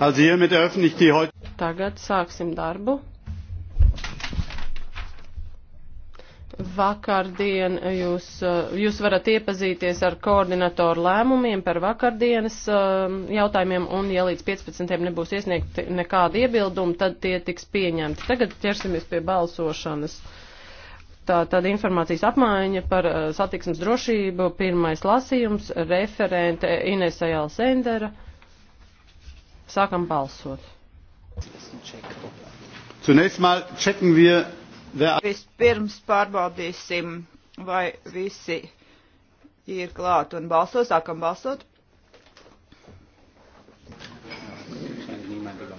Also hiermit eröffne ich die heute. Tagad sāksim darbu. Vakardien jūs, jūs varat iepazīties ar koordinatoru lēmumiem par vakardienas um, jautājumiem, un ja līdz 15. nebūs iesniegti nekādi iebildumi, tad tie tiks pieņemti. Tagad ķersimies pie balsošanas. Tā tad informācijas apmaiņa par uh, satiksmes drošību, pirmais lasījums, referente Inesa Jāla Sendera. Sākam balsot. Zunächst mal checken wir, wer. Vispirms pārbaudīsim, vai visi ir klāt un balso. Sākam balsot.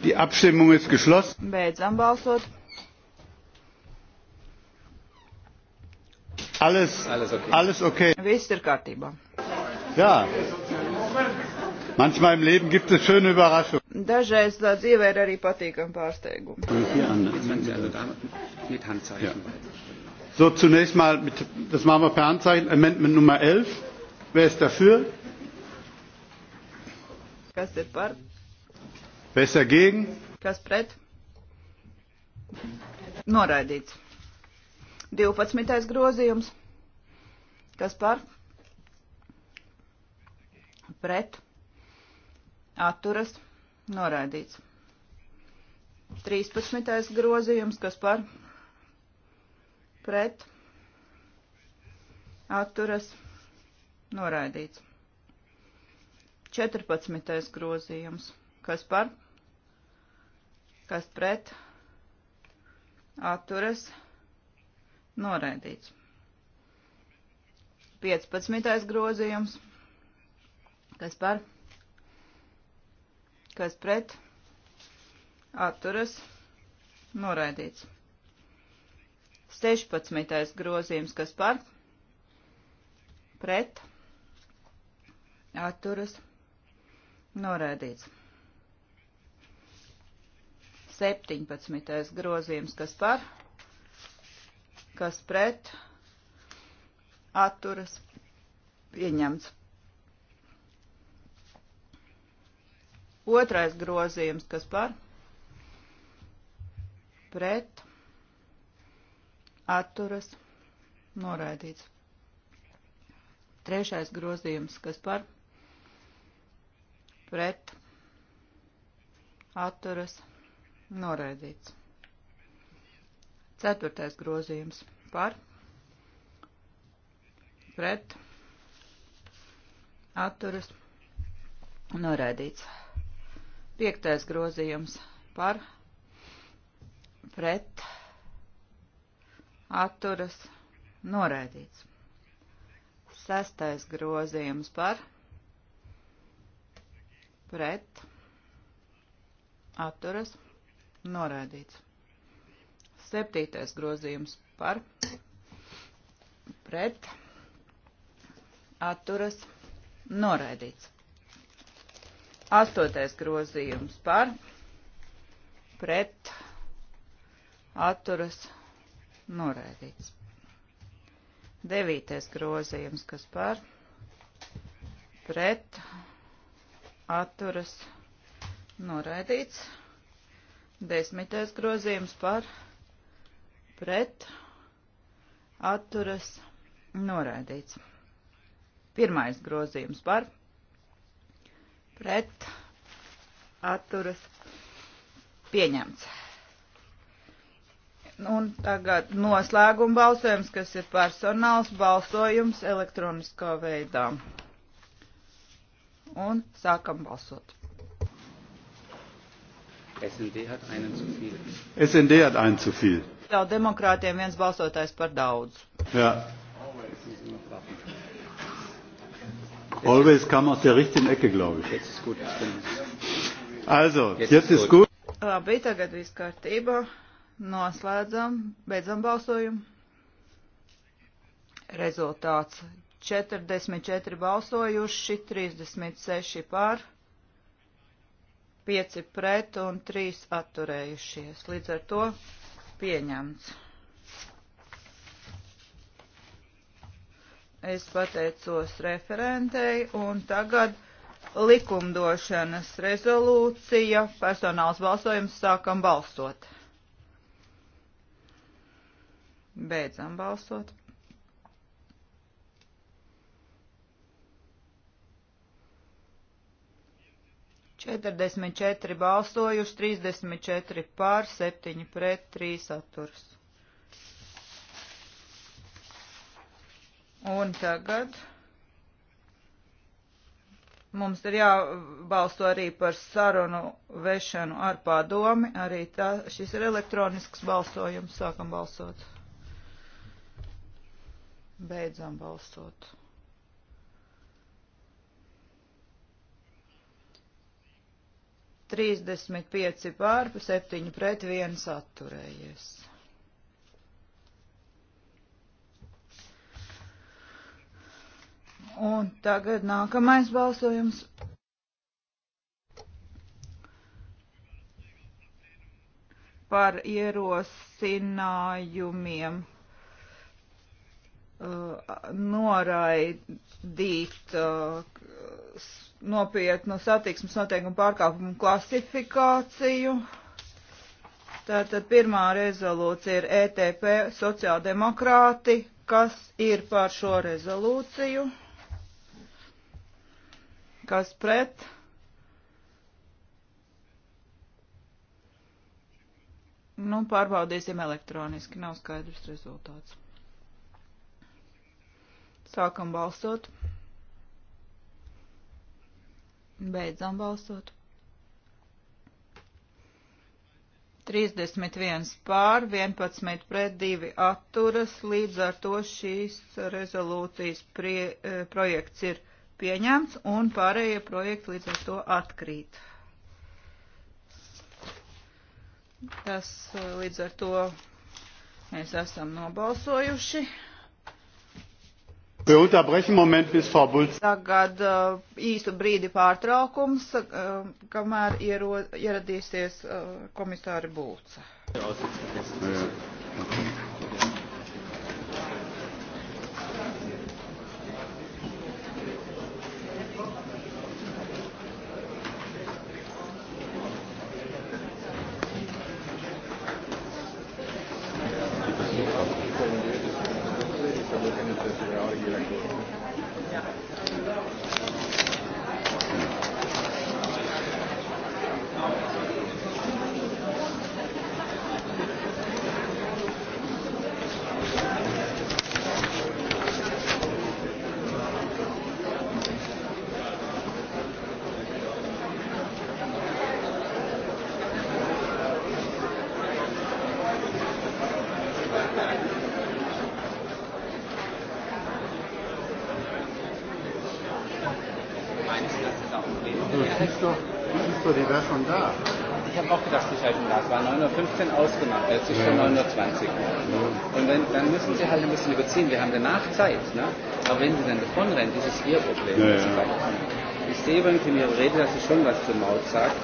Die Abstimmung ist geschlossen. Beidzam balsot. Alles, alles okay. Alles okay. Viss ir kārtībā. Jā. Ja. Manchmal im Leben gibt es schöne Überraschungen. Dažreiz dzīvē ir arī patīkami pārsteigumi. Ja. So, zunächst mal, mit, das machen wir per Handzeichen, Amendment Nummer 11. Wer ist dafür? Kas ir par? Wer ist dagegen? Kas pret? Noraidīts. 12. grozījums. Kas par? Pret atturas noraidīts. 13. grozījums, kas par pret atturas noraidīts. 14. grozījums, kas par kas pret atturas noraidīts. 15. grozījums, kas par pret kas pret atturas noraidīts. 16. grozījums, kas par pret atturas noraidīts. 17. grozījums, kas par kas pret atturas pieņemts. Otrais grozījums, kas par pret atturas noraidīts. Trešais grozījums, kas par pret atturas noraidīts. Ceturtais grozījums par pret atturas noraidīts. Piektais grozījums par pret atturas noraidīts. Sestais grozījums par pret atturas noraidīts. Septītais grozījums par pret atturas noraidīts. Astotais grozījums par pret atturas noraidīts. Devītais grozījums, kas par pret atturas noraidīts. Desmitais grozījums par pret atturas noraidīts. Pirmais grozījums par pret pret atturas pieņemts. Un tagad noslēguma balsojums, kas ir personāls balsojums elektroniskā veidā. Un sākam balsot. SND hat einen zu viel. SND hat einen zu viel. Jā, demokrātiem viens balsotājs par daudz. Jā. Ja. Always kam aus der richtigen Ecke, glaube ich. Jetzt ist gut. Also, jetzt, jetzt ist gut. Labi, tagad viss kārtībā. Noslēdzam, beidzam balsojumu. Rezultāts 44 balsojuši, 36 pār, 5 pret un 3 atturējušies. Līdz ar to pieņemts. Es pateicos referentei un tagad likumdošanas rezolūcija, personāls balsojums, sākam balsot. Beidzam balsot. Četrdesmit četri balsojuši, trīsdesmit četri pār, septiņi pret, trīs atturs. Un tagad mums ir jābalsto arī par sarunu vešanu ar padomi. Arī tā, šis ir elektronisks balsojums. Sākam balsot. Beidzam balsot. Trīsdesmit pieci pār, septiņi pret viens atturējies. Un tagad nākamais balsojums. Par ierosinājumiem uh, noraidīt uh, nopietnu satiksmes noteikumu pārkāpumu klasifikāciju. Tātad pirmā rezolūcija ir ETP sociāldemokrāti. Kas ir par šo rezolūciju? kas pret. Nu, pārbaudīsim elektroniski, nav skaidrs rezultāts. Sākam balsot. Beidzam balsot. 31 pār, 11 pret 2 atturas, līdz ar to šīs rezolūcijas prie, eh, projekts ir pieņemts un pārējie projekti līdz ar to atkrīt. Tas eh, līdz ar to mēs esam nobalsojuši. Tagad eh, īstu brīdi pārtraukums, eh, kamēr ieradīsies komisāri Bulca. Jā, Problem. Ja, ja. Ich sehe übrigens in Ihrer Rede, dass Sie er schon was zur Maut sagt,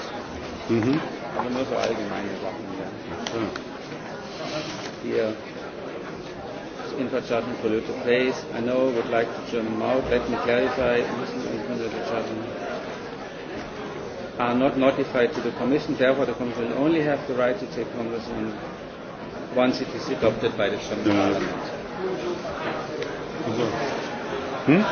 mhm. aber nur so allgemeine Sachen. Ja. Ja. Hier, infrastructure polluter place. I know would like to German out. Let me clarify, Muslim infrastructure are not notified to the Commission. Therefore, the Commission will only have the right to take Congress on once it is adopted by the German yeah. Parliament. Also. Hm?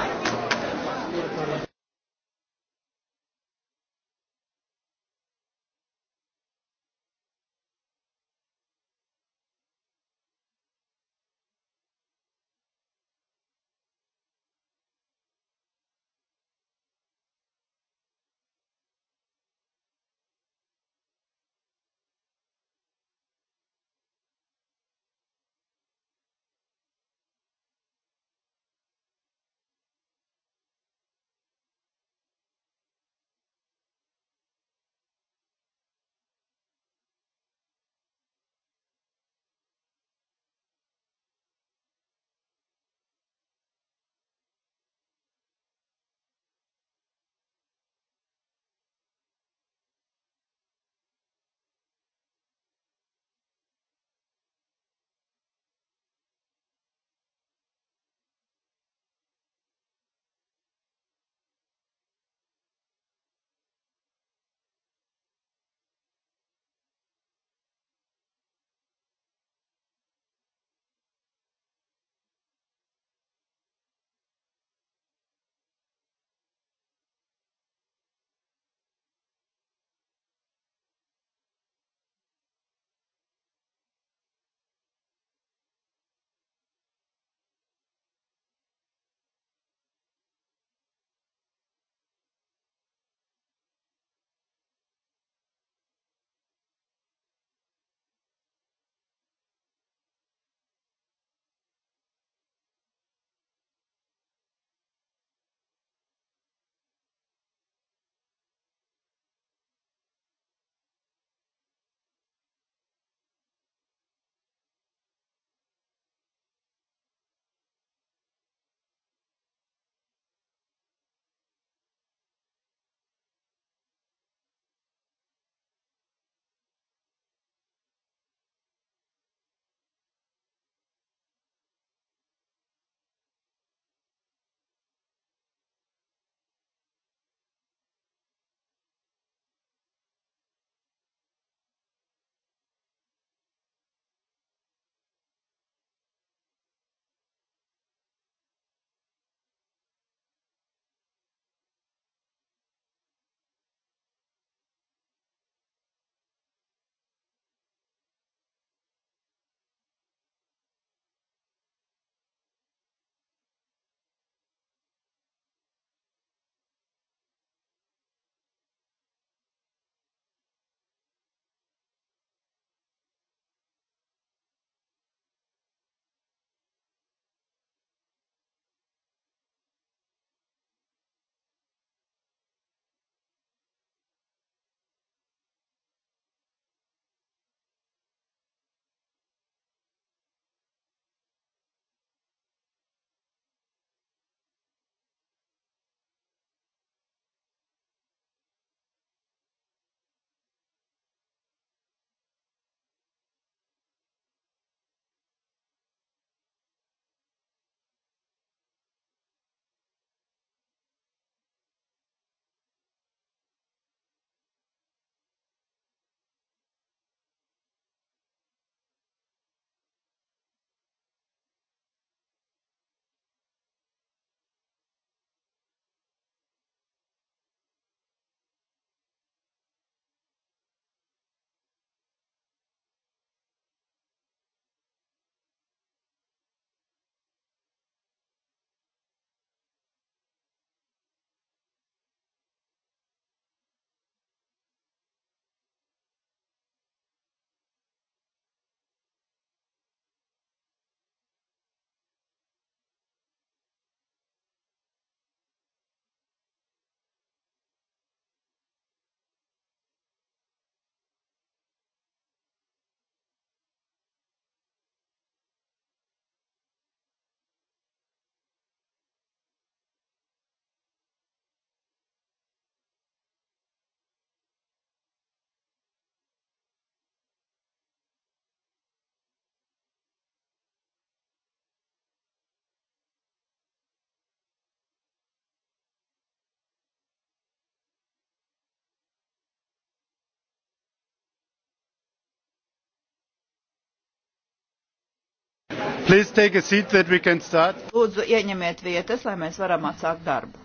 Lūdzu, ieņemiet vietas, lai mēs varam atsākt darbu.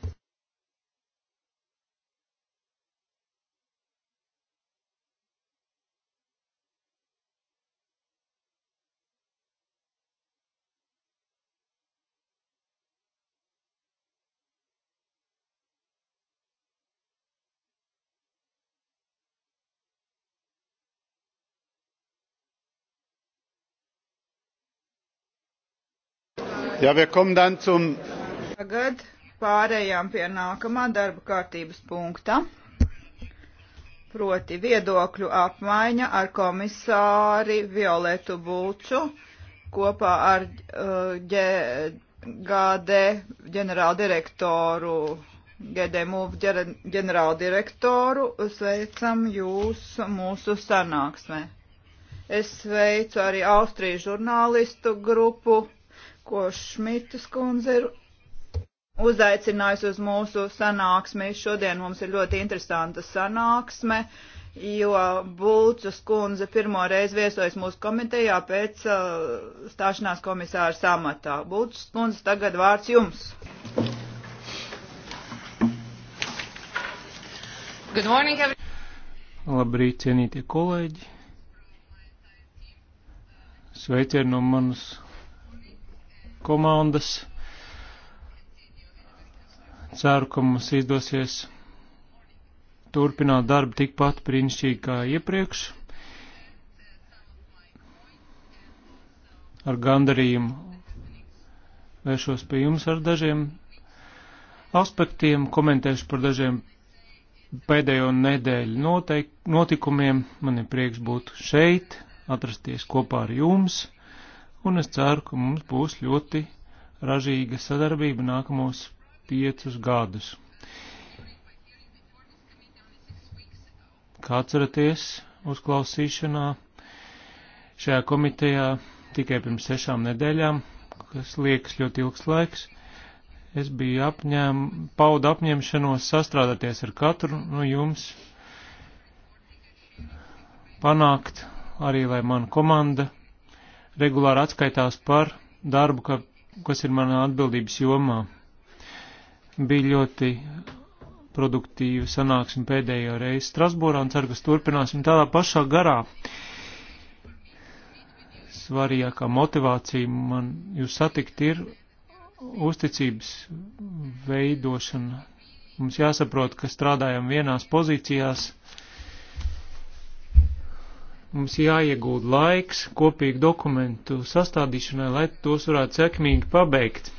Ja, wir kommen dann zum. Tagad pārējām pie nākamā darba kārtības punkta, proti viedokļu apmaiņa ar komisāri Violetu Bulču kopā ar uh, GD ģenerāldirektoru, GD MUV ģenerāldirektoru. Sveicam jūs mūsu sanāksmē. Es sveicu arī Austrijas žurnālistu grupu ko Šmitas kundze ir uzaicinājusi uz mūsu sanāksmi. Šodien mums ir ļoti interesanta sanāksme, jo Bulcas kundze pirmo reizi viesojas mūsu komitejā pēc uh, stāšanās komisāra samatā. Bulcas kundze, tagad vārds jums. Good morning, everyone. Labrīt, cienītie kolēģi! Sveicienu no manas komandas. Ceru, ka mums izdosies turpināt darbu tikpat brīnišķīgi kā iepriekš. Ar gandarījumu vēršos pie jums ar dažiem aspektiem, komentēšu par dažiem pēdējo nedēļu noteik, notikumiem. Man ir prieks būt šeit, atrasties kopā ar jums un es ceru, ka mums būs ļoti ražīga sadarbība nākamos piecus gadus. Kā atceraties, uzklausīšanā šajā komitejā tikai pirms sešām nedēļām, kas liekas ļoti ilgs laiks, es biju apņēm, pauda apņemšanos sastrādāties ar katru no jums, panākt arī, lai mana komanda regulāri atskaitās par darbu, ka, kas ir manā atbildības jomā. Bija ļoti produktīva sanāksme pēdējo reizi Strasbūrā un ceru, ka turpināsim tādā pašā garā. Svarīgākā motivācija man jūs satikt ir uzticības veidošana. Mums jāsaprot, ka strādājam vienās pozīcijās Mums jāiegūda laiks kopīgu dokumentu sastādīšanai, lai tos varētu sekmīgi pabeigt.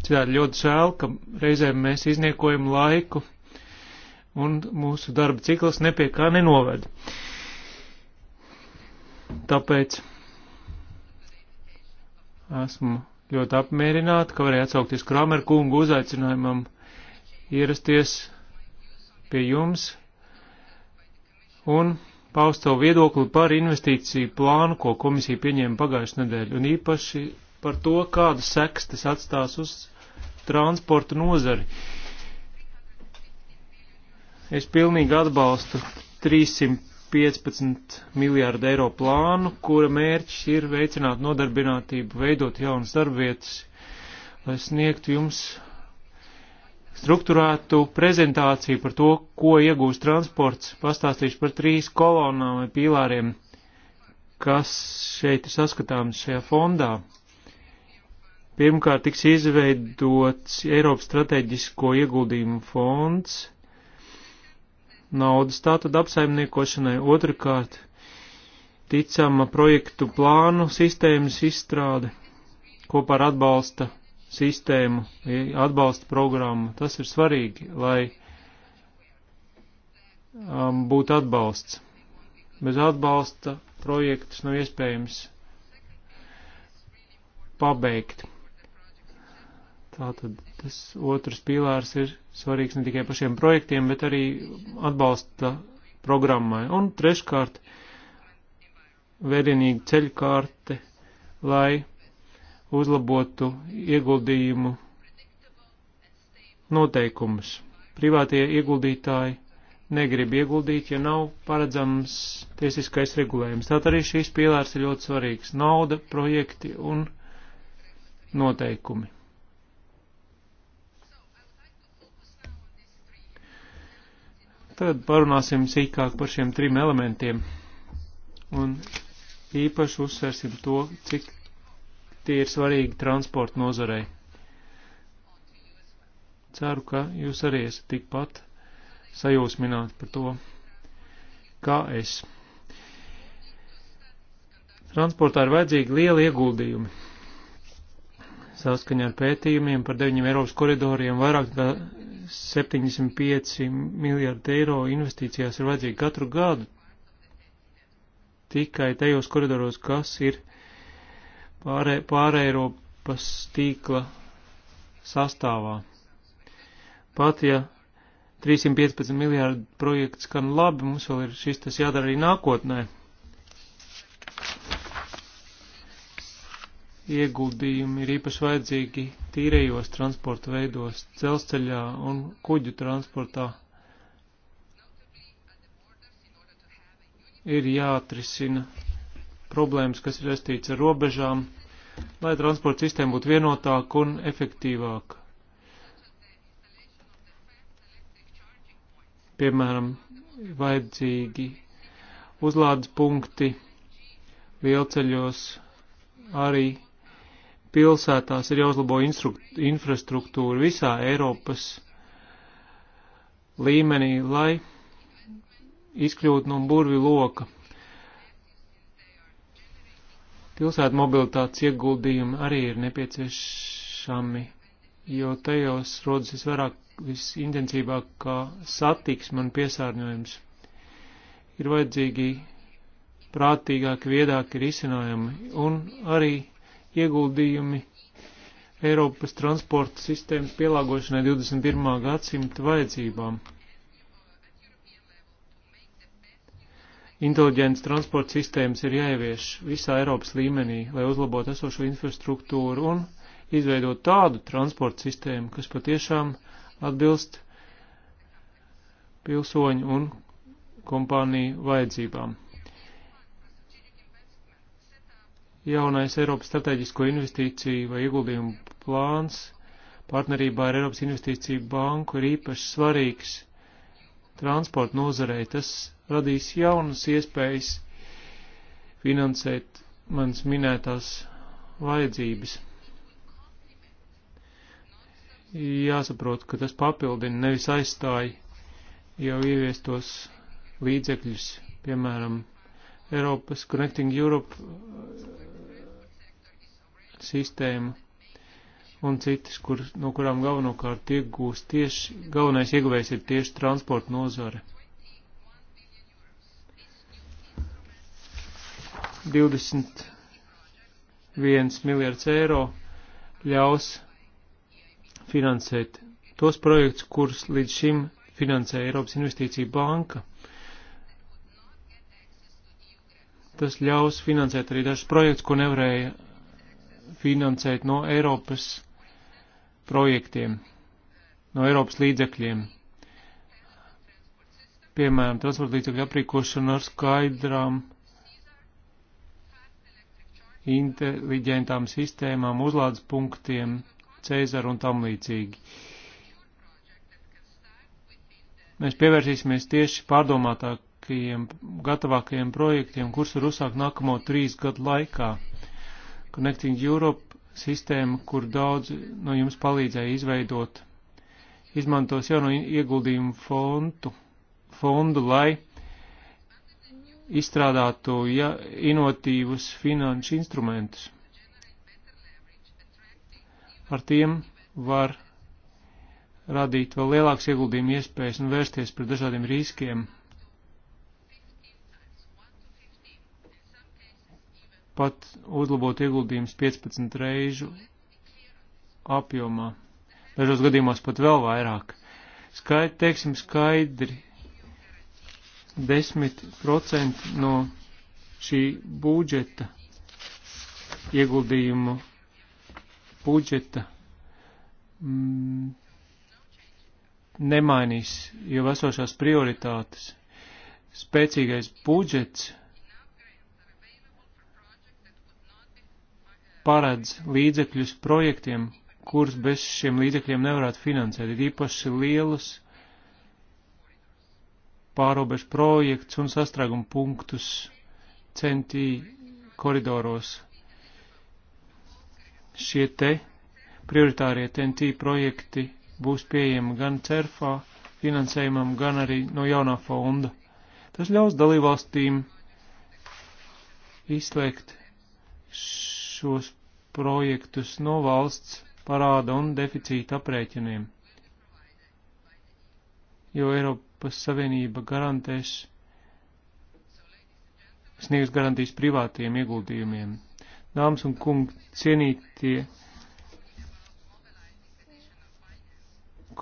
Citādi ļoti žēl, ka reizēm mēs izniekojam laiku un mūsu darba cikls nepie kā nenoved. Tāpēc esmu ļoti apmierināta, ka varēja atsaukties Kramer kungu uzaicinājumam ierasties pie jums, un paust savu viedokli par investīciju plānu, ko komisija pieņēma pagājušajā nedēļā, un īpaši par to, kādas sekas tas atstās uz transporta nozari. Es pilnīgi atbalstu 315 miljārdu eiro plānu, kura mērķis ir veicināt nodarbinātību, veidot jaunas darbvietas, lai sniegtu jums strukturētu prezentāciju par to, ko iegūs transports. Pastāstīšu par trīs kolonām vai pīlāriem, kas šeit ir saskatāms šajā fondā. Pirmkārt, tiks izveidots Eiropas strateģisko ieguldījumu fonds naudas tātad apsaimniekošanai. Otrakārt, ticama projektu plānu sistēmas izstrāde kopā ar atbalsta sistēmu, atbalsta programmu. Tas ir svarīgi, lai um, būtu atbalsts. Bez atbalsta projektus nav iespējams pabeigt. Tātad tas otrs pīlārs ir svarīgs ne tikai pašiem projektiem, bet arī atbalsta programmai. Un treškārt, vērienīga ceļkārte, lai uzlabotu ieguldījumu noteikumus. Privātie ieguldītāji negrib ieguldīt, ja nav paredzams tiesiskais regulējums. Tātad arī šīs pīlārs ir ļoti svarīgs - nauda, projekti un noteikumi. Tad parunāsim sīkāk par šiem trim elementiem un īpaši uzsversim to, cik tie ir svarīgi transporta nozarei. Ceru, ka jūs arī esat tikpat sajūsmināti par to, kā es. Transportā ir vajadzīgi lieli ieguldījumi. Saskaņā ar pētījumiem par deviņiem Eiropas koridoriem vairāk kā 75 miljārdi eiro investīcijās ir vajadzīgi katru gadu tikai tajos koridoros, kas ir pārē, pārēropas tīkla sastāvā. Pat ja 315 miljārdu projekts skan labi, mums vēl ir šis tas jādara arī nākotnē. Ieguldījumi ir īpaši vajadzīgi tīrējos transporta veidos, dzelzceļā un kuģu transportā. Ir jāatrisina problēmas, kas ir saistīts ar robežām, lai transporta sistēma būtu vienotāka un efektīvāka. Piemēram, vajadzīgi uzlādes punkti lielceļos arī pilsētās ir jāuzlabo infrastruktūra visā Eiropas līmenī, lai izkļūtu no burvi loka. Pilsētu mobilitātes ieguldījumi arī ir nepieciešami, jo tajos rodas visvairāk, visintensīvākā satiksme un piesārņojums. Ir vajadzīgi prātīgāki, viedāki risinājumi un arī ieguldījumi Eiropas transporta sistēmas pielāgošanai 21. gadsimta vajadzībām. Inteliģents transporta sistēmas ir jāievieš visā Eiropas līmenī, lai uzlabotu esošo infrastruktūru un izveidot tādu transporta sistēmu, kas patiešām atbilst pilsoņu un kompāniju vajadzībām. Jaunais Eiropas strateģisko investīciju vai ieguldījumu plāns partnerībā ar Eiropas investīciju banku ir īpaši svarīgs transporta nozarei. Tas radīs jaunas iespējas finansēt manas minētās vajadzības. Jāsaprot, ka tas papildina, nevis aizstāja jau ieviestos līdzekļus, piemēram, Eiropas Connecting Europe uh, sistēmu un citas, kur, no kurām galvenokārt iegūst tieši, galvenais ieguvējs ir tieši transporta nozare. 21 miljards eiro ļaus finansēt tos projektus, kurus līdz šim finansēja Eiropas Investīcija banka. Tas ļaus finansēt arī dažus projektus, ko nevarēja finansēt no Eiropas projektiem, no Eiropas līdzekļiem. Piemēram, transporta līdzekļu aprīkošana ar skaidrām, inteliģentām sistēmām, uzlādes punktiem, Cēzaru un tam līdzīgi. Mēs pievērsīsimies tieši pārdomātākajiem, gatavākajiem projektiem, kurus var uzsākt nākamo trīs gadu laikā. Connecting Europe sistēma, kur daudz no jums palīdzēja izveidot. Izmantos jauno ieguldījumu fondu, fondu lai izstrādātu ja, inovatīvus finanšu instrumentus. Ar tiem var radīt vēl lielāks ieguldījumu iespējas un vērsties pret dažādiem riskiem pat uzlabot ieguldījums 15 reižu apjomā. Dažos gadījumos pat vēl vairāk. Skaidri, teiksim skaidri, 10% no šī budžeta ieguldījumu budžeta mm, nemainīs jau esošās prioritātes. Spēcīgais budžets paredz līdzekļus projektiem, kurus bez šiem līdzekļiem nevarētu finansēt, ir īpaši lielus pārobežu projekts un sastrēgumu punktus centī koridoros. Šie te prioritārie TNT projekti būs pieejami gan CERFA finansējumam, gan arī no jaunā fonda. Tas ļaus dalībvalstīm izslēgt šos projektus no valsts parāda un deficīta aprēķiniem, jo Eiropas Savienība garantēs, sniegs garantijas privātiem ieguldījumiem. Dāmas un kungi, cienītie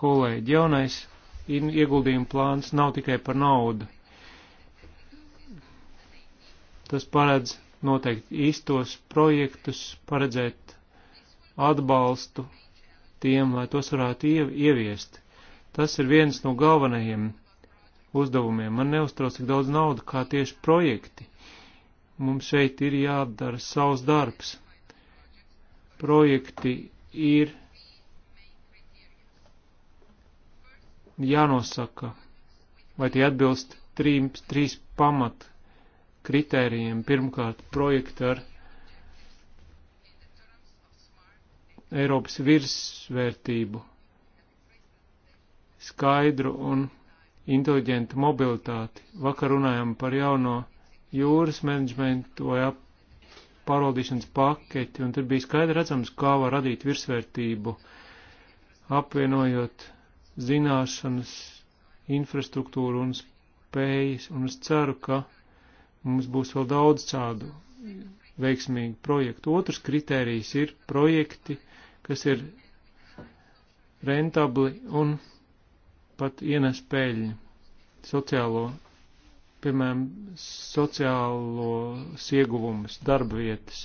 kolēģi, jaunais ieguldījuma plāns nav tikai par naudu. Tas paredz noteikt īstos projektus, paredzēt atbalstu tiem, lai tos varētu ieviest. Tas ir viens no galvenajiem uzdevumiem. Man neuztrauc tik daudz naudu kā tieši projekti. Mums šeit ir jādara savs darbs. Projekti ir jānosaka, vai tie atbilst trim, trīs pamat kritērijiem. Pirmkārt, projekti ar Eiropas virsvērtību, skaidru un inteliģentu mobilitāti. Vakar runājām par jauno jūras menedžmentu vai pārvaldīšanas paketi, un tur bija skaidri redzams, kā var radīt virsvērtību, apvienojot zināšanas, infrastruktūru un spējas, un es ceru, ka Mums būs vēl daudz tādu veiksmīgu projektu. Otrs kritērijs ir projekti, kas ir rentabli un pat ienes peļņu sociālo, piemēram, sociālos ieguvumus, darba vietas.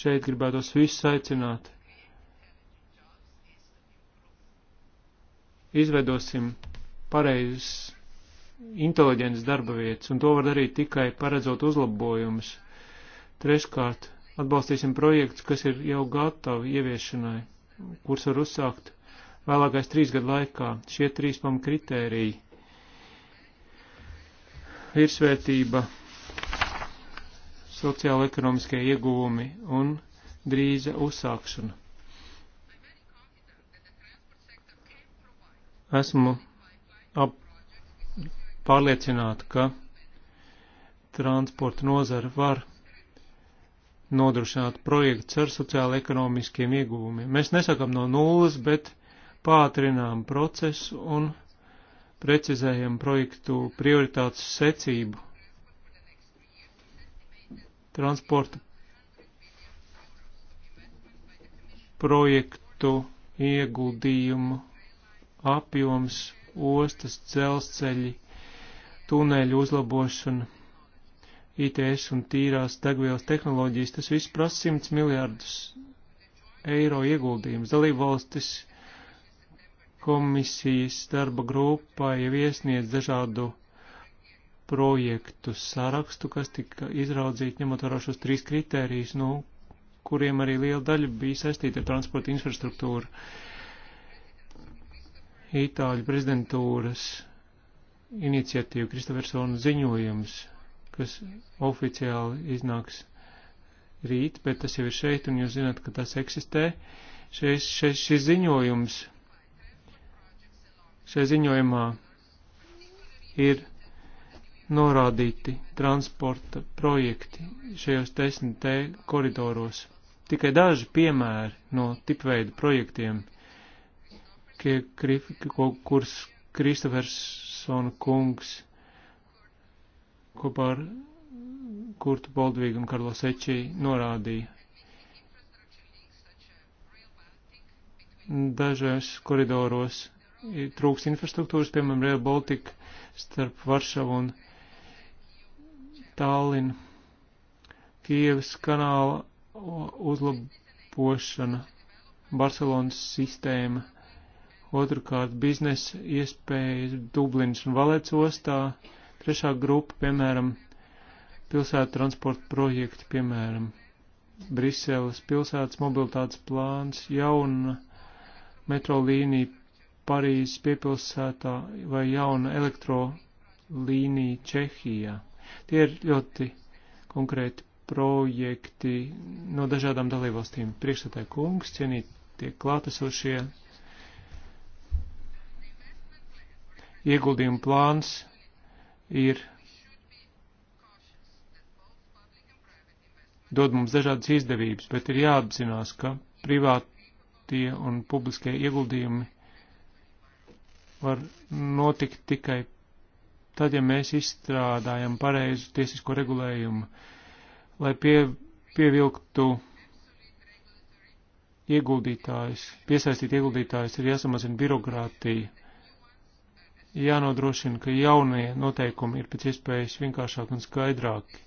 Šeit gribētos visus aicināt. Izveidosim pareizus inteliģents darba vietas, un to var darīt tikai paredzot uzlabojumus. Treškārt, atbalstīsim projektus, kas ir jau gatavi ieviešanai, kurus var uzsākt vēlākais trīs gadu laikā. Šie trīs pam kritēriji - virsvērtība, sociāla-ekonomiskie ieguvumi un drīza uzsākšana. Esmu ap pārliecināti, ka transporta nozara var nodrošināt projekts ar sociāli ekonomiskiem ieguvumiem. Mēs nesakam no nulles, bet pātrinām procesu un precizējam projektu prioritātes secību. Transporta projektu ieguldījumu apjoms, ostas, dzelzceļi, tuneļu uzlabošana, ITS un tīrās degvielas tehnoloģijas, tas viss prasa 100 miljārdus eiro ieguldījums. Dalībvalstis komisijas darba grupā jau iesniedz dažādu projektu sarakstu, kas tika izraudzīti ņemot vērā šos trīs kritērijus, no nu, kuriem arī liela daļa bija saistīta ar transporta infrastruktūru. Itāļu prezidentūras iniciatīva Kristofersona ziņojums, kas oficiāli iznāks rīt, bet tas jau ir šeit, un jūs zināt, ka tas eksistē. Šeis, šeis, šis ziņojums, šajā ziņojumā ir norādīti transporta projekti šajos desmit koridoros. Tikai daži piemēri no tipveida projektiem, kurus Kristofersona kungs kopā ar Kurtu Boldvīgu un Karlo Sečī norādīja. Dažos koridoros trūks infrastruktūras, piemēram, Rail Baltica starp Varšavu un Tallinu. Kievas kanāla uzlabošana, Barcelonas sistēma otrkārt biznesa iespējas Dublinas un Valets ostā, trešā grupa, piemēram, pilsētu transporta projekti, piemēram, Briseles pilsētas mobilitātes plāns, jauna metro līnija Parīzes piepilsētā vai jauna elektro līnija Čehijā. Tie ir ļoti konkrēti projekti no dažādām dalībvalstīm. Priekšstādāja kungs, cienīt tie klātesošie ieguldījumu plāns ir dod mums dažādas izdevības, bet ir jāapzinās, ka privātie un publiskie ieguldījumi var notikt tikai tad, ja mēs izstrādājam pareizu tiesisko regulējumu, lai pie, pievilktu ieguldītājs, piesaistīt ieguldītājs, ir jāsamazina birokrātija jānodrošina, ka jaunie noteikumi ir pēc iespējas vienkāršāk un skaidrāki.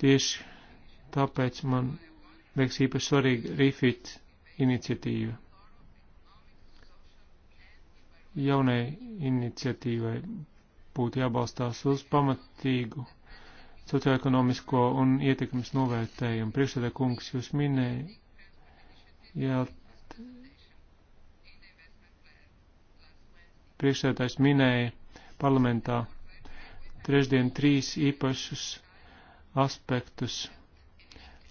Tieši tāpēc man liekas īpaši svarīga refit iniciatīva. Jaunai iniciatīvai būtu jābalstās uz pamatīgu socioekonomisko un ietekmes novērtējumu. Priekšsēdē kungs jūs minēja, jā, priekšsētājs minēja parlamentā trešdien trīs īpašus aspektus.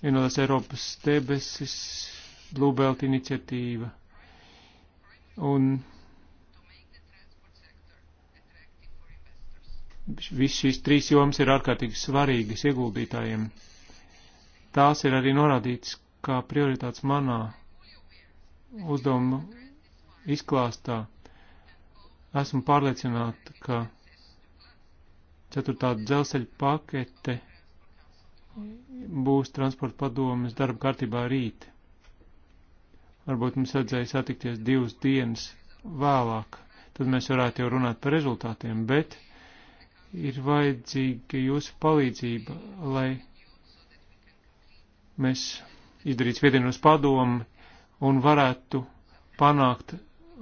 Vienotās Eiropas debesis, Lūbelt iniciatīva un viss šīs trīs jomas ir ārkārtīgi svarīgas ieguldītājiem. Tās ir arī norādīts kā prioritāts manā uzdevuma izklāstā. Esmu pārliecināta, ka ceturtā dzelzceļa pakete būs transporta padomes darba kārtībā rīt. Varbūt mums vajadzēja satikties divas dienas vēlāk, tad mēs varētu jau runāt par rezultātiem, bet ir vajadzīga jūsu palīdzība, lai mēs izdarītu spiedienu uz padomu un varētu panākt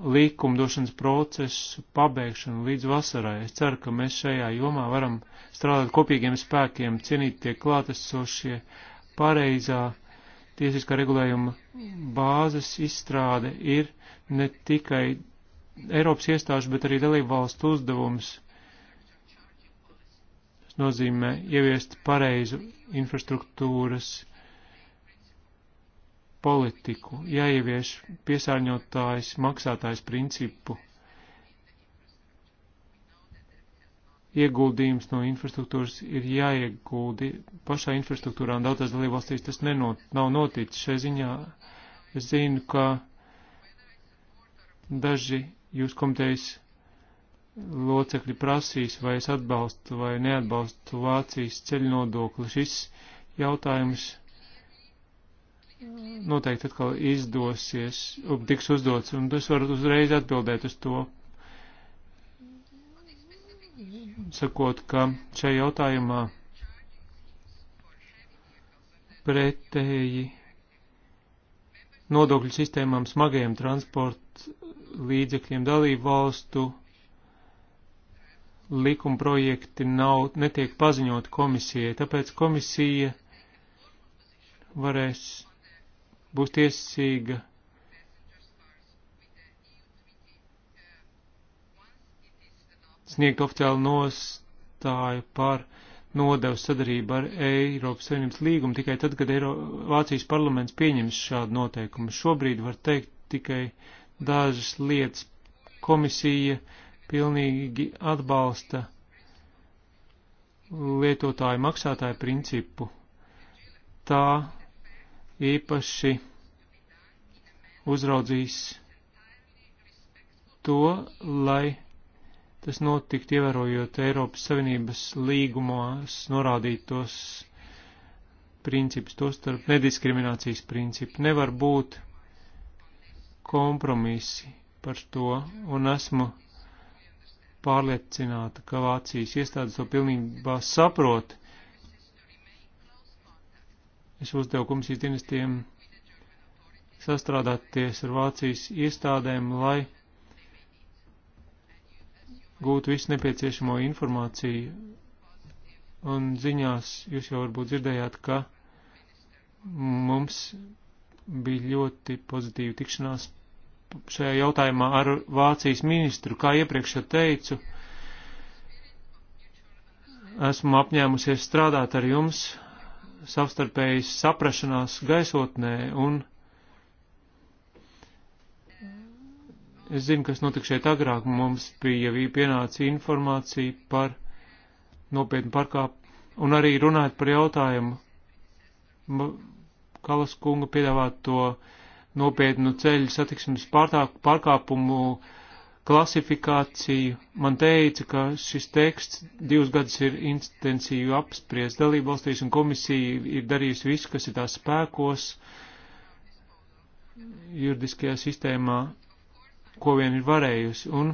likumdošanas procesu pabeigšanu līdz vasarai. Es ceru, ka mēs šajā jomā varam strādāt kopīgiem spēkiem, cienīt tie klātesošie pareizā tiesiskā regulējuma bāzes izstrāde ir ne tikai Eiropas iestāžu, bet arī dalību valstu uzdevums. Tas nozīmē ieviest pareizu infrastruktūras politiku, jāievieš piesārņotājs maksātājs principu, ieguldījums no infrastruktūras ir jāieguldi pašā infrastruktūrā, un daudzās dalībvalstīs tas nenot, nav noticis. Šai ziņā es zinu, ka daži jūs komitejas locekļi prasīs, vai es atbalstu vai neatbalstu Vācijas ceļu nodokli. Šis jautājums noteikti atkal izdosies, tiks uzdots, un es varu uzreiz atbildēt uz to, sakot, ka šajā jautājumā pretēji nodokļu sistēmām smagajiem transporta līdzekļiem dalību valstu likuma projekti nav, netiek paziņot komisijai, tāpēc komisija varēs būs tiesīga sniegt oficiālu nostāju par nodevu sadarību ar Eiropas Savienības līgumu tikai tad, kad Eiro Vācijas parlaments pieņems šādu noteikumu. Šobrīd var teikt tikai dažas lietas. Komisija pilnīgi atbalsta lietotāju maksātāju principu. Tā īpaši uzraudzīs to, lai tas notiktu ievērojot Eiropas Savienības līgumos norādītos principus, tostarp nediskriminācijas principu. Nevar būt kompromisi par to, un esmu pārliecināta, ka Vācijas iestādes to pilnībā saprot, Es uzdevums ir dienestiem sastrādāties ar Vācijas iestādēm, lai gūtu visu nepieciešamo informāciju. Un ziņās jūs jau varbūt dzirdējāt, ka mums bija ļoti pozitīva tikšanās šajā jautājumā ar Vācijas ministru. Kā iepriekš jau teicu, esmu apņēmusies strādāt ar jums savstarpējas saprašanās gaisotnē un es zinu, kas notika šeit agrāk, mums bija pienāca informācija par nopietnu pārkāpumu un arī runājot par jautājumu Kalas kunga piedāvāt to nopietnu ceļu satiksmes pārkāpumu uh, klasifikāciju. Man teica, ka šis teksts divus gadus ir intensīvi apspriests dalībvalstīs un komisija ir darījusi visu, kas ir tās spēkos juridiskajā sistēmā, ko vien ir varējusi. Un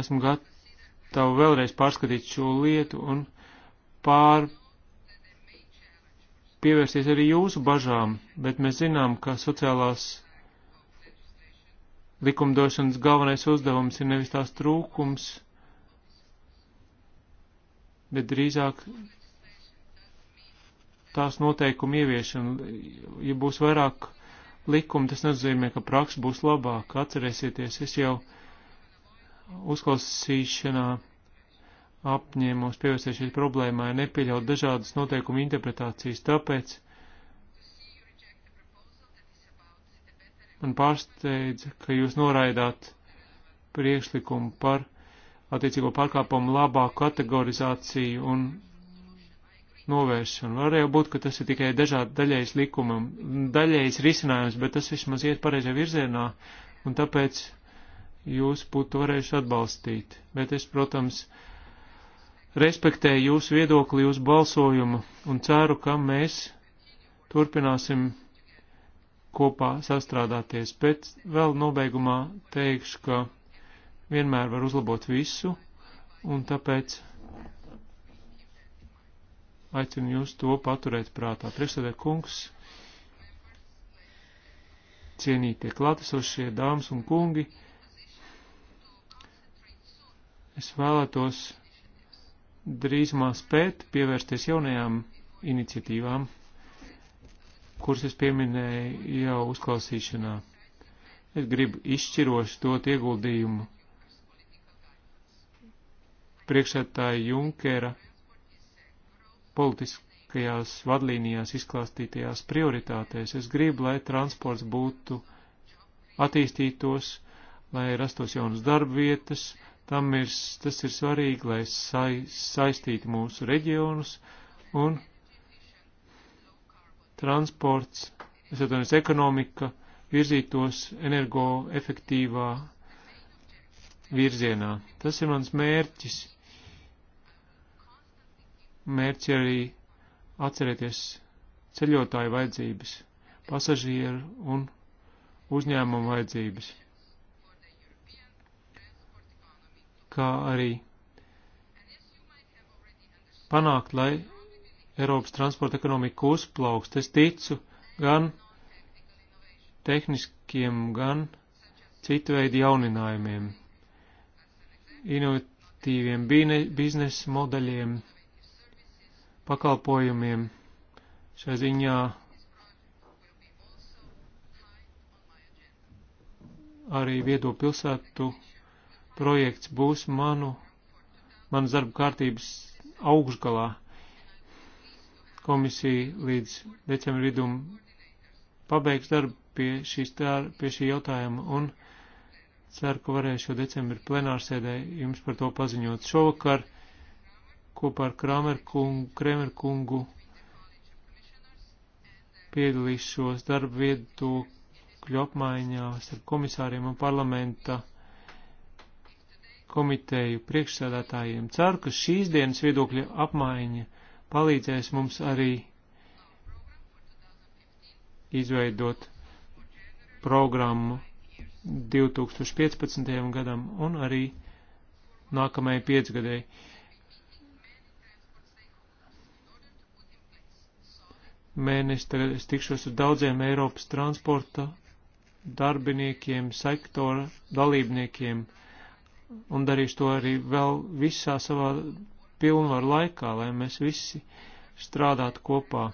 esmu gatava vēlreiz pārskatīt šo lietu un pār pievērsties arī jūsu bažām, bet mēs zinām, ka sociālās likumdošanas galvenais uzdevums ir nevis tās trūkums, bet drīzāk tās noteikumu ieviešana. Ja būs vairāk likumu, tas nozīmē, ka praksa būs labāka. Atcerēsieties, es jau uzklausīšanā apņēmos pievērsties šai problēmai, nepieļaut dažādas noteikumu interpretācijas, tāpēc Man pārsteidza, ka jūs noraidāt priekšlikumu par attiecīgo pārkāpumu labāku kategorizāciju un novēršanu. Varēja būt, ka tas ir tikai dažādi daļais likumam, daļais risinājums, bet tas vismaz iet pareizajā virzienā, un tāpēc jūs būtu varējuši atbalstīt. Bet es, protams, respektēju jūsu viedokli, jūsu balsojumu, un ceru, ka mēs turpināsim kopā sastrādāties, bet vēl nobeigumā teikšu, ka vienmēr var uzlabot visu, un tāpēc aicinu jūs to paturēt prātā. Priekšsēdē kungs, cienītie klātesošie dāmas un kungi, es vēlētos drīzumā spēt pievērsties jaunajām iniciatīvām kurus es pieminēju jau uzklausīšanā. Es gribu izšķiroši dot ieguldījumu priekšētāja Junkera politiskajās vadlīnijās izklāstītajās prioritātēs. Es gribu, lai transports būtu attīstītos, lai rastos jaunas darba vietas, tam ir, tas ir svarīgi, lai sai, saistītu mūsu reģionus un transports, es atvainojos, ekonomika virzītos energoefektīvā virzienā. Tas ir mans mērķis. Mērķi arī atcerēties ceļotāju vajadzības, pasažieru un uzņēmumu vajadzības, kā arī panākt, lai Eiropas transporta ekonomiku uzplauks. Es ticu gan tehniskiem, gan citu veidu jauninājumiem, inovatīviem biznesa modeļiem, pakalpojumiem. Šai ziņā arī viedo pilsētu projekts būs manu, manas darba kārtības augšgalā komisija līdz decembra vidum pabeigs darbu pie, šīs tā, pie šī jautājuma un ceru, ka varēšu decembra plenārsēdē jums par to paziņot. Šovakar kopā ar Kramer kungu, Kremer kungu piedalīšos darba viedokļu apmaiņās ar komisāriem un parlamenta komiteju priekšsēdētājiem. Ceru, ka šīs dienas viedokļa apmaiņa palīdzēs mums arī izveidot programmu 2015. gadam un arī nākamajai piecgadēji. Mēnesis tagad es tikšos ar daudziem Eiropas transporta darbiniekiem, sektora dalībniekiem un darīšu to arī vēl visā savā pilnvaru laikā, lai mēs visi strādātu kopā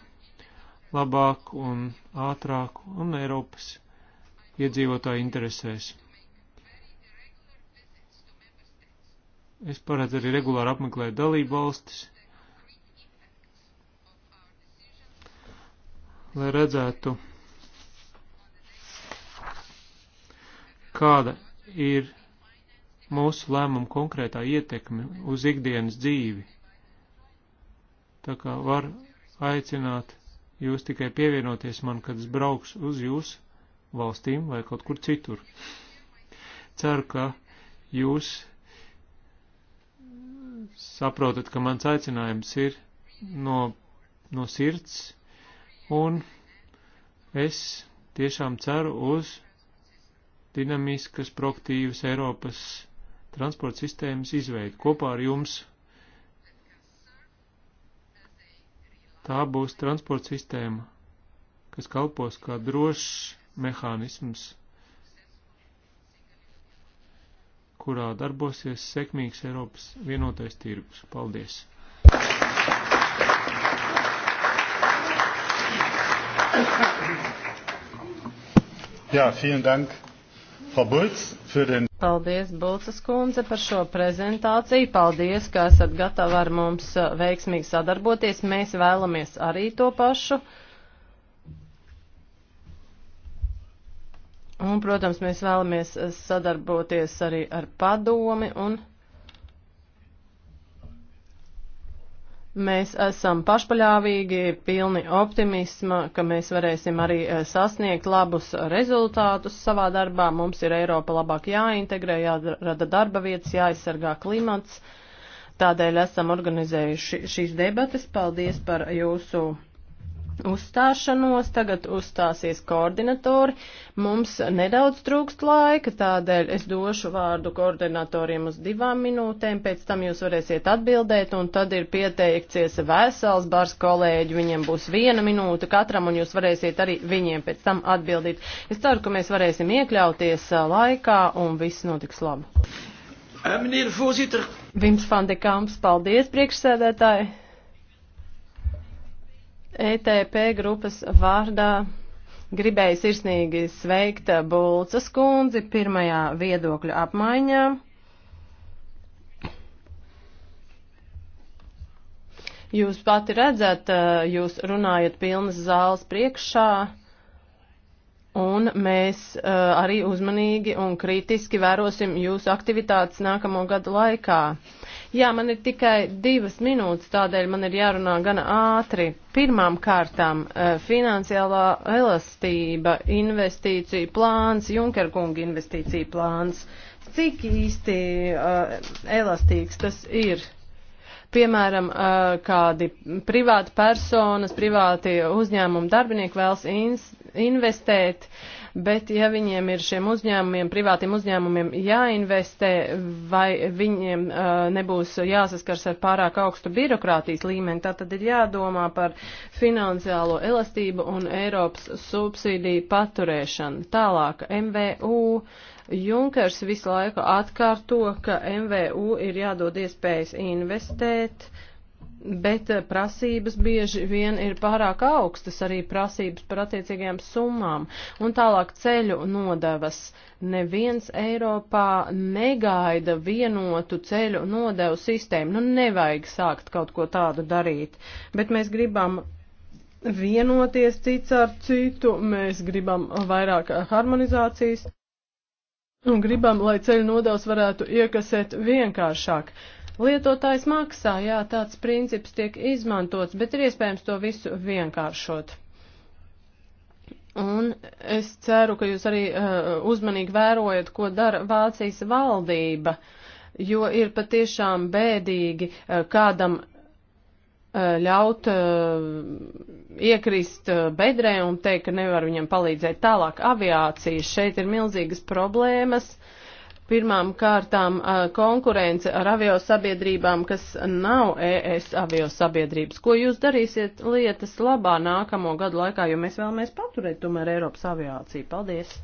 labāk un ātrāk un Eiropas iedzīvotāju interesēs. Es paredzu arī regulāri apmeklēt dalību valstis, lai redzētu, kāda ir mūsu lēmumu konkrētā ietekme uz ikdienas dzīvi. Tā kā var aicināt jūs tikai pievienoties man, kad es braukšu uz jūsu valstīm vai kaut kur citur. Ceru, ka jūs saprotat, ka mans aicinājums ir no, no sirds, un es tiešām ceru uz dinamiskas, proaktīvas Eiropas transporta sistēmas izveidi kopā ar jums. Tā būs transporta sistēma, kas kalpos kā drošs mehānisms, kurā darbosies sekmīgs Eiropas vienotais tirgus. Paldies! Ja, vielen Dank. Paldies, Bulces kundze, par šo prezentāciju. Paldies, ka esat gatavi ar mums uh, veiksmīgi sadarboties. Mēs vēlamies arī to pašu. Un, protams, mēs vēlamies uh, sadarboties arī ar padomi un. Mēs esam pašpaļāvīgi, pilni optimisma, ka mēs varēsim arī e, sasniegt labus rezultātus savā darbā. Mums ir Eiropa labāk jāintegrē, jārada darba vietas, jāaizsargā klimats. Tādēļ esam organizējuši šīs debates. Paldies par jūsu uzstāšanos, tagad uzstāsies koordinatori. Mums nedaudz trūkst laika, tādēļ es došu vārdu koordinatoriem uz divām minūtēm, pēc tam jūs varēsiet atbildēt, un tad ir pieteikties vesels bars kolēģi, viņiem būs viena minūte katram, un jūs varēsiet arī viņiem pēc tam atbildīt. Es ceru, ka mēs varēsim iekļauties laikā, un viss notiks labi. Meneer de voorzitter. Vims van de Kamps, paldies priekšsēdētāji. ETP grupas vārdā gribēju sirsnīgi sveikt Bulcas kundzi pirmajā viedokļu apmaiņā. Jūs pati redzat, jūs runājat pilnas zāles priekšā. Un mēs uh, arī uzmanīgi un kritiski vērosim jūsu aktivitātes nākamo gadu laikā. Jā, man ir tikai divas minūtes, tādēļ man ir jārunā gana ātri. Pirmām kārtām uh, finansiālā elastība, investīcija plāns, Junkerkunga investīcija plāns. Cik īsti uh, elastīgs tas ir? Piemēram, uh, kādi privāti personas, privāti uzņēmumu darbinieki vēlas investēt uh, bet ja viņiem ir šiem uzņēmumiem, privātiem uzņēmumiem jāinvestē, vai viņiem uh, nebūs jāsaskars ar pārāk augstu birokrātijas līmeni, tā tad ir jādomā par finansiālo elastību un Eiropas subsīdiju paturēšanu. Tālāk, MVU. Junkers visu laiku atkārto, ka MVU ir jādod iespējas investēt, uh, bet eh, prasības bieži vien ir pārāk augstas, arī prasības par attiecīgajām summām. Un tālāk ceļu nodevas. Neviens Eiropā negaida vienotu ceļu nodevu sistēmu. Nu, nevajag sākt kaut ko tādu darīt, bet mēs gribam vienoties cits ar citu, mēs gribam vairāk harmonizācijas. Un gribam, lai ceļu nodevs varētu iekasēt vienkāršāk. Uh, Lietotājs maksā, jā, tāds princips tiek izmantots, bet ir iespējams to visu vienkāršot. Un es ceru, ka jūs arī uh, uzmanīgi vērojat, ko dara Vācijas valdība, jo ir patiešām bēdīgi uh, kādam uh, ļaut uh, iekrist uh, bedrē un teikt, ka nevar viņam palīdzēt tālāk aviācija. Šeit ir milzīgas problēmas. Uh, Pirmām kārtām konkurence ar avio sabiedrībām, kas nav ES avio sabiedrības. Ko jūs darīsiet lietas labā nākamo gadu laikā, jo mēs vēlamies paturēt tomēr Eiropas aviāciju? Paldies!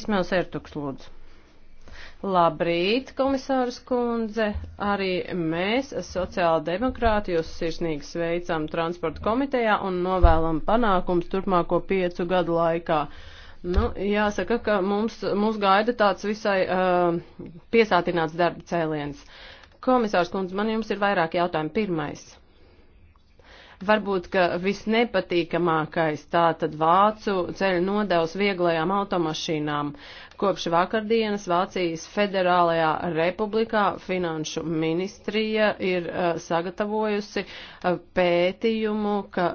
Īsmēls Ertuks lūdzu. Labrīt, komisārs kundze! Arī mēs, sociāla demokrāti, jūs sirsnīgi sveicam transporta komitejā un novēlam panākums turpmāko piecu gadu laikā. Nu, jāsaka, ka mums, mums gaida tāds visai uh, piesātināts darba cēliens. Komisārs kundze, man jums ir vairāk jautājumu. Pirmais. Varbūt, ka visnepatīkamākais tā tad vācu ceļu nodevs vieglajām automašīnām. Kopš vakardienas Vācijas Federālajā republikā finanšu ministrija ir uh, sagatavojusi uh, pētījumu, ka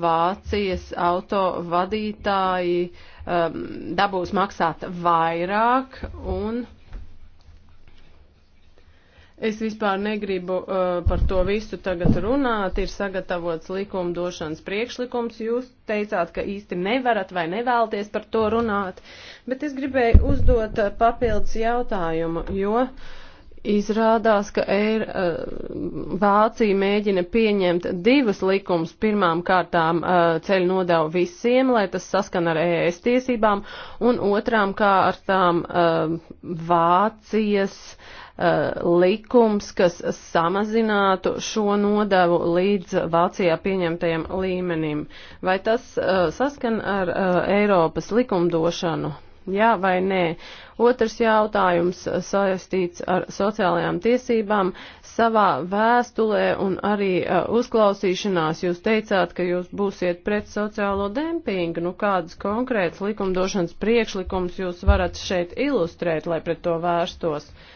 Vācijas auto vadītāji uh, um, dabūs maksāt vairāk un. Es vispār negribu uh, par to visu tagad runāt, ir sagatavots likumdošanas priekšlikums, jūs teicāt, ka īsti nevarat vai nevēlties par to runāt, bet es gribēju uzdot uh, papildus jautājumu, jo uh, Izrādās, ka ir, eh, Vācija mēģina pieņemt divas likumus. Pirmām kārtām eh, ceļu nodevu visiem, lai tas saskan ar ES tiesībām, un otrām kārtām eh, Vācijas likums, kas samazinātu šo nodevu līdz Vācijā pieņemtajam līmenim. Vai tas saskan ar Eiropas likumdošanu? jā vai nē. Otrs jautājums eh, saistīts ar sociālajām tiesībām. Savā vēstulē un arī uh, uzklausīšanās jūs teicāt, ka jūs būsiet pret sociālo dempingu. Nu, kādas konkrētas likumdošanas priekšlikums jūs varat šeit ilustrēt, lai pret to vērstos? Uh,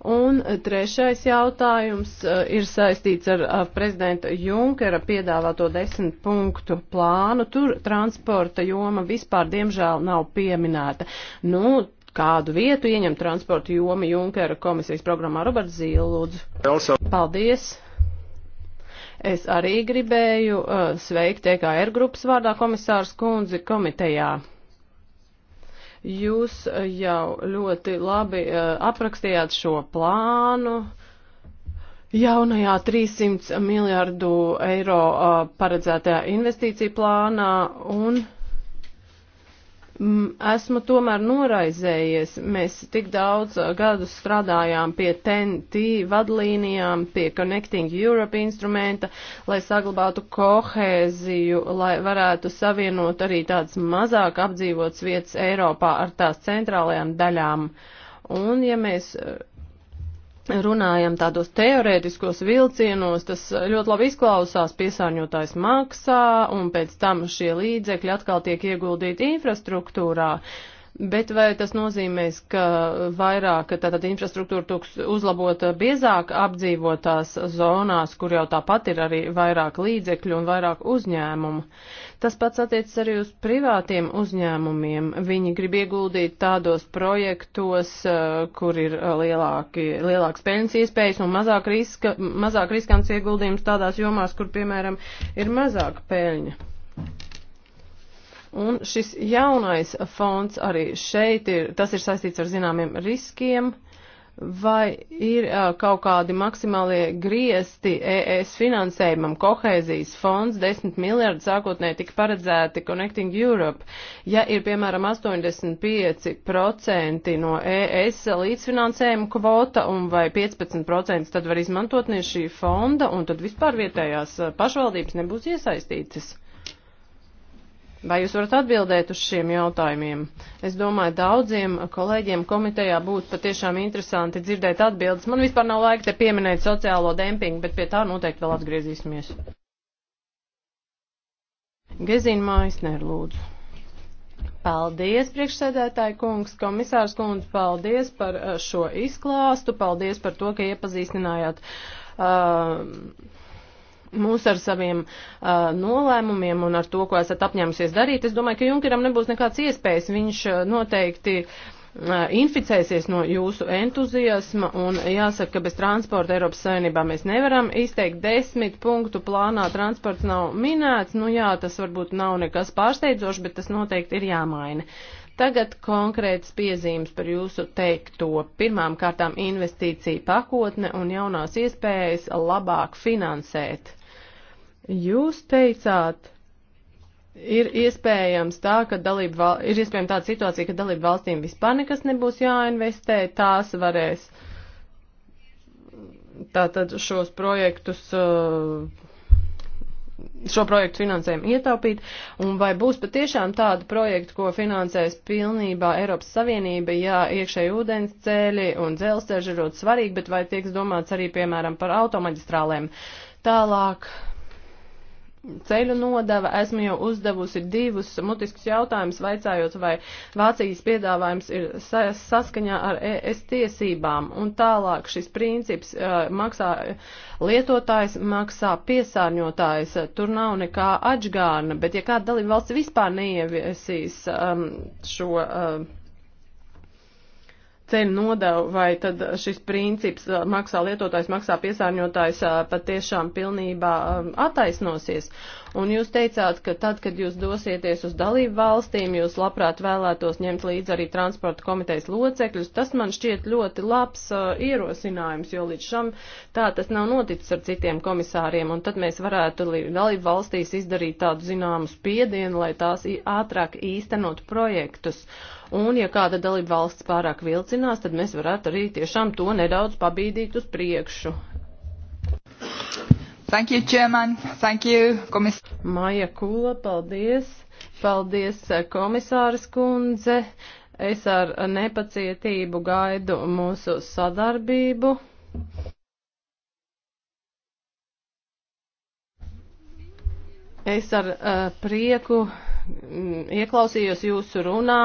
Un trešais jautājums uh, ir saistīts ar, ar uh, prezidenta Junkera piedāvāto desmit punktu plānu. Tur transporta joma vispār, diemžēl, nav pieminēta. Nu, kādu vietu ieņem transporta joma Junkera komisijas programmā Roberts Zīlūdzu? Paldies! Es arī gribēju uh, sveikt EKR grupas vārdā komisārs kundzi komitejā. Jūs eh, jau ļoti labi eh, aprakstījāt šo plānu. Jaunajā 300 miljārdu eiro eh, paredzētajā investīcija plānā un esmu tomēr noraizējies. Mēs tik daudz gadus strādājām pie TNT vadlīnijām, pie Connecting Europe instrumenta, lai saglabātu kohēziju, lai varētu savienot arī tādas mazāk apdzīvotas vietas Eiropā ar tās centrālajām daļām. Un ja mēs runājam tādos teorētiskos vilcienos, tas ļoti labi izklausās, piesārņotājs maksā, un pēc tam šie līdzekļi atkal tiek ieguldīti infrastruktūrā. Uh, Bet vai tas nozīmēs, ka vairāk tātad infrastruktūra tiks uzlabota biezāk apdzīvotās zonās, kur jau tāpat ir arī vairāk līdzekļu un vairāk uzņēmumu? Tas pats attiecas arī uz privātiem uzņēmumiem. Viņi grib ieguldīt tādos projektos, eh, kur ir eh, lielāki, lielāks peļņas iespējas un mazāk, riska, mazāk riskants ieguldījums tādās jomās, kur, piemēram, ir mazāk peļņa. Un šis jaunais fonds arī šeit ir, tas ir saistīts ar zināmiem riskiem. Vai ir uh, kaut kādi maksimālie griesti ES finansējumam? Kohēzijas fonds 10 miljardi sākotnēji tika paredzēti Connecting Europe. Ja ir, piemēram, 85% no ES līdzfinansējuma kvota un vai 15%, tad var izmantot ne šī fonda un tad vispār vietējās pašvaldības nebūs iesaistītas. Vai jūs varat atbildēt uz šiem jautājumiem? Es domāju, daudziem kolēģiem komitejā būtu patiešām interesanti dzirdēt atbildes. Man vispār nav laika te pieminēt sociālo dempingu, bet pie tā noteikti vēl atgriezīsimies. Gezīna Maisner, lūdzu. Paldies, priekšsēdētāji kungs, komisārs kundze, paldies par uh, šo izklāstu, paldies par to, ka iepazīstinājāt. Uh, mūs ar saviem uh, nolēmumiem un ar to, ko esat apņēmusies darīt. Es domāju, ka Junkeram nebūs nekāds iespējas. Viņš uh, noteikti uh, inficēsies no jūsu entuziasma un jāsaka, ka bez transporta Eiropas Savienībā mēs nevaram izteikt desmit punktu plānā. Transports nav minēts, nu jā, tas varbūt nav nekas pārsteidzošs, bet tas noteikti ir jāmaina. Tagad konkrētas piezīmes par jūsu teikto. Pirmām kārtām investīcija pakotne un jaunās iespējas labāk finansēt Jūs teicāt, ir iespējams tā, ka dalība, val... ir iespējama tāda situācija, ka dalību valstīm vispār nekas nebūs jāinvestē, tās varēs tātad šos projektus. Uh, šo projektu finansējumu ietaupīt, un vai būs patiešām tāda projekta, ko finansēs pilnībā Eiropas Savienība, ja iekšēji ūdens ceļi un dzelzceļi ir ļoti svarīgi, bet vai tieks domāts arī, piemēram, par automaģistrālēm. Tālāk ceļu nodeva. Esmu jau uzdevusi divus mutiskus jautājumus, vaicājot, vai Vācijas piedāvājums ir saskaņā ar ES tiesībām. Un tālāk šis princips maksā lietotājs, maksā piesārņotājs. Tur nav nekā atžgārna, bet ja kāda dalība valsts vispār neieviesīs um, šo. Um, ceļu nodevu, vai tad šis princips uh, maksā lietotājs, maksā piesārņotājs uh, patiešām pilnībā um, attaisnosies. Un jūs teicāt, ka tad, kad jūs dosieties uz dalību valstīm, jūs labprāt vēlētos ņemt līdzi arī transporta komitejas locekļus. Tas man šķiet ļoti labs uh, ierosinājums, jo līdz šam tā tas nav noticis ar citiem komisāriem. Un tad mēs varētu dalību valstīs izdarīt tādu zināmu spiedienu, lai tās ātrāk īstenot projektus. Uh, un ja kāda dalība valsts pārāk vilcinās, tad mēs varētu arī tiešām to nedaudz pabīdīt uz priekšu. Thank you, Chairman. Thank you, komis. Maija Kula, paldies. Paldies, eh, komisāras kundze. Es ar nepacietību gaidu mūsu sadarbību. Es ar uh, prieku Mm, ieklausījos jūsu runā,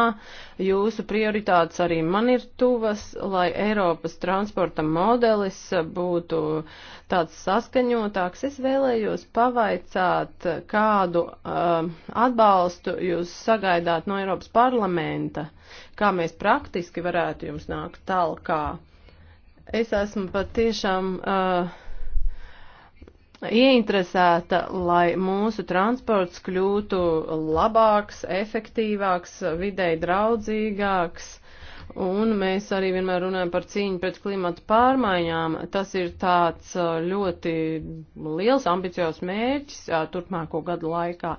jūsu prioritātes arī man ir tuvas, lai Eiropas transporta modelis būtu tāds saskaņotāks. Es vēlējos pavaicāt, kādu uh, atbalstu jūs sagaidāt no Eiropas parlamenta, kā mēs praktiski varētu jums nākt tālāk. Es esmu patiešām. Uh, ieinteresēta, lai mūsu transports kļūtu labāks, efektīvāks, videi draudzīgāks. Un mēs arī vienmēr runājam par cīņu pret klimatu pārmaiņām. Tas ir tāds uh, ļoti liels, ambiciozs mērķis uh, turpmāko gadu laikā.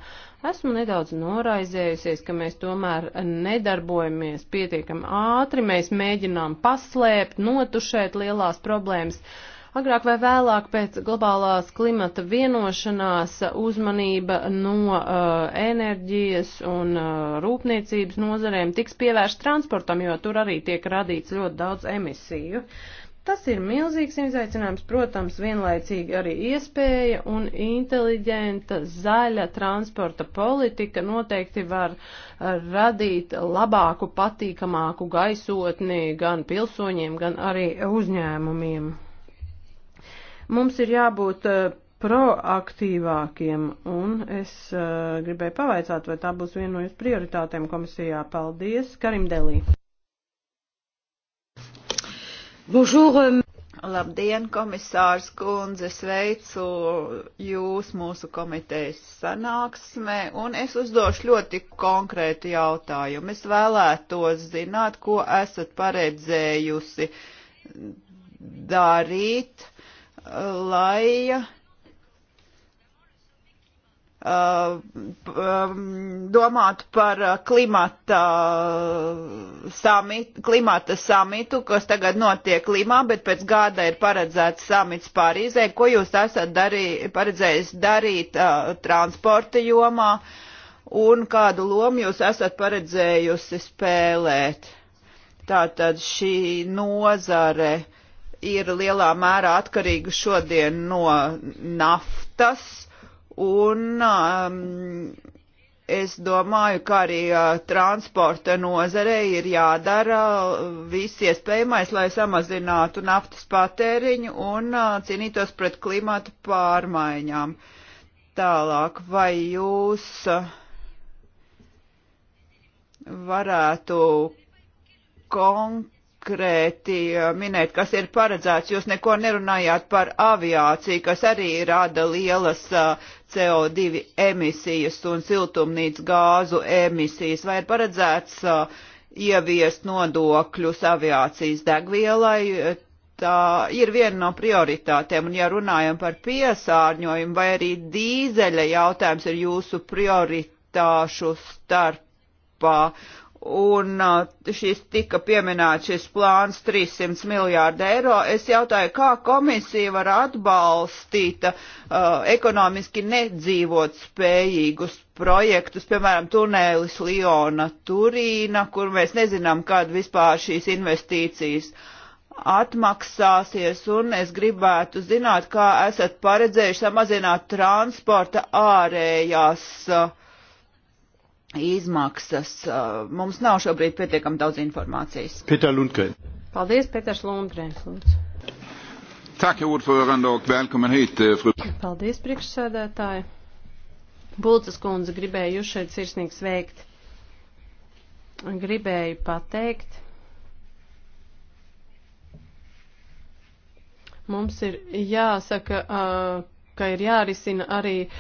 Esmu nedaudz noraizējusies, ka mēs tomēr nedarbojamies pietiekami ātri. Mēs mēģinām paslēpt, notušēt lielās problēmas. Uh, Agrāk vai vēlāk pēc globālās klimata vienošanās uzmanība no uh, enerģijas un uh, rūpniecības nozarēm tiks pievērst transportam, jo tur arī tiek radīts ļoti daudz emisiju. Tas ir milzīgs izaicinājums, protams, vienlaicīgi arī iespēja un inteliģenta zaļa transporta politika noteikti var uh, radīt labāku, patīkamāku gaisotni gan pilsoņiem, gan arī uzņēmumiem. Mums ir jābūt eh, proaktīvākiem, un es uh, gribēju pavaicāt, vai tā būs viena no jūsu prioritātēm komisijā. Paldies, Karim Delī. Bonjour. Euh, labdien, komisārs kundze, sveicu jūs mūsu komitejas sanāksmē, un es uzdošu ļoti konkrēti jautājumu. Es vēlētos zināt, ko esat paredzējusi darīt lai uh, um, domāt par klimata, uh, samit, klimata samitu, kas tagad notiek Limā, bet pēc gada ir paredzēts samits Pārīzē. Ko jūs esat darī, paredzējis darīt uh, transporta jomā un kādu lomu jūs esat paredzējusi spēlēt? Tātad šī nozare ir lielā mērā atkarīga šodien no naftas, un um, es domāju, ka arī uh, transporta nozarei ir jādara viss iespējamais, lai samazinātu naftas patēriņu un uh, cīnītos pret klimata pārmaiņām. Tālāk, vai jūs uh, varētu konkrēt konkrēti eh, minēt, kas ir paredzēts. Jūs neko nerunājāt par aviāciju, kas arī rada lielas eh, CO2 emisijas un siltumnīca gāzu emisijas. Vai ir paredzēts eh, ieviest nodokļus aviācijas degvielai? Tā ir viena no prioritātēm, un ja runājam par piesārņojumu, vai arī dīzeļa jautājums ir jūsu prioritāšu starpā, un šis tika pieminēts šis plāns 300 miljārdu eiro. Es jautāju, kā komisija var atbalstīt uh, ekonomiski nedzīvot spējīgus projektus, piemēram, tunēlis Liona Turīna, kur mēs nezinām, kad vispār šīs investīcijas atmaksāsies, un es gribētu zināt, kā esat paredzējuši samazināt transporta ārējās uh, izmaksas. Uh, mums nav šobrīd pietiekam daudz informācijas. Peter Lundgren. Paldies, Peters Lundgrens. Tack, ordförande, och välkommen hit, eh, fru. Paldies, priekšsēdētāji. Bulces kundze gribēju jūs šeit sirsnīgi sveikt. Gribēju pateikt. Mums ir jāsaka, uh, ka ir jārisina arī eh,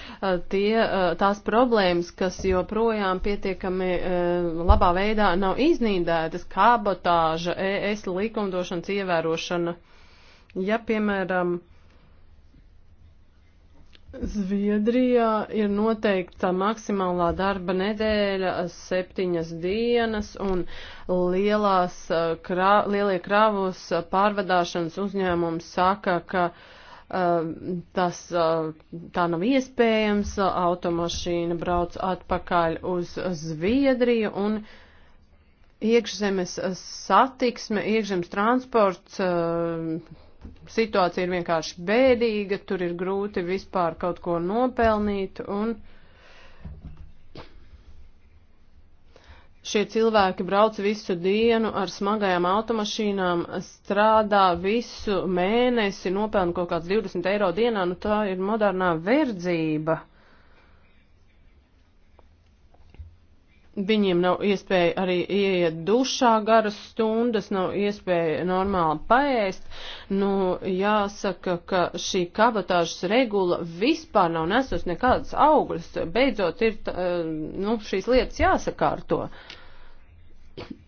tie, eh, tās problēmas, kas joprojām pietiekami eh, labā veidā nav iznīdētas, kabotāža, ES likumdošanas ievērošana. Ja, piemēram, Zviedrijā ir noteikta maksimālā darba nedēļa septiņas dienas un lielās, krā, lielie kravus pārvadāšanas uzņēmumi saka, ka uh, Ehm, tas eh, tā nav iespējams, automašīna brauc atpakaļ uz Zviedriju un iekšzemes satiksme, iekšzemes transports ehm, situācija ir vienkārši bēdīga, tur ir grūti vispār kaut ko nopelnīt un Šie cilvēki brauc visu dienu ar smagajām automašīnām, strādā visu mēnesi, nopelna kaut kāds 20 eiro dienā, nu tā ir modernā verdzība. Viņiem nav iespēja arī ieiet dušā garas stundas, nav iespēja normāli paēst. Nu, jāsaka, ka šī kabatāžas regula vispār nav nesus nekādas augļas. Beidzot, ir, eh, nu, šīs lietas jāsakārto. Uh,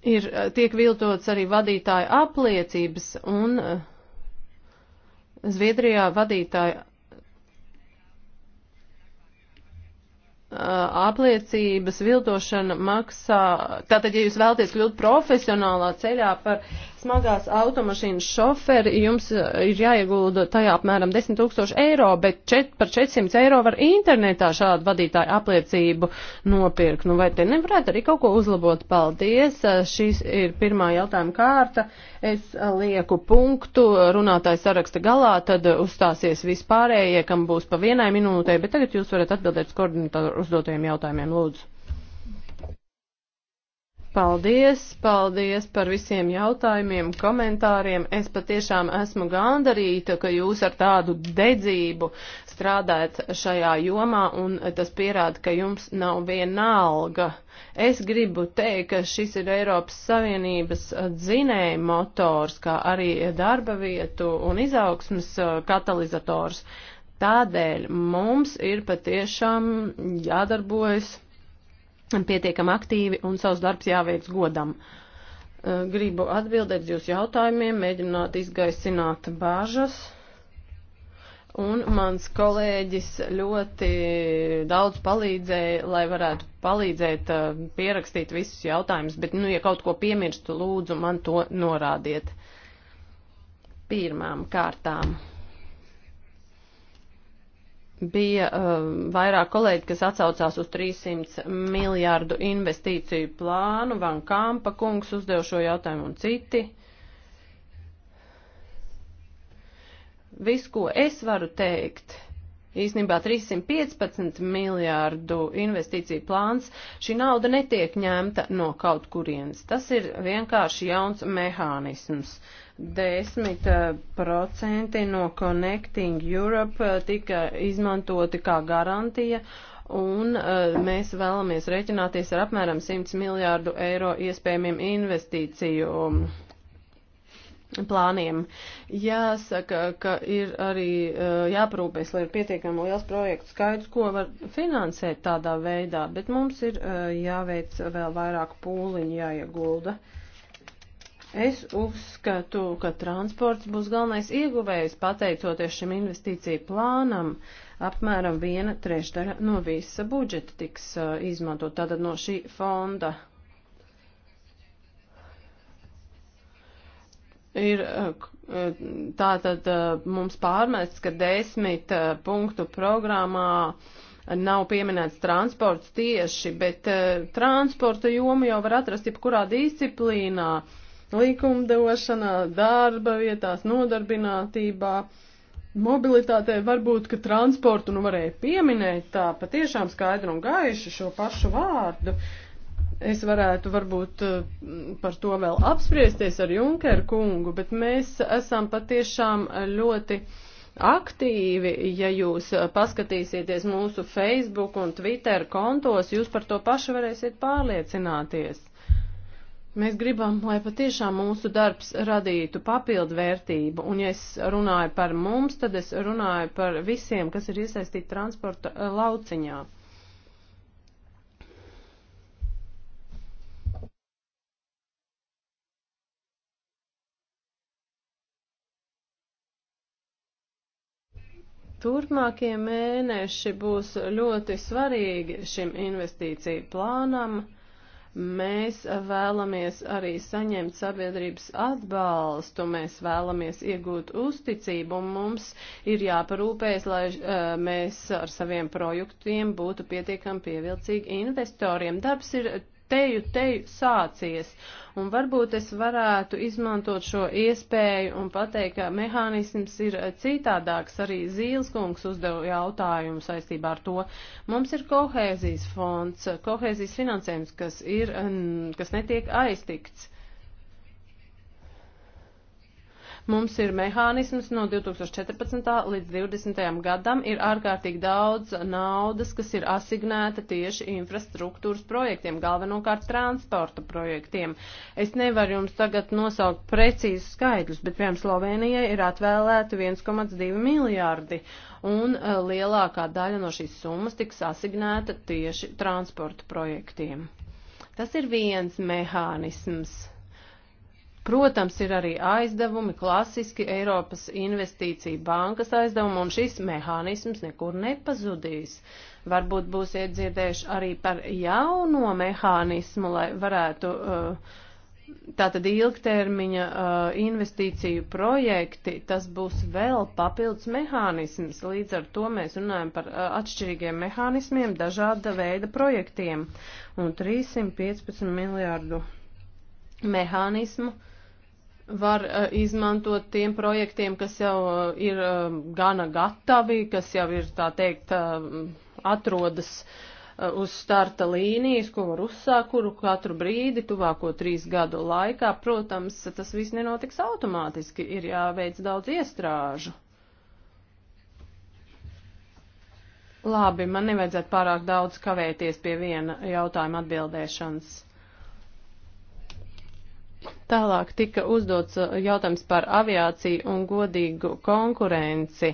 ir, eh, tiek viltots arī vadītāja apliecības, un eh, Zviedrijā vadītāja eh, apliecības viltošana maksā, tātad, ja jūs vēlties kļūt profesionālā ceļā par smagās automašīnas šoferi, jums eh, ir jāiegulda tajā apmēram 10 tūkstoši eiro, bet čet, par 400 eiro var internetā šādu vadītāju apliecību nopirkt. Nu, vai te nevarētu arī kaut ko uzlabot? Paldies! Eh, Šīs ir pirmā jautājuma kārta. Es eh, lieku punktu runātājs saraksta galā, tad uzstāsies vispārējie, kam būs pa vienai minūtei, bet tagad jūs varat atbildēt uz koordinatoru uzdotajiem jautājumiem, lūdzu. Paldies, paldies par visiem jautājumiem, komentāriem. Es patiešām esmu gandarīta, ka jūs ar tādu dedzību strādājat šajā jomā, un tas pierāda, ka jums nav viena alga. Es gribu teikt, ka šis ir Eiropas Savienības dzinēja motors, kā arī darba vietu un izaugsmas uh, katalizators. Tādēļ mums ir patiešām jādarbojas pietiekami aktīvi un savus darbs jāveic godam. Gribu atbildēt jūs jautājumiem, mēģināt izgaisināt bāžas. Un mans kolēģis ļoti daudz palīdzēja, lai varētu palīdzēt pierakstīt visus jautājumus, bet, nu, ja kaut ko piemirstu, lūdzu, man to norādiet. Pirmām kārtām bija uh, vairāk kolēģi, kas atsaucās uz 300 miljārdu investīciju plānu, Van Kampa kungs uzdev šo jautājumu un citi. Viss, ko es varu teikt, īsnībā 315 miljārdu investīciju plāns, šī nauda netiek ņemta no kaut kurienes. Tas ir vienkārši jauns mehānisms. Uh, 10% eh, no Connecting Europe eh, tika izmantoti kā garantija, un uh, mēs vēlamies rēķināties ar apmēram 100 miljārdu eiro iespējamiem investīciju um, plāniem. Jāsaka, ka ir arī uh, jāprūpēs, lai ir pietiekami liels projektu skaidrs, ko var finansēt tādā veidā, bet mums ir uh, jāveic vēl vairāk pūliņu jāiegulda. Uh, Es uzskatu, ka transports būs galvenais ieguvējs pateicoties šim investīciju plānam. Apmēram viena trešdaļa no visa budžeta tiks uh, izmantot tātad no šī fonda. Ir uh, uh tātad uh, mums pārmests, ka desmit uh, punktu programmā nav pieminēts transports tieši, bet uh, transporta jomu jau var atrast jebkurā disciplīnā likumdošanā, darba vietās, nodarbinātībā, mobilitātē, varbūt, ka transportu nu varēja pieminēt tā patiešām skaidru un gaišu šo pašu vārdu. Es varētu varbūt eh, par to vēl apspriesties ar Junkeru kungu, bet mēs esam patiešām ļoti aktīvi, ja jūs eh, paskatīsieties mūsu Facebook un Twitter kontos, jūs par to pašu varēsiet pārliecināties. Mēs gribam, lai patiešām mūsu darbs radītu papildu vērtību, un ja es runāju par mums, tad es runāju par visiem, kas ir iesaistīti transporta eh, lauciņā. Turpmākie mēneši būs ļoti svarīgi šim investīciju plānam. Mēs vēlamies arī saņemt sabiedrības atbalstu, mēs vēlamies iegūt uzticību un mums ir jāparūpējas, lai uh, mēs ar saviem projektiem būtu pietiekami pievilcīgi investoriem. Darbs ir teju teju sācies. Un varbūt es varētu izmantot šo iespēju un pateikt, ka mehānisms ir citādāks. Arī Zīleskungs uzdeva jautājumu saistībā ar to. Mums ir kohēzijas fonds, kohēzijas finansējums, kas, ir, kas netiek aiztikts. Mums ir mehānisms no 2014. līdz 2020. gadam ir ārkārtīgi daudz naudas, kas ir asignēta tieši infrastruktūras projektiem, galvenokārt transporta projektiem. Es nevaru jums tagad nosaukt precīzi skaidrus, bet piemēram Slovenijai ir atvēlēta 1,2 miljārdi un e, lielākā daļa no šīs summas tiks asignēta tieši transporta projektiem. Tas ir viens mehānisms. Protams, ir arī aizdevumi, klasiski Eiropas investīcija bankas aizdevumi, un šis mehānisms nekur nepazudīs. Varbūt būsiet dzirdējuši arī par jauno mehānismu, lai varētu. Uh, Tātad ilgtermiņa uh, investīciju projekti, tas būs vēl papildus mehānisms. Līdz ar to mēs runājam par uh, atšķirīgiem mehānismiem, dažāda veida projektiem un 315 miljārdu mehānismu. Uh, var uh, izmantot tiem projektiem, kas jau uh, ir uh, gana gatavi, kas jau ir, tā teikt, uh, atrodas uh, uz starta līnijas, ko var uzsākt, kuru katru brīdi tuvāko trīs gadu laikā. Protams, tas viss nenotiks automātiski, ir jāveic daudz iestrāžu. Labi, man nevajadzētu pārāk daudz kavēties pie viena jautājuma atbildēšanas. Tālāk tika uzdots uh, jautājums par aviāciju un godīgu konkurenci.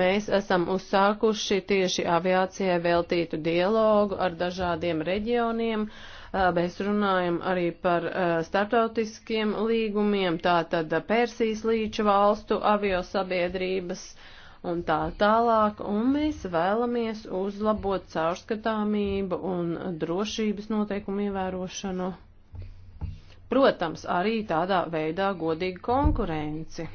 Mēs esam uzsākuši tieši aviācijai veltītu dialogu ar dažādiem reģioniem. Uh, mēs runājam arī par uh, startautiskiem līgumiem, tātad Persijas līča valstu aviosabiedrības un tā tālāk, un mēs vēlamies uzlabot caurskatāmību un drošības noteikumu ievērošanu. Protams, arī tādā veidā godīga konkurenci.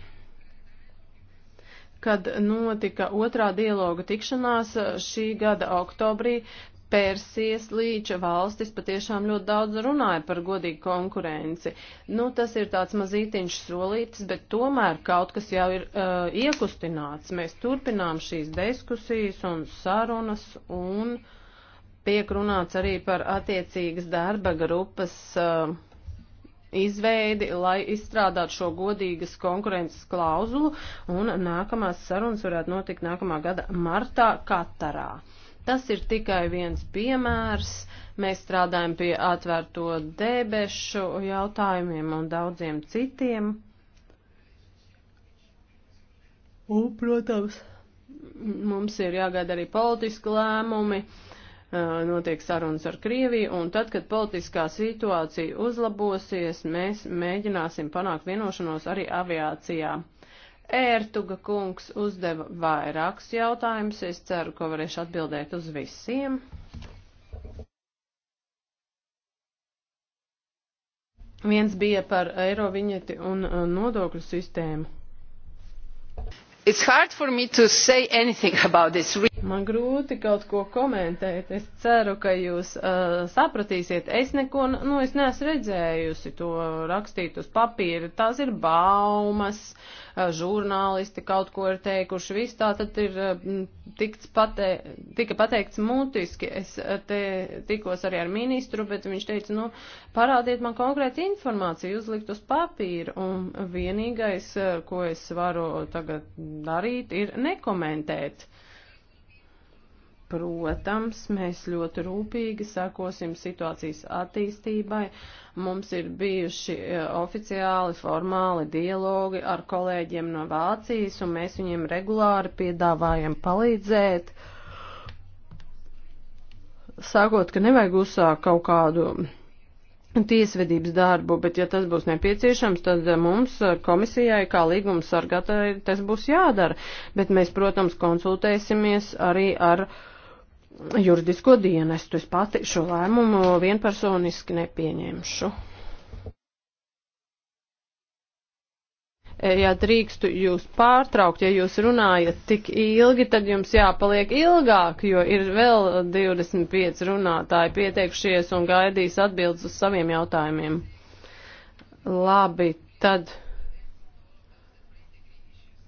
Kad notika otrā dialoga tikšanās šī gada oktobrī, Persijas līča valstis patiešām ļoti daudz runāja par godīgu konkurenci. Nu, tas ir tāds mazītiņš solītis, bet tomēr kaut kas jau ir uh, iekustināts. Mēs turpinām šīs diskusijas un sarunas un tiek runāts arī par attiecīgas darba grupas. Uh, izveidi, lai izstrādātu šo godīgas konkurences klauzulu, un nākamās sarunas varētu notikt nākamā gada martā Katarā. Tas ir tikai viens piemērs. Mēs strādājam pie atvērto debešu jautājumiem un daudziem citiem. Un, protams, mums ir jāgaida arī politiski lēmumi. Uh, Eh, notiek sarunas ar Krieviju, un tad, kad politiskā situācija uzlabosies, mēs mēģināsim panākt vienošanos arī aviācijā. Ērtuga kungs uzdeva vairākus jautājumus. Es ceru, ka varēšu atbildēt uz visiem. Viens bija par eiro viņeti un eh, nodokļu sistēmu. It's hard for me to say anything about this. Man grūti kaut ko komentēt. Es ceru, ka jūs uh, sapratīsiet. Es neko, nu, es neesmu redzējusi to rakstīt uz papīra. Tās ir baumas, uh, žurnālisti kaut ko ir teikuši. Viss tā tad ir uh, tikts pate, tika pateikts mutiski. Es uh, te tikos arī ar ministru, bet viņš teica, nu, parādiet man konkrēti informāciju, uzlikt uz papīra. Un vienīgais, uh, ko es varu tagad darīt, ir nekomentēt. Uh, Protams, mēs ļoti rūpīgi sakosim situācijas attīstībai. Mums ir bijuši e, oficiāli, formāli dialogi ar kolēģiem no Vācijas, un mēs viņiem regulāri piedāvājam palīdzēt. Sākot, ka nevajag uzsākt kaut kādu tiesvedības darbu, bet ja tas būs nepieciešams, tad mums e, komisijai kā līguma sargātāji tas būs jādara. Bet mēs, protams, konsultēsimies arī ar uh, juridisko dienestu. Es pati šo lēmumu vienpersoniski nepieņemšu. E, ja drīkstu jūs pārtraukt, ja jūs runājat tik ilgi, tad jums jāpaliek ilgāk, jo ir vēl 25 runātāji pieteikušies un gaidīs atbildes uz saviem jautājumiem. Labi, tad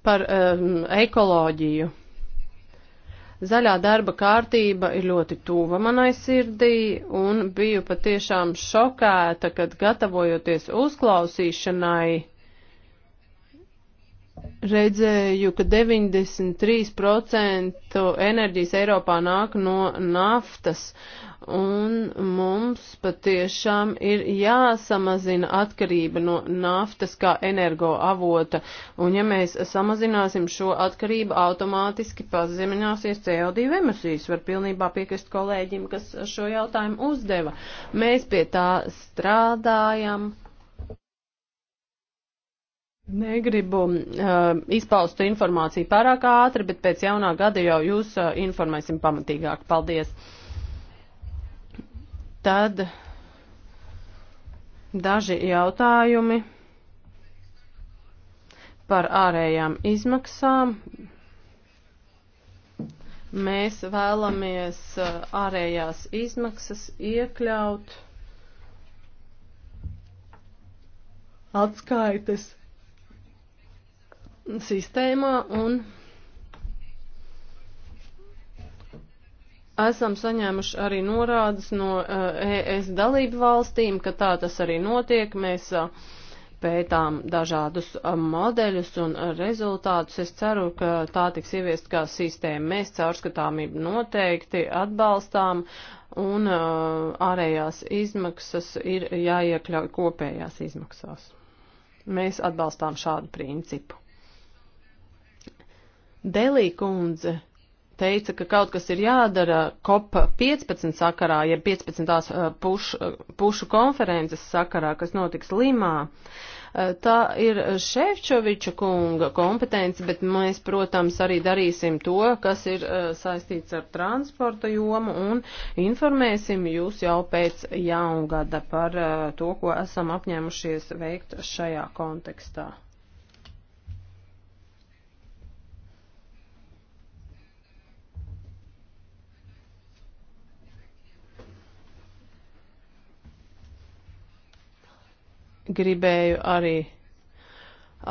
par um, ekoloģiju. Zaļā darba kārtība ir ļoti tuva manai sirdī un biju patiešām šokēta, kad gatavojoties uzklausīšanai redzēju, ka 93% enerģijas Eiropā nāk no naftas, un mums patiešām ir jāsamazina atkarība no naftas kā energoavota, un ja mēs samazināsim šo atkarību, automātiski pazemināsies CO2 emisijas, var pilnībā piekrist kolēģim, kas šo jautājumu uzdeva. Mēs pie tā strādājam Negribu uh, izpaust informāciju pārāk ātri, bet pēc jaunā gada jau jūs uh, informēsim pamatīgāk. Paldies. Tad daži jautājumi par ārējām izmaksām. Mēs vēlamies uh, ārējās izmaksas iekļaut atskaites sistēmā un esam saņēmuši arī norādes no ES eh, e dalību valstīm, ka tā tas arī notiek. Mēs eh, pētām dažādus eh, modeļus un rezultātus. Es ceru, ka tā tiks ieviest kā sistēma. Mēs caurskatāmību noteikti atbalstām un ārējās izmaksas ir jāiekļauj kopējās izmaksās. Mēs atbalstām šādu principu. Delī kundze teica, ka kaut kas ir jādara kopa 15 sakarā, ja 15. Pušu, pušu konferences sakarā, kas notiks Limā. Eh, tā ir Šefčoviča kunga kompetence, bet mēs, protams, arī darīsim to, kas ir eh, saistīts ar transporta jomu un informēsim jūs jau pēc jaungada par eh, to, ko esam apņēmušies veikt šajā kontekstā. gribēju arī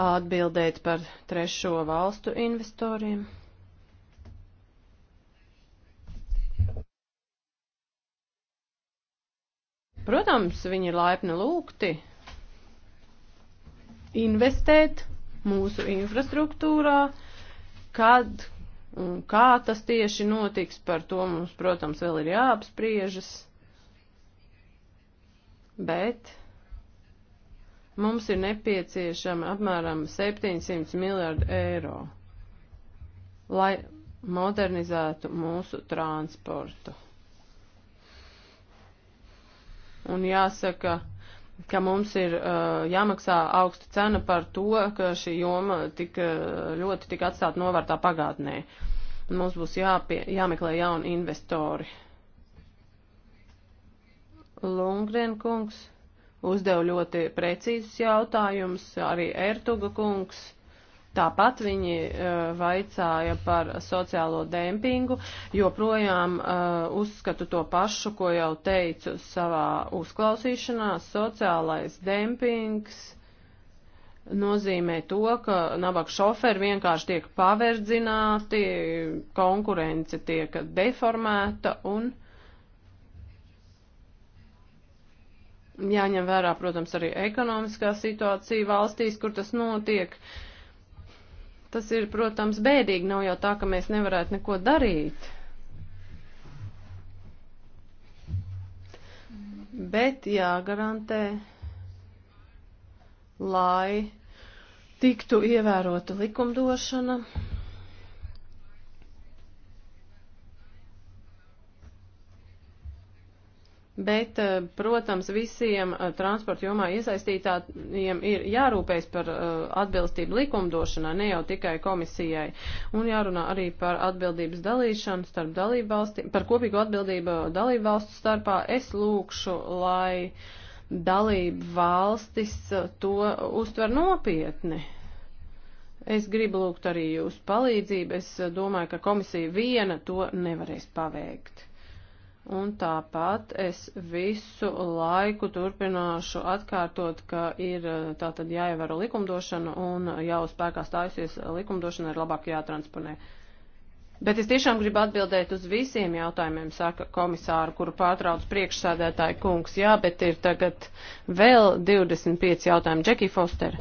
atbildēt par trešo valstu investoriem. Protams, viņi ir laipni lūgti investēt mūsu infrastruktūrā, kad un kā tas tieši notiks, par to mums, protams, vēl ir jāapspriežas. Bet Mums ir nepieciešama apmēram 700 miljārdu eiro, lai modernizētu mūsu transportu. Un jāsaka, ka mums ir uh, jāmaksā augsta cena par to, ka šī joma tik uh, ļoti tika atstāta novārtā pagātnē. Un mums būs jāpie, jāmeklē jauni investori. Lungren kungs uzdev ļoti precīzus jautājumus, arī Ertuga kungs. Tāpat viņi uh, vaicāja par sociālo dempingu, joprojām uh, uzskatu to pašu, ko jau teicu savā uzklausīšanā. Sociālais dempings nozīmē to, ka nabaga šoferi vienkārši tiek paverdzināti, konkurence tiek deformēta un jāņem vērā, protams, arī ekonomiskā situācija valstīs, kur tas notiek. Tas ir, protams, bēdīgi, nav jau tā, ka mēs nevarētu neko darīt. Bet jāgarantē, lai tiktu ievērota likumdošana. Bet, eh, protams, visiem eh, transporta jomā iesaistītājiem ir jārūpējas par eh, atbilstību likumdošanai, ne jau tikai komisijai, un jārunā arī par atbildības dalīšanu starp dalību valstīm, par kopīgu atbildību dalību valstu starpā. Es lūkšu, lai dalību valstis to uztver nopietni. Es gribu lūgt arī jūsu palīdzību. Es domāju, ka komisija viena to nevarēs paveikt. Un tāpat es visu laiku turpināšu atkārtot, ka ir eh, tātad jāievēro likumdošana un jau spēkā stājusies eh, likumdošana ir labāk jātransponē. Bet es tiešām gribu atbildēt uz visiem jautājumiem, saka komisāru, kuru pārtrauc priekšsādētāja kungs. Jā, bet ir tagad vēl 25 jautājumu. Džekija Foster.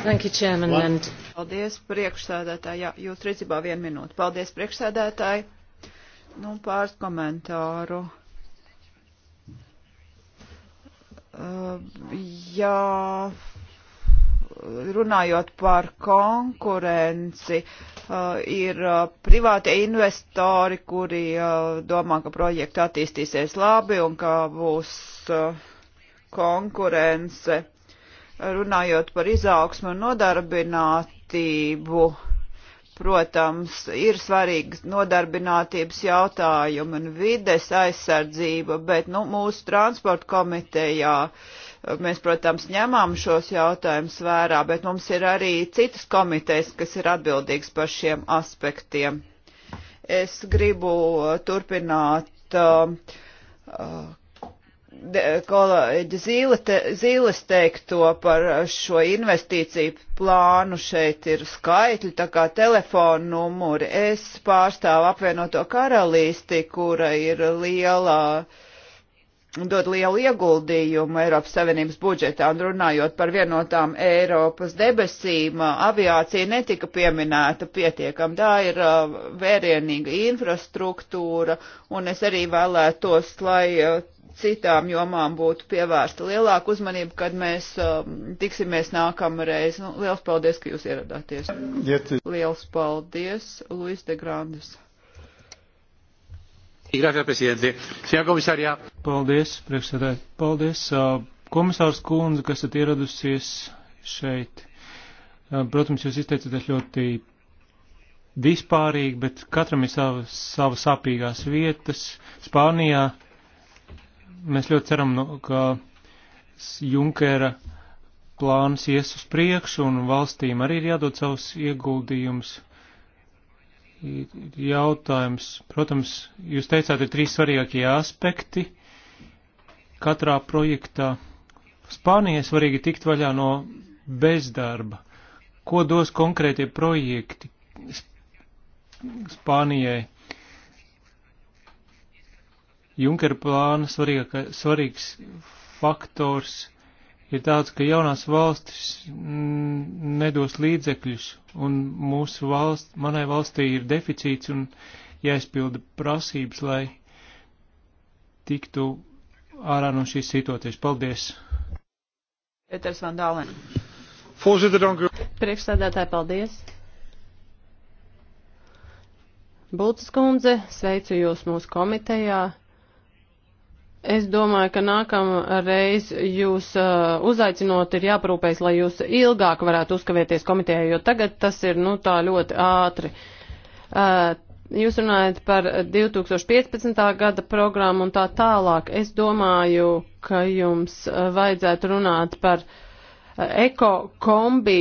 Thank you, Chairman. And... Paldies, priekšsādētāji. Jā, jūs redzībā vienu minūtu. Paldies, priekšsādētāji Nu, pāris komentāru. Uh, jā, runājot par konkurenci, uh, ir uh, privātie investori, kuri uh, domā, ka projekti attīstīsies labi un ka būs uh, konkurence. Runājot par izaugsmu un nodarbinātību, uh, Protams, ir svarīgi nodarbinātības jautājumi un vides aizsardzība, bet nu, mūsu transporta komitejā uh, mēs, protams, ņemam šos jautājumus vērā, bet mums ir arī citas komitejas, kas ir atbildīgas par šiem aspektiem. Es gribu turpināt uh, uh, kolēģi Zīle te, Zīles teikto par šo investīciju plānu. Šeit ir skaitļi, tā kā telefona numuri. Es pārstāvu apvienoto karalisti, kura ir lielā, dod lielu ieguldījumu Eiropas Savienības budžetā. Un runājot par vienotām Eiropas debesīm, aviācija netika pieminēta pietiekam. Tā ir uh, vērienīga infrastruktūra, un es arī vēlētos, lai uh, citām jomām būtu pievērsta lielāka uzmanība, kad mēs um, tiksimies nākamreiz. Nu, liels paldies, ka jūs ieradāties. Liels paldies, Luis de Grandes. Paldies, priekšsēdētāji. Paldies, uh, komisārs Kundze, kas esat ieradusies šeit. Uh, protams, jūs izteicaties ļoti vispārīgi, bet katram ir sava, sava sapīgās vietas. Spānijā mēs ļoti ceram, nu, ka Junkera plāns ies uz priekšu un valstīm arī ir jādod savus ieguldījumus. Jautājums, protams, jūs teicāt, ir trīs svarīgākie aspekti katrā projektā. Spānijai svarīgi tikt vaļā no bezdarba. Ko dos konkrētie projekti Spānijai? Junkera plāna svarīga, svarīgs faktors ir tāds, ka jaunās valstis nedos līdzekļus, un mūsu valsts, manai valstī ir deficīts un jāizpilda prasības, lai tiktu ārā no šīs situācijas. Paldies! Pēters Van Dālen. Priekšsēdētāji, paldies! Bultas kundze, sveicu jūs mūsu komitejā. Es domāju, ka nākamreiz jūs uh, uzaicinot ir jāparūpējas, lai jūs ilgāk varētu uzkavēties komitejā, jo tagad tas ir, nu, tā ļoti ātri. Uh, jūs runājat par 2015. gada programmu un tā tālāk. Es domāju, ka jums uh, vajadzētu runāt par uh, eko kombi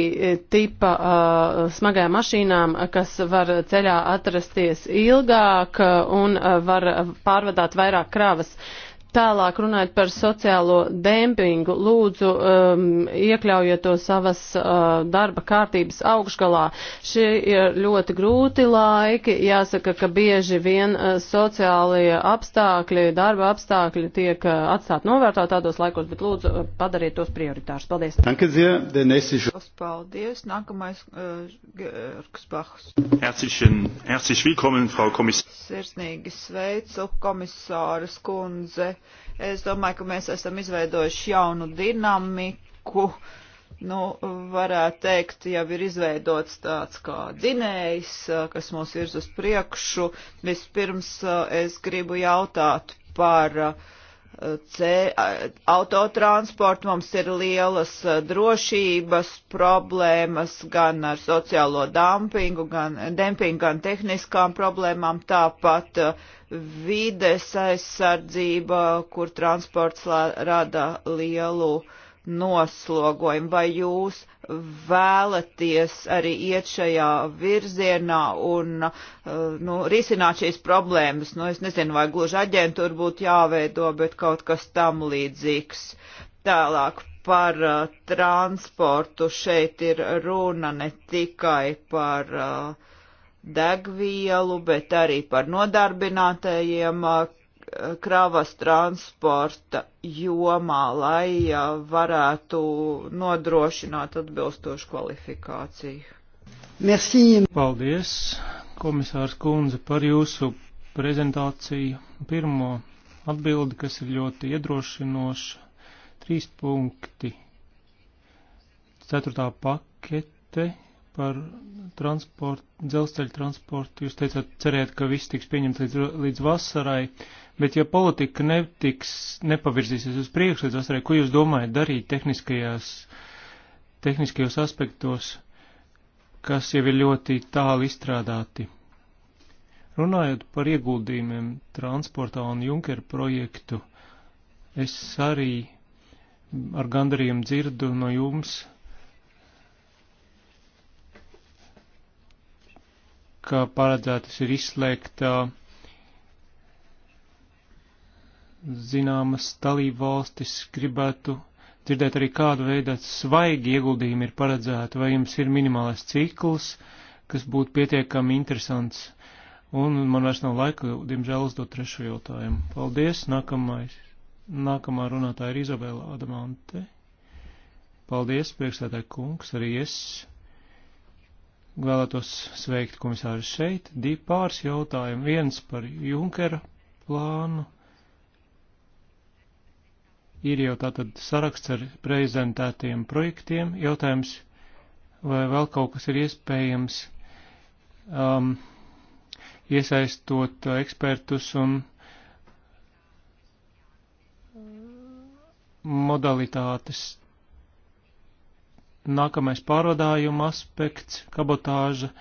tipa uh, smagajām mašīnām, kas var ceļā atrasties ilgāk un uh, var pārvadāt vairāk kravas. Uh, Tālāk runājot par sociālo dempingu, lūdzu um, iekļaujiet to savas uh, darba kārtības augšgalā. Šie ir ļoti grūti laiki, jāsaka, ka bieži vien uh, sociālie apstākļi, darba apstākļi tiek uh, atstāt novērtā tādos laikos, bet lūdzu uh, padariet tos prioritārus. Paldies. Paldies. Nākamais uh, Gerks Bahs. Herzlichen, herzlich willkommen, Frau Kommissarin. Sirsnīgi sveicu komisāras kundze Es domāju, ka mēs esam izveidojuši jaunu dinamiku. Nu, varētu teikt, jau ir izveidots tāds kā dzinējs, kas mūs virz uz priekšu. Vispirms eh, es gribu jautāt par uh, C, autotransportu, mums ir lielas uh, drošības problēmas gan ar sociālo dumpingu, gan, dempingu, gan tehniskām problēmām, tāpat uh, vides aizsardzība, kur transports rada lielu uh, noslogojumu. Vai jūs vēlaties arī iet šajā virzienā un eh, nu, risināt šīs problēmas? Nu, es nezinu, vai gluži aģentūra būtu jāveido, bet kaut kas tam līdzīgs. Tālāk par uh, transportu šeit ir runa ne tikai par uh, degvielu, bet arī par nodarbinātajiem uh, kravas transporta jomā, lai varētu nodrošināt atbilstošu kvalifikāciju. Merci. Paldies, komisārs Kunze, par jūsu prezentāciju. Pirmo atbildi, kas ir ļoti iedrošinoša. Trīs punkti. Ceturtā pakete par transportu, dzelzceļa transportu. Jūs teicāt, cerēt, ka viss tiks pieņemts līdz, līdz vasarai. Bet ja politika netiks, nepavirzīsies uz priekšu līdz vasarē, ko jūs domājat darīt tehniskajās, tehniskajos aspektos, kas jau ir ļoti tālu izstrādāti? Runājot par ieguldījumiem transportā un Junker projektu, es arī ar gandarījumu dzirdu no jums, ka paredzētas ir izslēgta uh, zināmas dalību valstis gribētu dzirdēt arī kādu veidu svaigi ieguldījumi ir paredzēti, vai jums ir minimālais cikls, kas būtu pietiekami interesants. Un man vairs nav laika, diemžēl, uzdot trešo jautājumu. Paldies, nākamais. Nākamā runātāja ir Izabela Adamante. Paldies, priekšstādāja kungs, arī es vēlētos sveikt komisāru šeit. Divi pāris jautājumi. Viens par Junkera plānu ir jau tātad saraksts ar prezentētiem projektiem. Jautājums, vai vēl kaut kas ir iespējams um, iesaistot ekspertus un modalitātes. Nākamais pārvadājuma aspekts - kabotāža.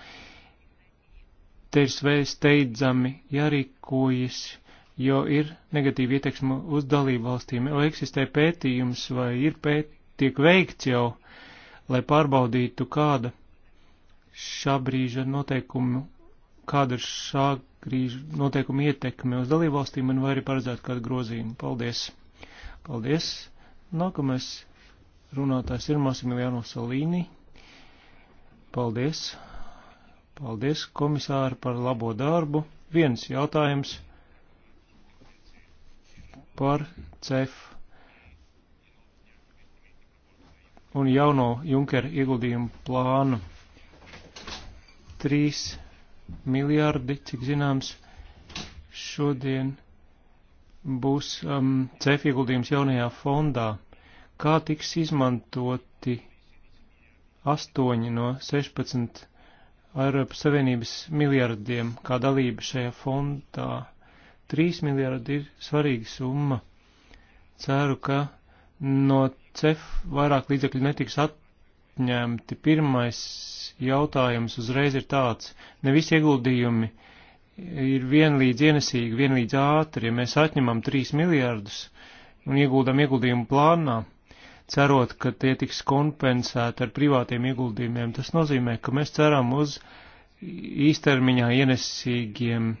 Te ir steidzami jārīkojas. Ja jo ir negatīva ietekme uz dalību valstīm. Vai eksistē pētījums, vai ir pēt, tiek veikts jau, lai pārbaudītu, kāda šā brīža noteikumu, kāda ir šā brīža noteikuma ietekme uz dalību valstīm, un vai arī paredzētu kādu grozījumu. Paldies! Paldies! Nākamais runātājs ir Massimiliano Salīni. Paldies! Paldies komisāri par labo darbu. Viens jautājums par CEF un jauno Junkera ieguldījumu plānu. 3 miljardi, cik zināms, šodien būs um, CEF ieguldījums jaunajā fondā. Kā tiks izmantoti 8 no 16 Eiropas Savienības miljardiem kā dalība šajā fondā? 3 miljardi ir svarīga summa. Ceru, ka no CEF vairāk līdzekļu netiks atņemti. Pirmais jautājums uzreiz ir tāds. Ne visi ieguldījumi ir vienlīdz ienesīgi, vienlīdz ātri. Ja mēs atņemam 3 miljardus un ieguldam ieguldījumu plānā, cerot, ka tie tiks kompensēti ar privātiem ieguldījumiem, tas nozīmē, ka mēs ceram uz īstermiņā ienesīgiem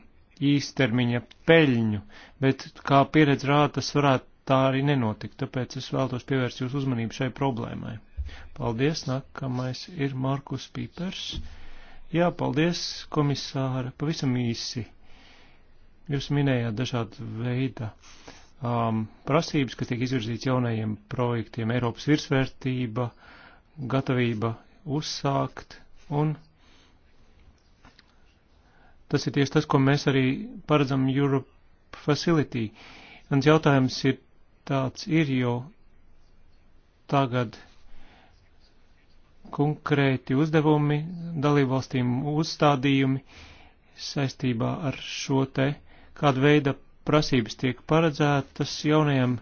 īstermiņa peļņu, bet kā pieredze rāda, tas varētu tā arī nenotikt, tāpēc es vēlos pievērst jūsu uzmanību šai problēmai. Paldies, nākamais ir Markus Pīpers. Jā, paldies, komisāra, pavisam īsi. Jūs minējāt dažādu veidu um, prasības, kas tiek izvirzīts jaunajiem projektiem, Eiropas virsvērtība, gatavība uzsākt un Tas ir tieši tas, ko mēs arī paredzam Europe Facility. Mans jautājums ir tāds ir, jo tagad konkrēti uzdevumi dalībvalstīm uzstādījumi saistībā ar šo te, kāda veida prasības tiek paredzētas jaunajam,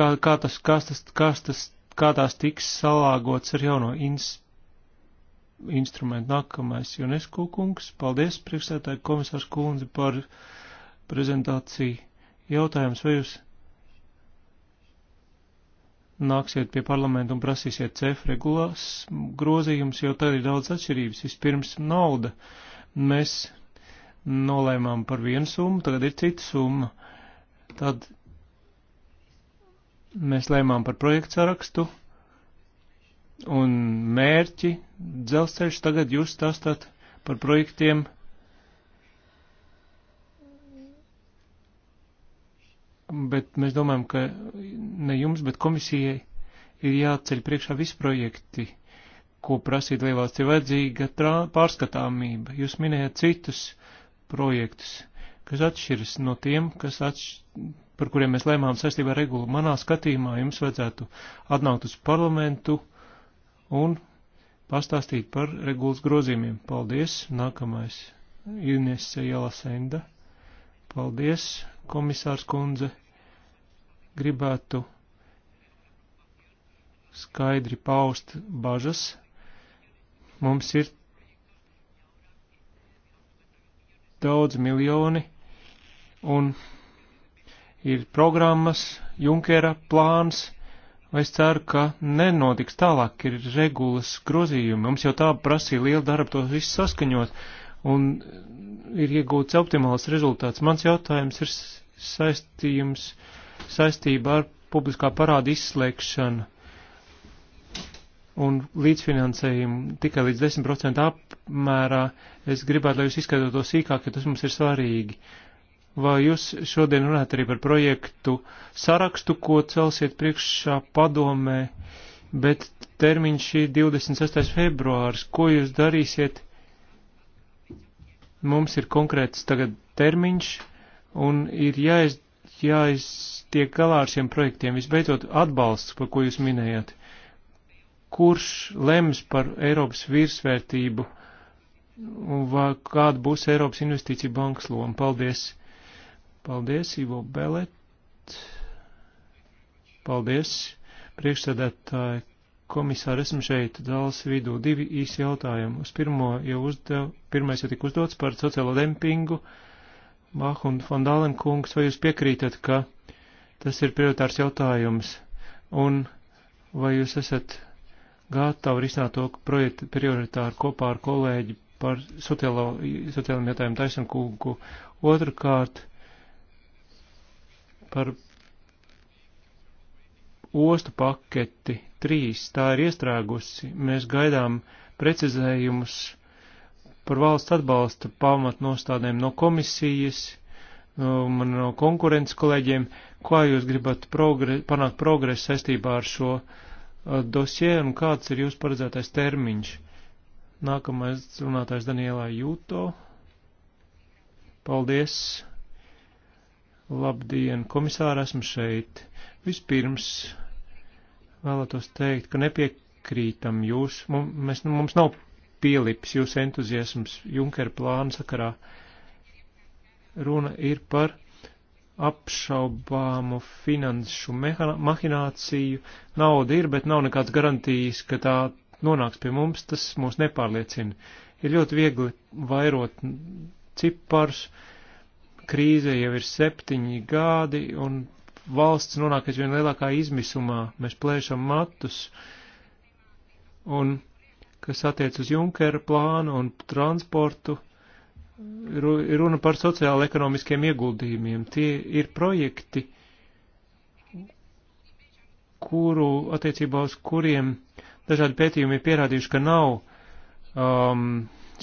kā, kā tas, kā tas, kā tas, kā tās tiks salāgots ar jauno inspekciju instrumentu. Nākamais UNESCO kungs. Paldies, priekšsētāji komisārs kundze, par prezentāciju. Jautājums, vai jūs nāksiet pie parlamentu un prasīsiet CEF regulās grozījums, jo tad ir daudz atšķirības. Vispirms nauda. Mēs nolēmām par vienu summu, tagad ir cita summa. Tad mēs lēmām par projektu sarakstu, un mērķi dzelzceļš tagad jūs stāstāt par projektiem. Bet mēs domājam, ka ne jums, bet komisijai ir jāceļ priekšā visi projekti, ko prasīt lielvalsts ir vajadzīga pārskatāmība. Jūs minējāt citus projektus, kas atšķiras no tiem, kas atšķiras par kuriem mēs lēmām saistībā ar regulu. Manā skatījumā jums vajadzētu atnākt uz parlamentu un pastāstīt par regulas grozījumiem. Paldies! Nākamais Inese Jalasenda. Paldies, komisārs kundze! Gribētu skaidri paust bažas. Mums ir daudz miljoni un ir programmas, Junkera plāns, Es ceru, ka nenotiks tālāk ir regulas grozījumi. Mums jau tā prasīja liela darba to visu saskaņot, un ir iegūts optimāls rezultāts. Mans jautājums ir saistījums saistībā ar publiskā parāda izslēgšanu un līdzfinansējumu tikai līdz 10% apmērā. Es gribētu, lai jūs izskaidrotu to sīkāk, jo ja tas mums ir svarīgi. Uh, Vai jūs šodien runājat arī par projektu sarakstu, ko celsiet priekšā padomē, bet termiņš ir 26. februārs. Ko jūs darīsiet? Mums ir konkrēts tagad termiņš un ir jāiz, jāiztiek galā ar šiem projektiem. Visbeidzot, atbalsts, par ko jūs minējāt. Kurš lems par Eiropas virsvērtību? Vai kāda būs Eiropas investīcija bankas loma? Paldies! Paldies, Ivo Belet. Paldies, priekšsēdētāji komisāri. Esmu šeit dāls vidū divi īsi jautājumi. Uz pirmo jau uzdev, pirmais jau tika uzdots par sociālo dempingu. Mah un Fandālen kungs, vai jūs piekrītat, ka tas ir prioritārs jautājums? Un vai jūs esat gatavi risināt to projektu prioritāru kopā ar kolēģi par sociālo, sociālajiem jautājumiem taisnīgu? Otrakārt, par ostu paketi 3. Tā ir iestrēgusi. Mēs gaidām precizējumus par valsts atbalsta pamatnostādēm no komisijas, man no konkurences kolēģiem, kā jūs gribat progres, panākt progresu saistībā ar šo uh, dosie un kāds ir jūs paredzētais termiņš. Nākamais runātājs Danielā Jūto. Paldies! Labdien, komisāri, esmu šeit. Vispirms vēlētos teikt, ka nepiekrītam jūs. Mums, nu, mums nav pielips jūsu entuziasms Junkera plāna sakarā. Runa ir par apšaubāmu finanšu mahināciju. Nauda ir, bet nav nekāds garantijas, ka tā nonāks pie mums. Tas mūs nepārliecina. Ir ļoti viegli vairot ciparus krīze jau ir septiņi gadi un valsts nonāk aizvien lielākā izmisumā. Mēs plēšam matus. Un, kas attiec uz Junkera plānu un transportu, runa par sociāli ekonomiskiem ieguldījumiem. Tie ir projekti, kuru attiecībā uz kuriem dažādi pētījumi ir pierādījuši, ka nav um,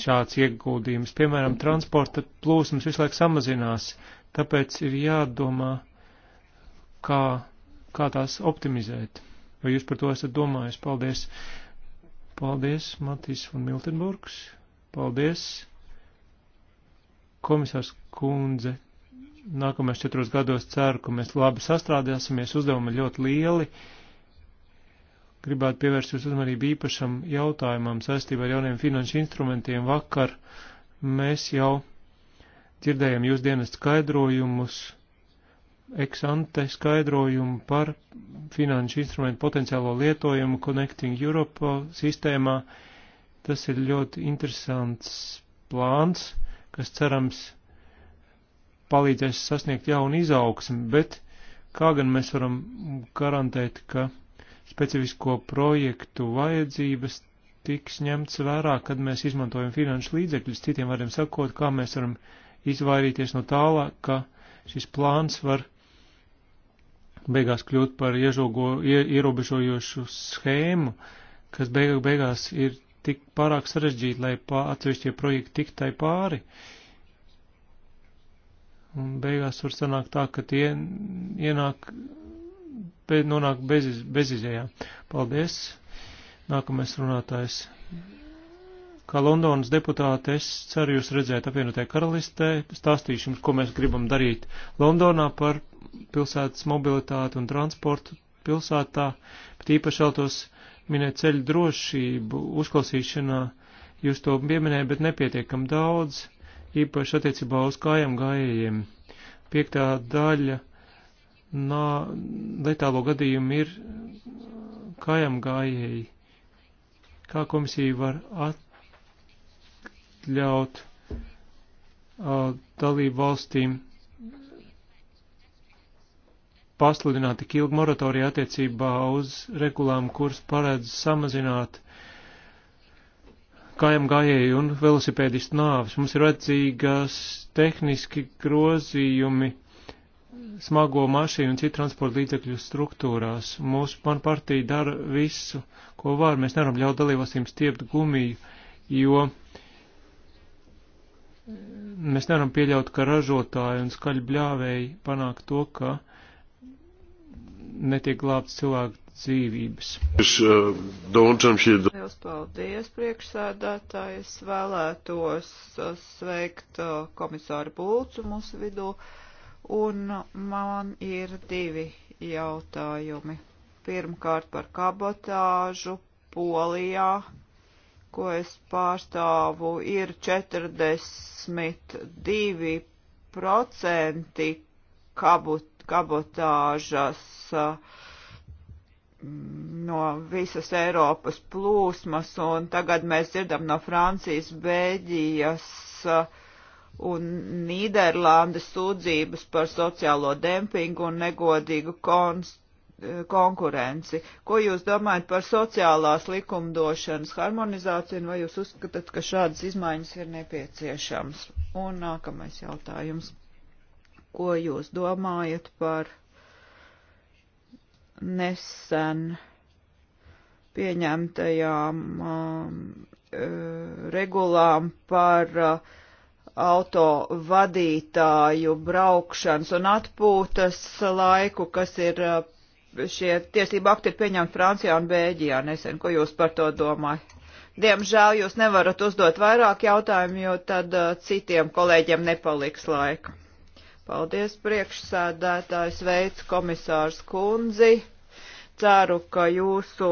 šāds ieguldījums. Piemēram, transporta plūsmas visu laiku samazinās, tāpēc ir jādomā, kā, kā tās optimizēt. Vai jūs par to esat domājis? Paldies! Paldies, Matīs un Miltenburgs! Paldies! Komisārs Kundze, nākamajos četros gados ceru, ka mēs labi sastrādāsimies, uzdevumi ļoti lieli. Uh, gribētu pievērst jūs uzmanību īpašam jautājumam saistībā ar jauniem finanšu instrumentiem. Vakar mēs jau dzirdējām jūs dienas skaidrojumus, eksante skaidrojumu par finanšu instrumentu potenciālo lietojumu Connecting Europe sistēmā. Tas ir ļoti interesants plāns, kas cerams palīdzēs sasniegt jaunu izaugsmu, bet kā gan mēs varam garantēt, ka specifisko projektu vajadzības tiks ņemts vērā, kad mēs izmantojam finanšu līdzekļus. Citiem vārdiem sakot, kā mēs varam izvairīties no tālā, ka šis plāns var beigās kļūt par iežogo, ie, ierobežojošu schēmu, kas beig, beigās ir tik pārāk sarežģīta, lai pā, atsevišķie projekti tiktai pāri. Un beigās var sanākt tā, ka tie ienāk be, nonāk bez, bezizējā. Paldies! Nākamais runātājs. Kā Londonas deputāte, es ceru jūs redzēt apvienotajā karalistē, stāstīšu jums, ko mēs gribam darīt Londonā par pilsētas mobilitāti un transportu pilsētā, bet īpaši vēltos minēt ceļu drošību, uzklausīšanā jūs to pieminējat, bet nepietiekam daudz, īpaši attiecībā uz kājām gājējiem. Piektā daļa nā, letālo gadījumu ir kājām gājēji. Kā komisija var atļaut uh, dalību valstīm pasludināt tik ilgu moratoriju attiecībā uz regulām, kuras paredz samazināt kājām gājēju un velosipēdistu nāvis. Mums ir vajadzīgas tehniski grozījumi smago mašīnu un citu transporta līdzekļu struktūrās. Mūsu man partija dara visu, ko var. Mēs nevaram ļaut dalībvalstīm stiept gumiju, jo mēs nevaram pieļaut, ka ražotāji un skaļi bļāvēji panāk to, ka netiek glābts cilvēku dzīvības. Eh, Liels paldies, priekšsēdētāji. Es vēlētos eh, sveikt eh, komisāru Bulcu mūsu vidū. Uh, Un man ir divi jautājumi. Pirmkārt par kabotāžu Polijā, ko es pārstāvu, ir 42% kabut, kabotāžas uh, no visas Eiropas plūsmas, un tagad mēs dzirdam no Francijas, Bēģijas, uh, un Nīderlandes sūdzības par sociālo dempingu un negodīgu kons, konkurenci. Ko jūs domājat par sociālās likumdošanas harmonizāciju, vai jūs uzskatāt, ka šādas izmaiņas ir nepieciešams? Un nākamais jautājums. Ko jūs domājat par nesen pieņemtajām um, eh, regulām par uh, auto vadītāju braukšanas un atpūtas laiku, kas ir eh, šie tiesību akti ir pieņemti Francijā un Bēģijā nesen. Ko jūs par to domājat? Diemžēl jūs nevarat uzdot vairāk jautājumu, jo tad uh, citiem kolēģiem nepaliks laika. Paldies, priekšsēdētājs, veids komisārs Kunzi. Ceru, ka jūsu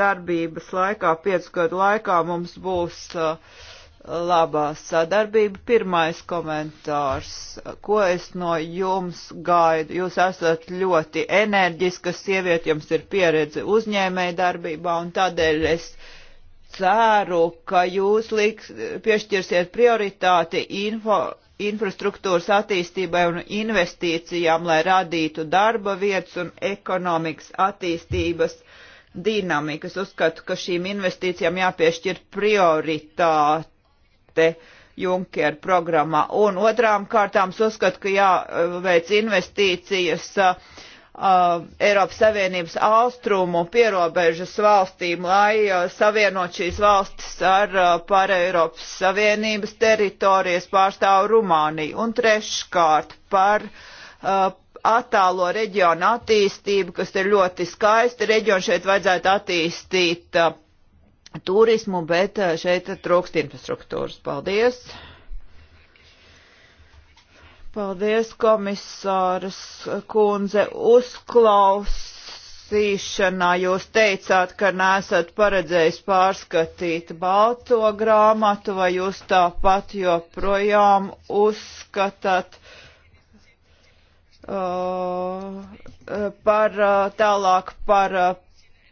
darbības laikā, piecu gadu laikā mums būs uh, labā sadarbība. Pirmais komentārs, ko es no jums gaidu. Jūs esat ļoti enerģiska sieviete, jums ir pieredze uzņēmēja darbībā un tādēļ es ceru, ka jūs liks, piešķirsiet prioritāti info infrastruktūras attīstībai un investīcijām, lai radītu darba vietas un ekonomikas attīstības dinamikas. Uzskatu, ka šīm investīcijām jāpiešķir prioritāte te Junker programmā. Un otrām kārtām es uzskatu, ka jāveic investīcijas uh, uh, Eiropas Savienības austrumu pierobežas valstīm, lai uh, savienot šīs valstis ar uh, pār Eiropas Savienības teritorijas pārstāvu Rumāniju. Un treškārt par uh, attālo reģionu attīstību, kas ir ļoti skaisti. Reģionu šeit vajadzētu attīstīt uh, turismu, bet eh, šeit trūkst infrastruktūras. Paldies! Paldies, komisāras kundze, uzklausīšanā. Jūs teicāt, ka nesat paredzējis pārskatīt balto grāmatu, vai jūs tāpat joprojām uzskatāt? Uh, par uh, tālāk par uh,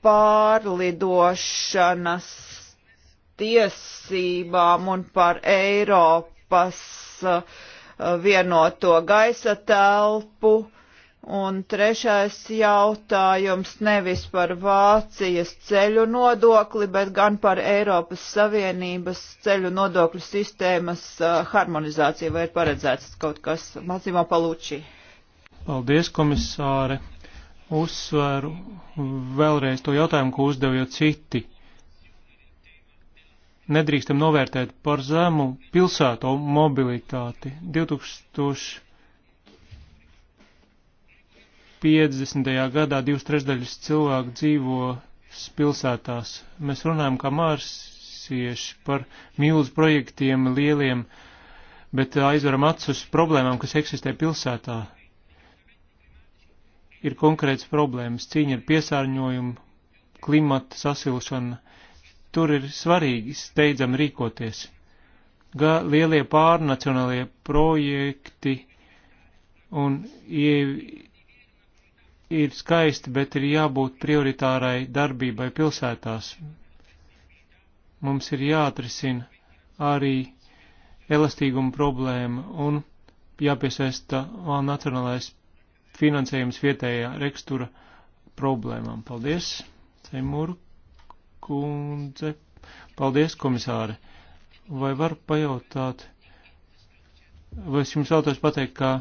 pārlidošanas tiesībām un par Eiropas uh, vienoto gaisa telpu. Un trešais jautājums nevis par Vācijas ceļu nodokli, bet gan par Eiropas Savienības ceļu nodokļu sistēmas uh, harmonizāciju. Vai ir paredzēts kaut kas? Mācībā palūči. Paldies, komisāre uzsvēru vēlreiz to jautājumu, ko uzdev jau citi. Nedrīkstam novērtēt par zemu pilsētu mobilitāti. 2050. gadā divas trešdaļas cilvēku dzīvo pilsētās. Mēs runājam kā mārsieši par milzu projektiem lieliem, bet aizveram acis problēmām, kas eksistē pilsētā ir konkrēts problēmas, cīņa ar piesārņojumu, klimata sasilšana. Tur ir svarīgi steidzam rīkoties. Gā lielie pārnacionālie projekti un ir skaisti, bet ir jābūt prioritārai darbībai pilsētās. Mums ir jāatrisina arī elastīguma problēma un jāpiesaista vēl nacionālais finansējums vietējā rekstura problēmām. Paldies, Seimur kundze. Paldies, komisāri. Vai var pajautāt, vai es jums vēlētos pateikt, ka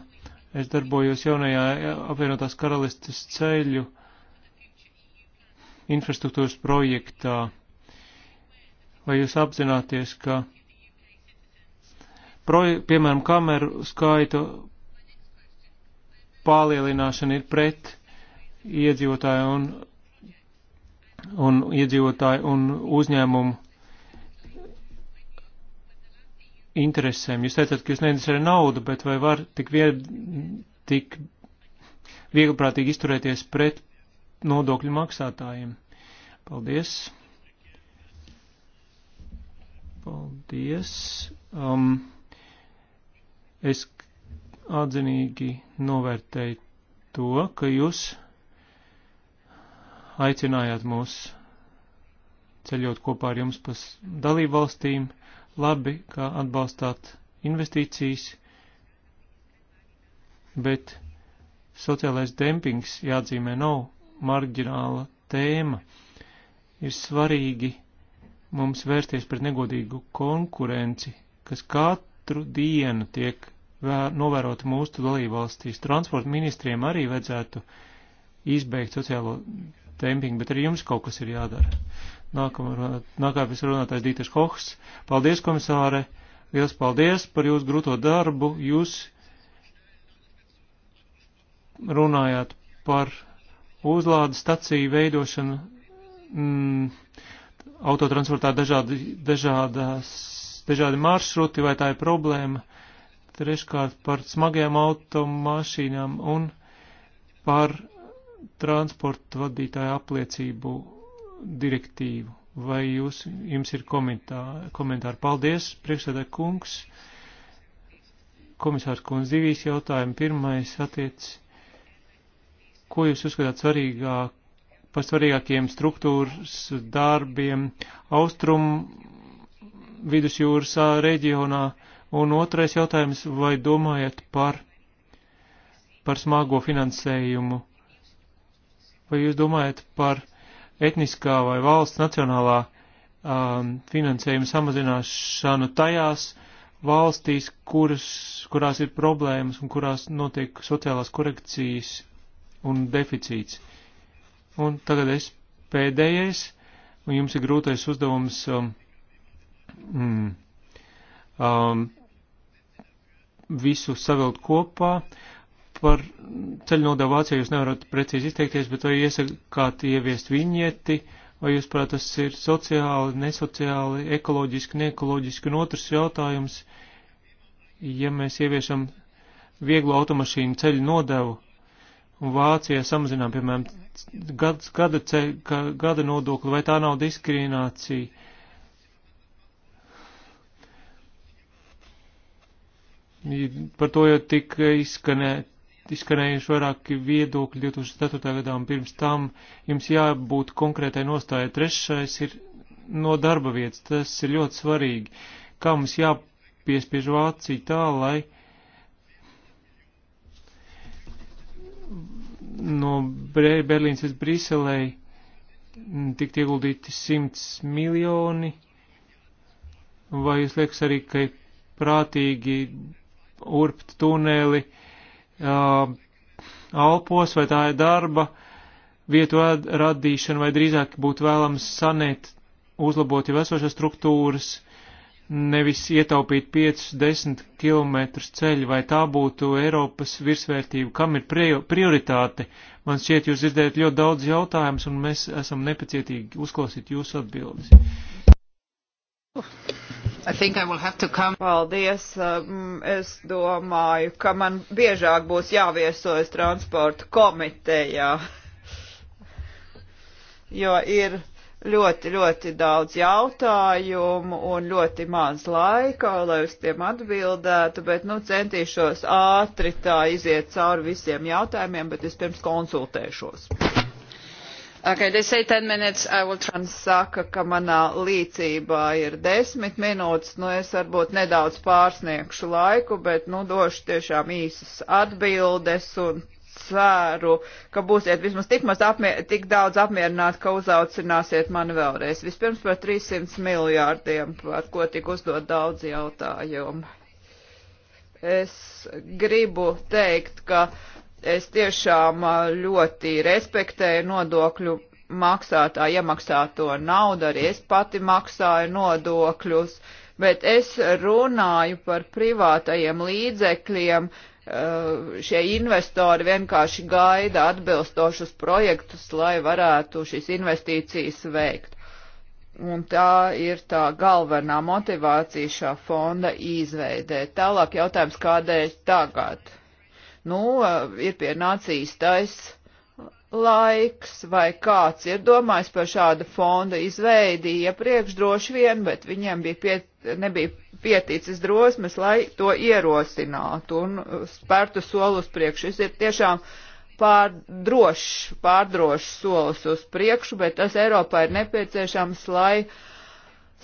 es darbojos jaunajā apvienotās karalistes ceļu infrastruktūras projektā. Vai jūs apzināties, ka, proje, piemēram, kameru skaitu palielināšana ir pret iedzīvotāju un, un iedzīvotāju un uzņēmumu interesēm. Jūs teicat, ka jūs neinteresē naudu, bet vai var tik, vied, tik viegliprātīgi izturēties pret nodokļu maksātājiem? Paldies! Paldies! Um, es atzinīgi novērtēju to, ka jūs aicinājāt mūs ceļot kopā ar jums pa dalību valstīm, labi, kā atbalstāt investīcijas, bet sociālais dempings, jāatzīmē, nav marģināla tēma. Ir svarīgi mums vērsties pret negodīgu konkurenci, kas katru dienu tiek novērot mūsu dalībvalstīs. Transporta ministriem arī vajadzētu izbeigt sociālo dempingu, bet arī jums kaut kas ir jādara. Nākamais runātājs Dīters Hohs. Paldies, komisāre! Liels paldies par jūsu grūto darbu! Jūs runājāt par uzlādes staciju veidošanu mm, autotransportā dažādi, dažādās, dažādi maršruti, vai tā ir problēma treškārt par smagajām automašīnām un par transporta vadītāja apliecību direktīvu. Vai jūs, jums ir komentāri? komentāri? Paldies, priekšsēdē kungs. Komisārs kundz divīs jautājumi. Pirmais attiec, ko jūs uzskatāt svarīgāk, par svarīgākiem struktūras darbiem austrum vidusjūras reģionā? Un otrais jautājums, vai domājat par, par smago finansējumu? Vai jūs domājat par etniskā vai valsts nacionālā um, finansējuma samazināšanu tajās valstīs, kuras, kurās ir problēmas un kurās notiek sociālās korekcijas un deficīts? Un tagad es pēdējais, un jums ir grūtais uzdevums um, mm, um, visu savilkt kopā. Par ceļnodevu Vācijā jūs nevarat precīzi izteikties, bet vai iesakāt ieviest viņieti, vai jūs prāt tas ir sociāli, nesociāli, ekoloģiski, neekoloģiski, un otrs jautājums, ja mēs ieviešam vieglu automašīnu ceļu nodevu, un Vācijā samazinām, piemēram, gada, gada, ceļ, gada nodokli, vai tā nav diskriminācija? Par to jau tika izskanē, izskanējuši vairāki viedokļi 2004. gadā un pirms tam jums jābūt konkrētai nostāja. Trešais ir no darba vietas, tas ir ļoti svarīgi. Kā mums jāpiespiež Vācija tā, lai no Berlīnas līdz Briselei tikt ieguldīti 100 miljoni, vai jūs liekas arī, ka prātīgi urpt tuneli uh, Alpos, vai tā ir darba vietu radīšana, vai drīzāk būtu vēlams sanēt, uzlabot jau esošas struktūras, nevis ietaupīt 5-10 km ceļu, vai tā būtu Eiropas virsvērtība, kam ir prioritāte. Man šķiet, jūs dzirdējat ļoti daudz jautājumus, un mēs esam nepacietīgi uzklausīt jūsu atbildes. I I Paldies! Uh, es domāju, ka man biežāk būs jāviesojas transporta komitejā, jo ir ļoti, ļoti daudz jautājumu un ļoti maz laika, lai uz tiem atbildētu, bet, nu, centīšos ātri tā iziet cauri visiem jautājumiem, bet es pirms konsultēšos. Okay, they say 10 minutes, I will try. Man saka, ka manā līdzībā ir 10 minūtes, nu es varbūt nedaudz pārsniegšu laiku, bet nu došu tiešām īsas atbildes un ceru, ka būsiet vismaz tik, apmier, tik daudz apmierināti, ka uzaucināsiet mani vēlreiz. Vispirms par 300 miljārdiem, par ko tik uzdot daudz jautājumu. Es gribu teikt, ka. Uh, Es tiešām ļoti respektēju nodokļu maksātāju iemaksāto naudu, arī es pati maksāju nodokļus, bet es runāju par privātajiem līdzekļiem, šie investori vienkārši gaida atbilstošus projektus, lai varētu šīs investīcijas veikt. Un tā ir tā galvenā motivācija šā fonda izveidē. Tālāk jautājums, kādēļ tagad? nu, eh, ir pienācis tais laiks, vai kāds ir domājis par šādu fonda izveidi iepriekš droši vien, bet viņiem bija piet, nebija pieticis drosmes, lai to ierosinātu un eh, spērtu solus priekš. Šis ir tiešām pārdrošs, pārdrošs solis uz priekšu, bet tas Eiropā ir nepieciešams, lai uh,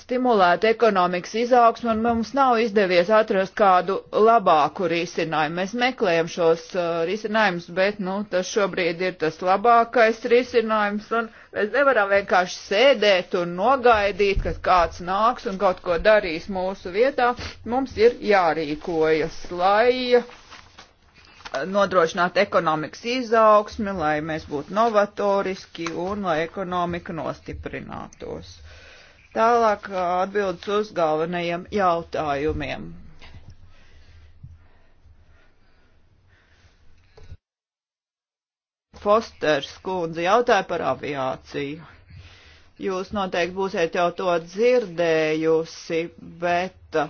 stimulētu ekonomikas izaugsmu, un mums nav izdevies atrast kādu labāku risinājumu. Mēs meklējam šos uh, risinājumus, bet, nu, tas šobrīd ir tas labākais risinājums, un mēs nevaram vienkārši sēdēt un nogaidīt, kad kāds nāks un kaut ko darīs mūsu vietā. Mums ir jārīkojas, lai uh, nodrošināt ekonomikas izaugsmi, lai mēs būtu novatoriski un lai ekonomika nostiprinātos. Tālāk atbildes uz galvenajiem jautājumiem. Fosters kundze jautāja par aviāciju. Jūs noteikti būsiet jau to dzirdējusi, bet uh,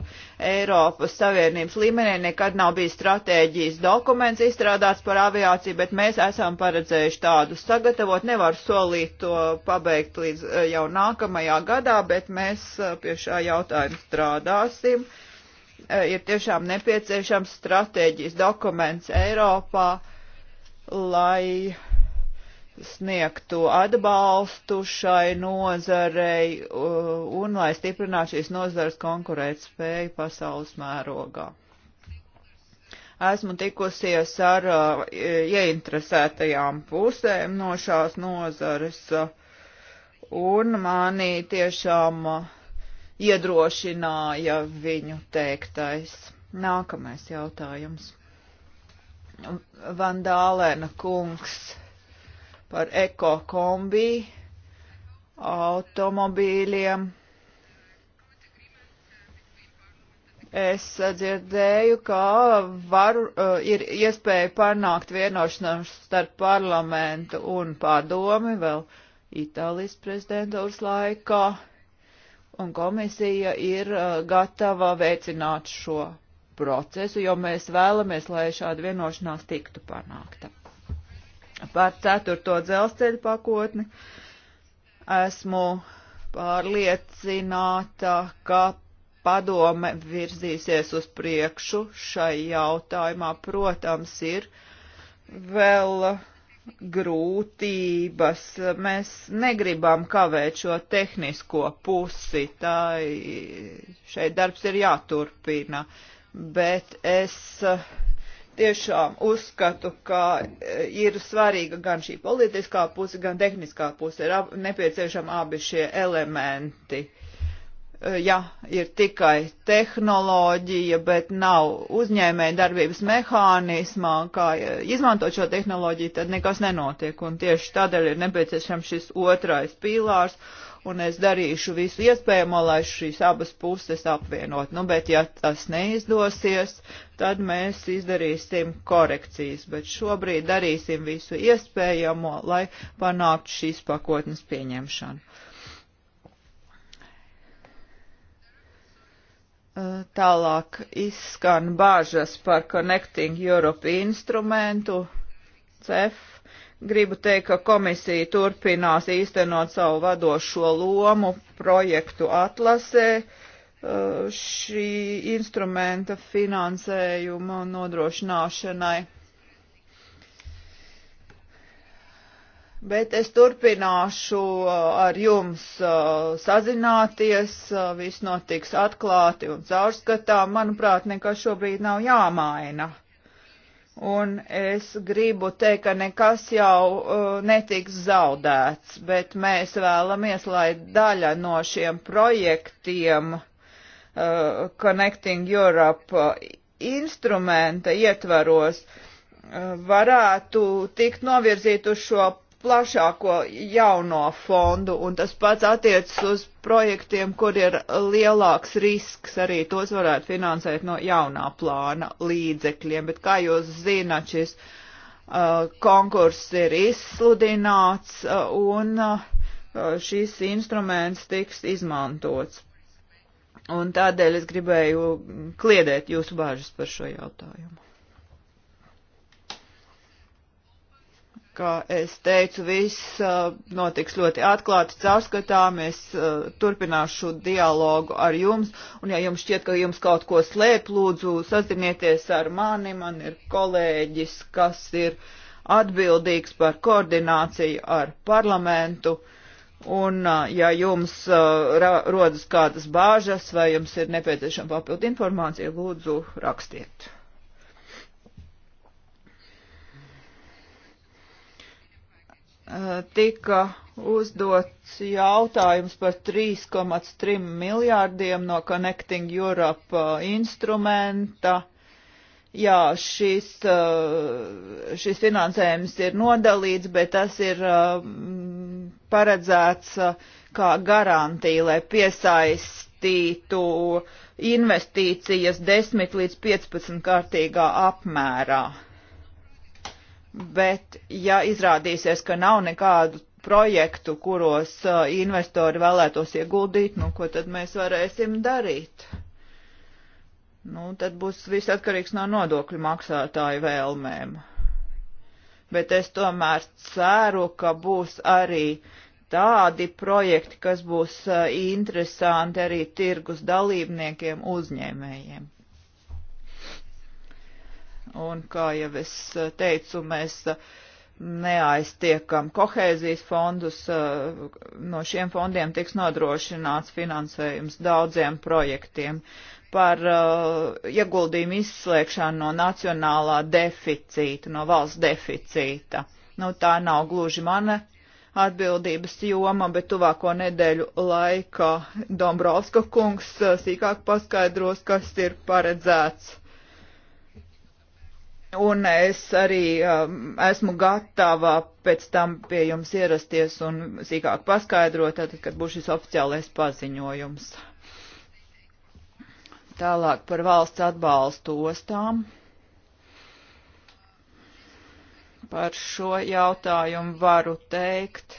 Eiropas Savienības līmenī nekad nav bijis stratēģijas dokuments izstrādāts par aviāciju, bet mēs esam paredzējuši tādu sagatavot. Nevaru solīt to pabeigt līdz uh, jau nākamajā gadā, bet mēs uh, pie šā jautājuma strādāsim. Ir tiešām nepieciešams stratēģijas dokuments Eiropā, lai sniegtu atbalstu šai nozarei uh, un lai stiprinātu šīs nozares konkurētspēju pasaules mērogā. Esmu tikusies ar uh, ieinteresētajām pusēm no šās nozares uh, un mani tiešām iedrošināja viņu teiktais. Nākamais jautājums. Vandālēna kungs par ekokombi automobīļiem. Es dzirdēju, ka var, eh, ir iespēja panākt vienošanos starp parlamentu un padomi vēl Itālijas prezidentūras laikā, un komisija ir eh, gatava veicināt šo procesu, jo mēs vēlamies, lai šāda vienošanās tiktu panākta par ceturto dzelzceļa pakotni. Esmu pārliecināta, ka padome virzīsies uz priekšu šai jautājumā. Protams, ir vēl grūtības. Mēs negribam kavēt šo tehnisko pusi. Tā šeit darbs ir jāturpina. Bet es uh, tiešām uzskatu, ka e, ir svarīga gan šī politiskā puse, gan tehniskā puse. Ir ab, nepieciešami abi šie elementi. E, ja ir tikai tehnoloģija, bet nav uzņēmēja darbības mehānismā, kā e, izmantot šo tehnoloģiju, tad nekas nenotiek. Un tieši tādēļ ir nepieciešams šis otrais pīlārs un es darīšu visu iespējamo, lai šīs abas puses apvienot. Nu, bet ja tas neizdosies, tad mēs izdarīsim korekcijas, bet šobrīd darīsim visu iespējamo, lai panāktu šīs pakotnes pieņemšanu. Eh, tālāk izskan bāžas par Connecting Europe instrumentu CEF Gribu teikt, ka komisija turpinās īstenot savu vadošo lomu projektu atlasē, uh, šī instrumenta finansējuma nodrošināšanai. Bet es turpināšu uh, ar jums uh, sazināties, viss notiks atklāti un caurskatām. Manuprāt, nekas šobrīd nav jāmaina Un es gribu teikt, ka nekas jau uh, netiks zaudēts, bet mēs vēlamies, lai daļa no šiem projektiem uh, Connecting Europe uh, instrumenta ietvaros uh, varētu tikt novirzīt uz šo plašāko jauno fondu, un tas pats attiecas uz projektiem, kur ir lielāks risks, arī tos varētu finansēt no jaunā plāna līdzekļiem, bet kā jūs zināt, šis uh, konkurss ir izsludināts, uh, un uh, šis instruments tiks izmantots. Un tādēļ es gribēju kliedēt jūsu bāžas par šo jautājumu. kā es teicu, viss uh, notiks ļoti atklāti, caurskatām, es uh, turpināšu dialogu ar jums, un ja jums šķiet, ka jums kaut ko slēp, lūdzu, sazinieties ar mani, man ir kolēģis, kas ir atbildīgs par koordināciju ar parlamentu, un uh, ja jums rodas kādas bāžas vai jums ir nepieciešama papildu informācija, lūdzu, rakstiet. tika uzdots jautājums par 3,3 miljārdiem no Connecting Europe uh, instrumenta. Jā, šis, uh, šis finansējums ir nodalīts, bet tas ir uh, paredzēts kā garantija, lai piesaistītu investīcijas 10 līdz 15 kārtīgā apmērā bet ja izrādīsies, ka nav nekādu projektu, kuros uh, investori vēlētos ieguldīt, nu ko tad mēs varēsim darīt? Nu, tad būs viss atkarīgs no nodokļu maksātāju vēlmēm. Bet es tomēr ceru, ka būs arī tādi projekti, kas būs uh, interesanti arī tirgus dalībniekiem uzņēmējiem. Un, kā jau es eh, teicu, mēs eh, neaiztiekam kohēzijas fondus, eh, no šiem fondiem tiks nodrošināts finansējums daudziem projektiem par ieguldījumu izslēgšanu no nacionālā deficīta, no valsts deficīta. Nu, tā nav gluži mana atbildības joma, bet tuvāko nedēļu laikā Dombrovska kungs sīkāk paskaidros, kas ir paredzēts Un es arī um, esmu gatava pēc tam pie jums ierasties un sīkāk paskaidrot, tad, kad būs šis oficiālais paziņojums. Tālāk par valsts atbalstu ostām. Par šo jautājumu varu teikt,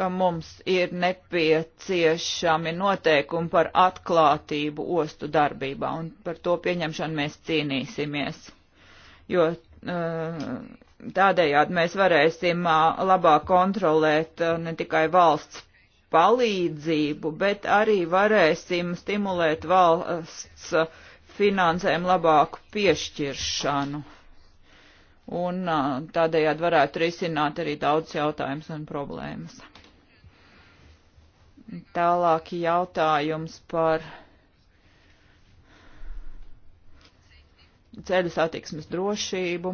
ka mums ir nepieciešami noteikumi par atklātību ostu darbībā, un par to pieņemšanu mēs cīnīsimies jo uh, tādējādi mēs varēsim uh, labāk kontrolēt uh, ne tikai valsts palīdzību, bet arī varēsim stimulēt valsts finansēm labāku piešķiršanu. Un tādējādi varētu risināt arī daudz jautājumus un problēmas. Tālāk jautājums par ceļu satiksmes drošību.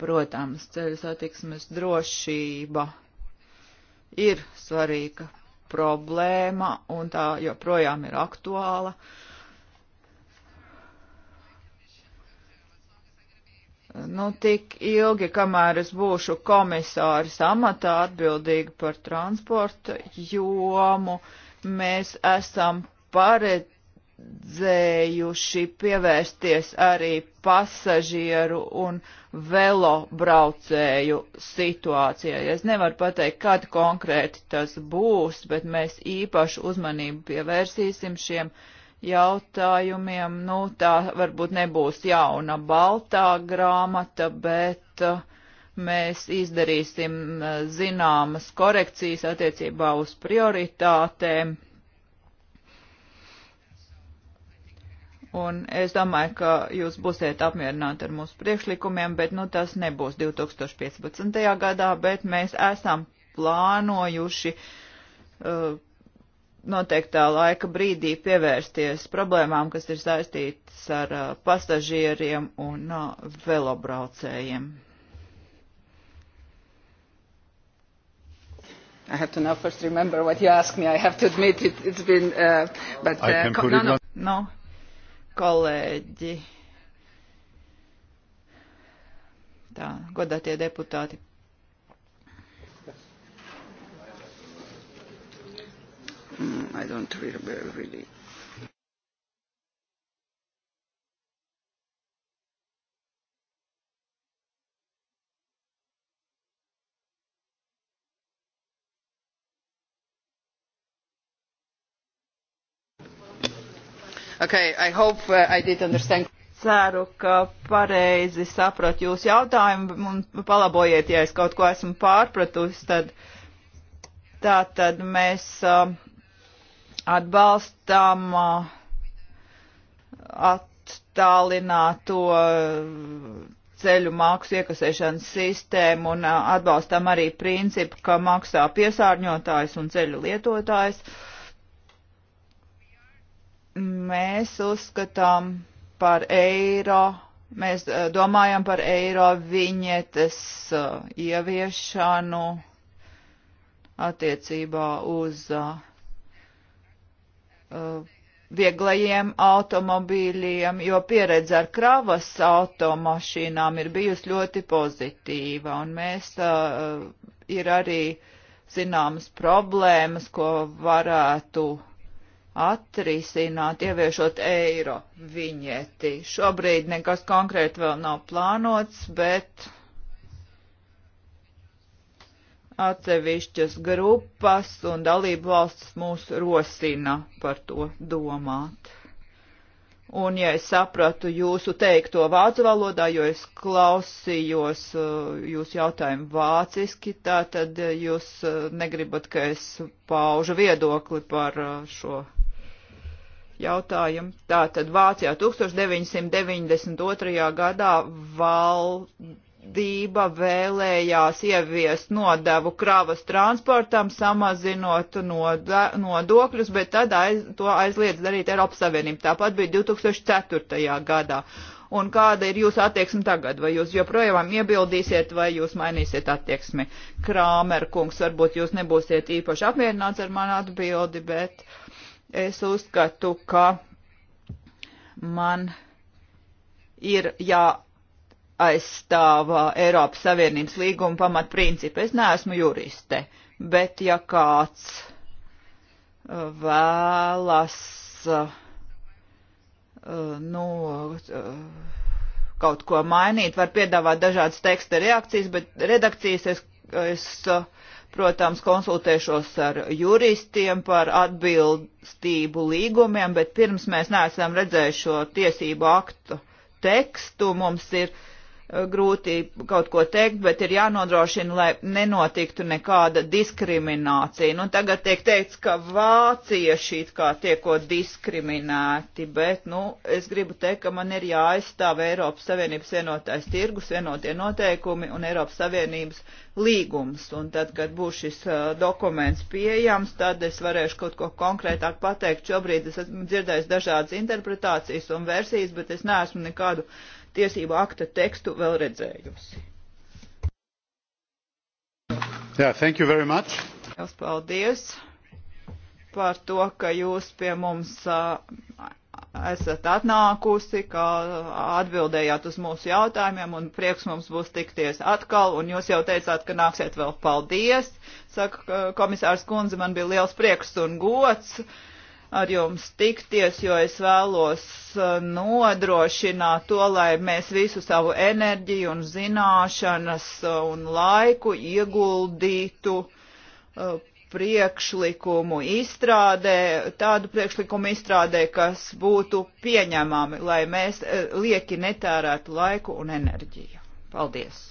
Protams, ceļu satiksmes drošība ir svarīga problēma un tā joprojām ir aktuāla. Nu, tik ilgi, kamēr es būšu komisāris amatā atbildīgi par transporta jomu, mēs esam paredz paredzējuši pievērsties arī pasažieru un velobraucēju situācijai. Es nevaru pateikt, kad konkrēti tas būs, bet mēs īpašu uzmanību pievērsīsim šiem jautājumiem. Nu, tā varbūt nebūs jauna baltā grāmata, bet uh, mēs izdarīsim uh, zināmas korekcijas attiecībā uz prioritātēm Un es domāju, ka jūs būsiet apmierināti ar mūsu priekšlikumiem, bet nu, tas nebūs 2015. gadā, bet mēs esam plānojuši uh, noteiktā laika brīdī pievērsties problēmām, kas ir saistītas ar uh, pasažieriem un uh, velobraucējiem. I have to now first remember what you asked me. I have to admit it, it's been, uh, but uh, no, no, no, kolēģi, tā, godātie deputāti. Mm, I don't really, really Okay, I hope uh, I did understand. Ceru, ka pareizi sapratu jūsu jautājumu un palabojiet, ja es kaut ko esmu pārpratusi, tad tā tad mēs uh, atbalstam uh, attālināto ceļu mākslu iekasēšanas sistēmu un uh, atbalstam arī principu, ka maksā piesārņotājs un ceļu lietotājs. Uh, mēs uzskatām par eiro, mēs eh, domājam par eiro viņetes eh, ieviešanu attiecībā uz eh, vieglajiem automobīļiem, jo pieredze ar kravas automašīnām ir bijusi ļoti pozitīva, un mēs uh, ir arī zināmas problēmas, ko varētu uh, atrisināt, ieviešot eiro viņieti. Šobrīd nekas konkrēti vēl nav plānots, bet atsevišķas grupas un dalību valsts mūs rosina par to domāt. Un, ja es sapratu jūsu teikto vācu valodā, jo es klausījos uh, jūsu jautājumu vāciski, tā tad uh, jūs uh, negribat, ka es paužu viedokli par šo jautājumu. Tātad Vācijā 1992. gadā valdība vēlējās ieviest nodevu kravas transportam, samazinot nodokļus, bet tad aiz, to aizliedz darīt Eiropas Savienība. Tāpat bija 2004. gadā. Un kāda ir jūsu attieksme tagad? Vai jūs joprojām iebildīsiet, vai jūs mainīsiet attieksmi? Krāmer kungs, varbūt jūs nebūsiet īpaši apmierināts ar manu atbildi, bet. Uh, Es uzskatu, ka man ir jāaizstāv uh, Eiropas Savienības līguma pamatprincipi. Es neesmu juriste, bet ja kāds uh, vēlas uh, nu, kaut ko mainīt, var piedāvāt dažādas teksta reakcijas, bet redakcijas es, es protams, konsultēšos ar juristiem par atbilstību līgumiem, bet pirms mēs neesam redzējuši šo tiesību aktu tekstu, mums ir uh, Eh, grūti kaut ko teikt, bet ir jānodrošina, lai nenotiktu nekāda diskriminācija. Nu, tagad tiek teikts, ka vācieši it kā tieko diskriminēti, bet, nu, es gribu teikt, ka man ir jāaizstāv Eiropas Savienības vienotais tirgus, vienotie noteikumi un Eiropas Savienības līgums. Un tad, kad būs šis uh, dokuments pieejams, tad es varēšu kaut ko konkrētāk pateikt. Šobrīd es esmu dzirdējis dažādas interpretācijas un versijas, bet es neesmu nekādu uh, tiesību akta tekstu vēl redzējusi. Yeah, thank you very much. Jūs paldies par to, ka jūs pie mums esat atnākusi, ka atbildējāt uz mūsu jautājumiem, un prieks mums būs tikties atkal, un jūs jau teicāt, ka nāksiet vēl paldies. Saka, komisārs Kunze, man bija liels prieks un gods ar jums tikties, jo es vēlos uh, nodrošināt to, lai mēs visu savu enerģiju un zināšanas uh, un laiku ieguldītu uh, priekšlikumu izstrādē, tādu priekšlikumu izstrādē, kas būtu pieņemami, lai mēs lieki netērētu laiku un enerģiju. Paldies!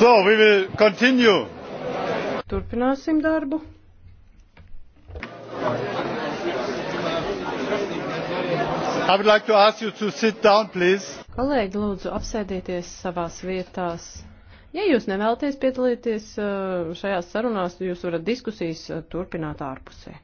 So, we will continue. Turpināsim darbu. I would like to ask you to sit down, please. Kolēģi, lūdzu, apsēdieties savās vietās. Ja jūs nevēlaties piedalīties uh, šajās sarunās, jūs varat diskusijas uh, turpināt ārpusē.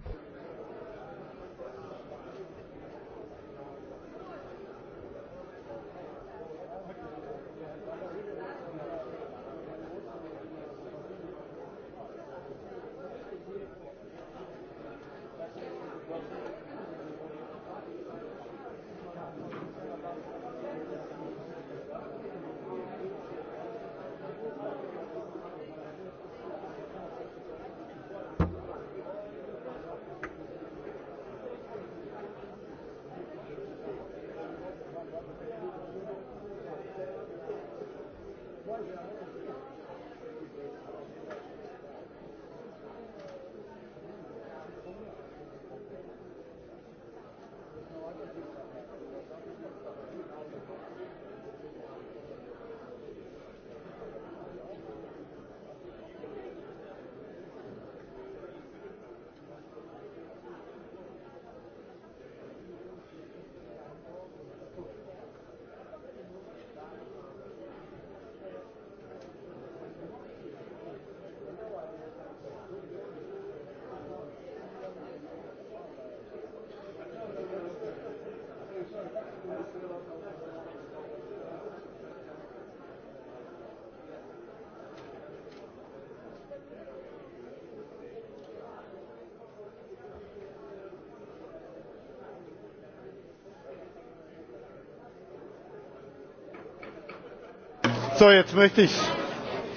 So, jetzt möchte ich,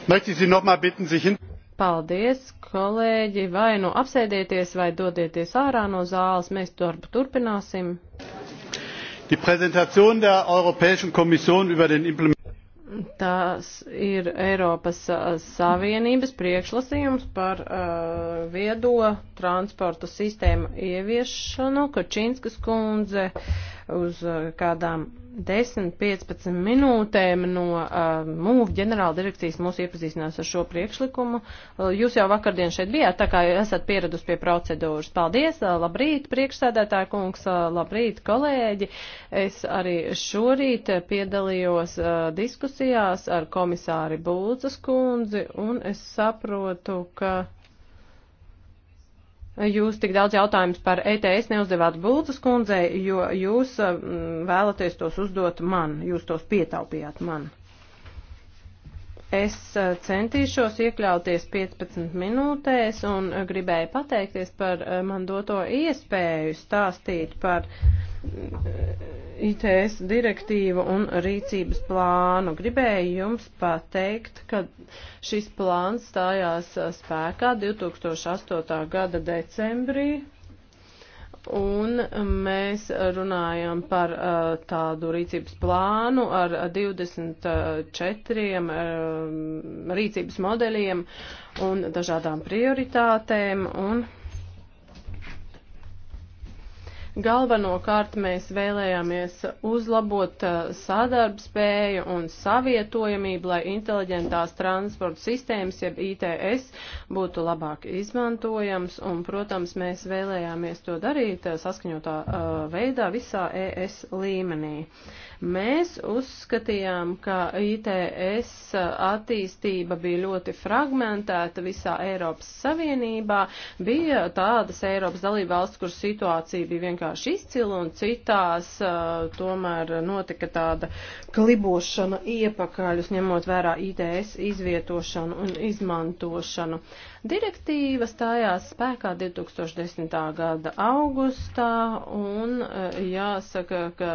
möchte ich Sie noch mal bitten, sich hin. Paldies, kolēģi, vai nu apsēdieties, vai dodieties ārā no zāles, mēs darbu turpināsim. Die Präsentation der Europäischen Kommission über den Implement Tās ir Eiropas Savienības priekšlasījums par uh, viedo transporta sistēmu ieviešanu, Kačinskas kundze. Uh, uz uh, kādām 10-15 minūtēm no uh, MUV ģenerāla direkcijas mūs iepazīstinās ar šo priekšlikumu. Uh, jūs jau vakardien šeit bijāt, tā kā esat pieradus pie procedūras. Paldies, uh, labrīt, priekšsēdētāja kungs, uh, labrīt, kolēģi. Es arī šorīt piedalījos uh, diskusijās ar komisāri Bulcas kundzi un es saprotu, ka. Jūs tik daudz jautājumus par ETS neuzdevāt Bulcas kundzei, jo jūs mm, vēlaties tos uzdot man, jūs tos pietaupījāt man. Es eh, centīšos iekļauties 15 minūtēs un eh, gribēju pateikties par eh, man doto iespēju stāstīt par ITS direktīvu un rīcības plānu. Gribēju jums pateikt, ka šis plāns stājās spēkā 2008. gada decembrī Un mēs runājam par uh, tādu rīcības plānu ar 24 uh, um, rīcības modeļiem un dažādām prioritātēm. Un Galvenokārt mēs vēlējāmies uzlabot uh, sadarbspēju un savietojamību, lai inteliģentās transporta sistēmas, jeb ITS, būtu labāk izmantojams, un, protams, mēs vēlējāmies to darīt uh, saskaņotā uh, veidā visā ES līmenī. Mēs uzskatījām, ka ITS uh, attīstība bija ļoti fragmentēta visā Eiropas Savienībā, bija tādas Eiropas dalība valsts, kur situācija bija vienkārši vienkārši izcili, un citās uh, tomēr notika tāda klibošana iepakaļus, ņemot vērā ITS izvietošanu un izmantošanu. Direktīva stājās spēkā 2010. gada augustā, un uh, jāsaka, ka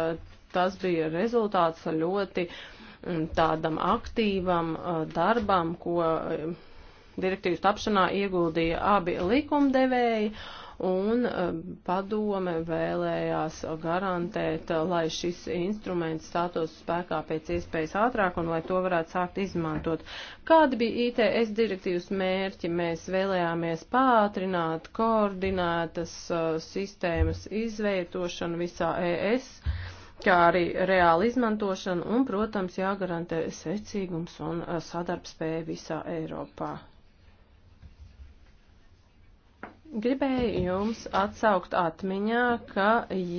tas bija rezultāts ļoti tādam aktīvam uh, darbam, ko direktīvas tapšanā ieguldīja abi likumdevēji. Uh, un eh, padome vēlējās garantēt, eh, lai šis instruments status spēkā pēc iespējas ātrāk un lai to varētu sākt izmantot. Kādi bija ITS direktīvas mērķi? Mēs vēlējāmies pātrināt koordinētas eh, sistēmas izveidošanu visā ES kā arī reāli izmantošana un, protams, jāgarantē secīgums un sadarbspēja visā Eiropā. Gribēju jums atsaukt atmiņā, ka,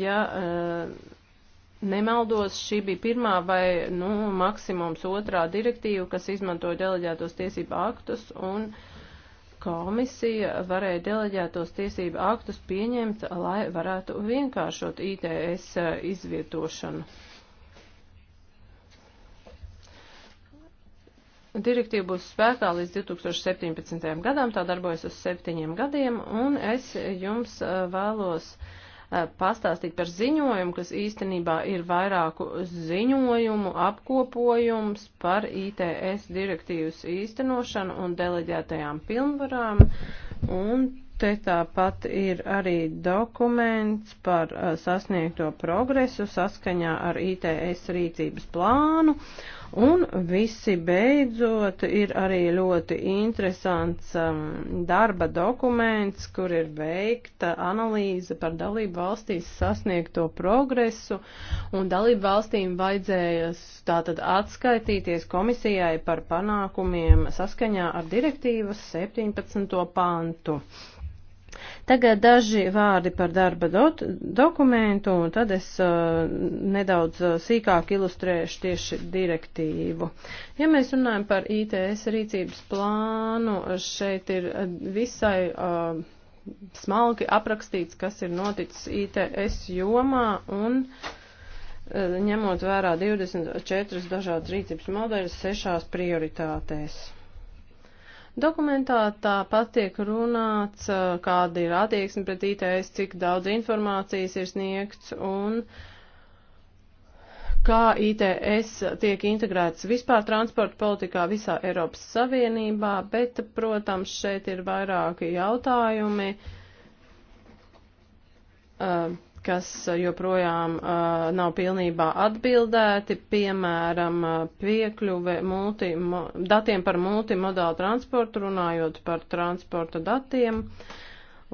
ja eh, nemaldos, šī bija pirmā vai, nu, maksimums otrā direktīva, kas izmantoja deleģētos tiesību aktus, un komisija varēja deleģētos tiesību aktus pieņemt, lai varētu vienkāršot ITS izvietošanu. Direktīva būs spēkā līdz 2017. gadam, tā darbojas uz septiņiem gadiem, un es jums vēlos pastāstīt par ziņojumu, kas īstenībā ir vairāku ziņojumu apkopojums par ITS direktīvas īstenošanu un deleģētajām pilnvarām. Un Te tāpat ir arī dokuments par uh, sasniegto progresu saskaņā ar ITS rīcības plānu, un visi beidzot ir arī ļoti interesants um, darba dokuments, kur ir veikta analīze par dalību valstīs sasniegto progresu, un dalību valstīm vajadzēja tātad atskaitīties komisijai par panākumiem saskaņā ar direktīvas 17. pantu. Tagad daži vārdi par darba dot, dokumentu, un tad es uh, nedaudz uh, sīkāk ilustrēšu tieši direktīvu. Ja mēs runājam par ITS rīcības plānu, šeit ir uh, visai. Uh, smalki aprakstīts, kas ir noticis ITS jomā un uh, ņemot vērā 24 dažādas rīcības modeļas sešās prioritātēs. Dokumentā tāpat tiek runāts, kāda ir attieksme pret ITS, cik daudz informācijas ir sniegts un kā ITS tiek integrēts vispār transporta politikā visā Eiropas Savienībā, bet, protams, šeit ir vairāki jautājumi. Uh, kas eh, joprojām uh, nav pilnībā atbildēti, piemēram, eh, piekļuve multi, datiem par multimodālu transportu, runājot par transporta datiem,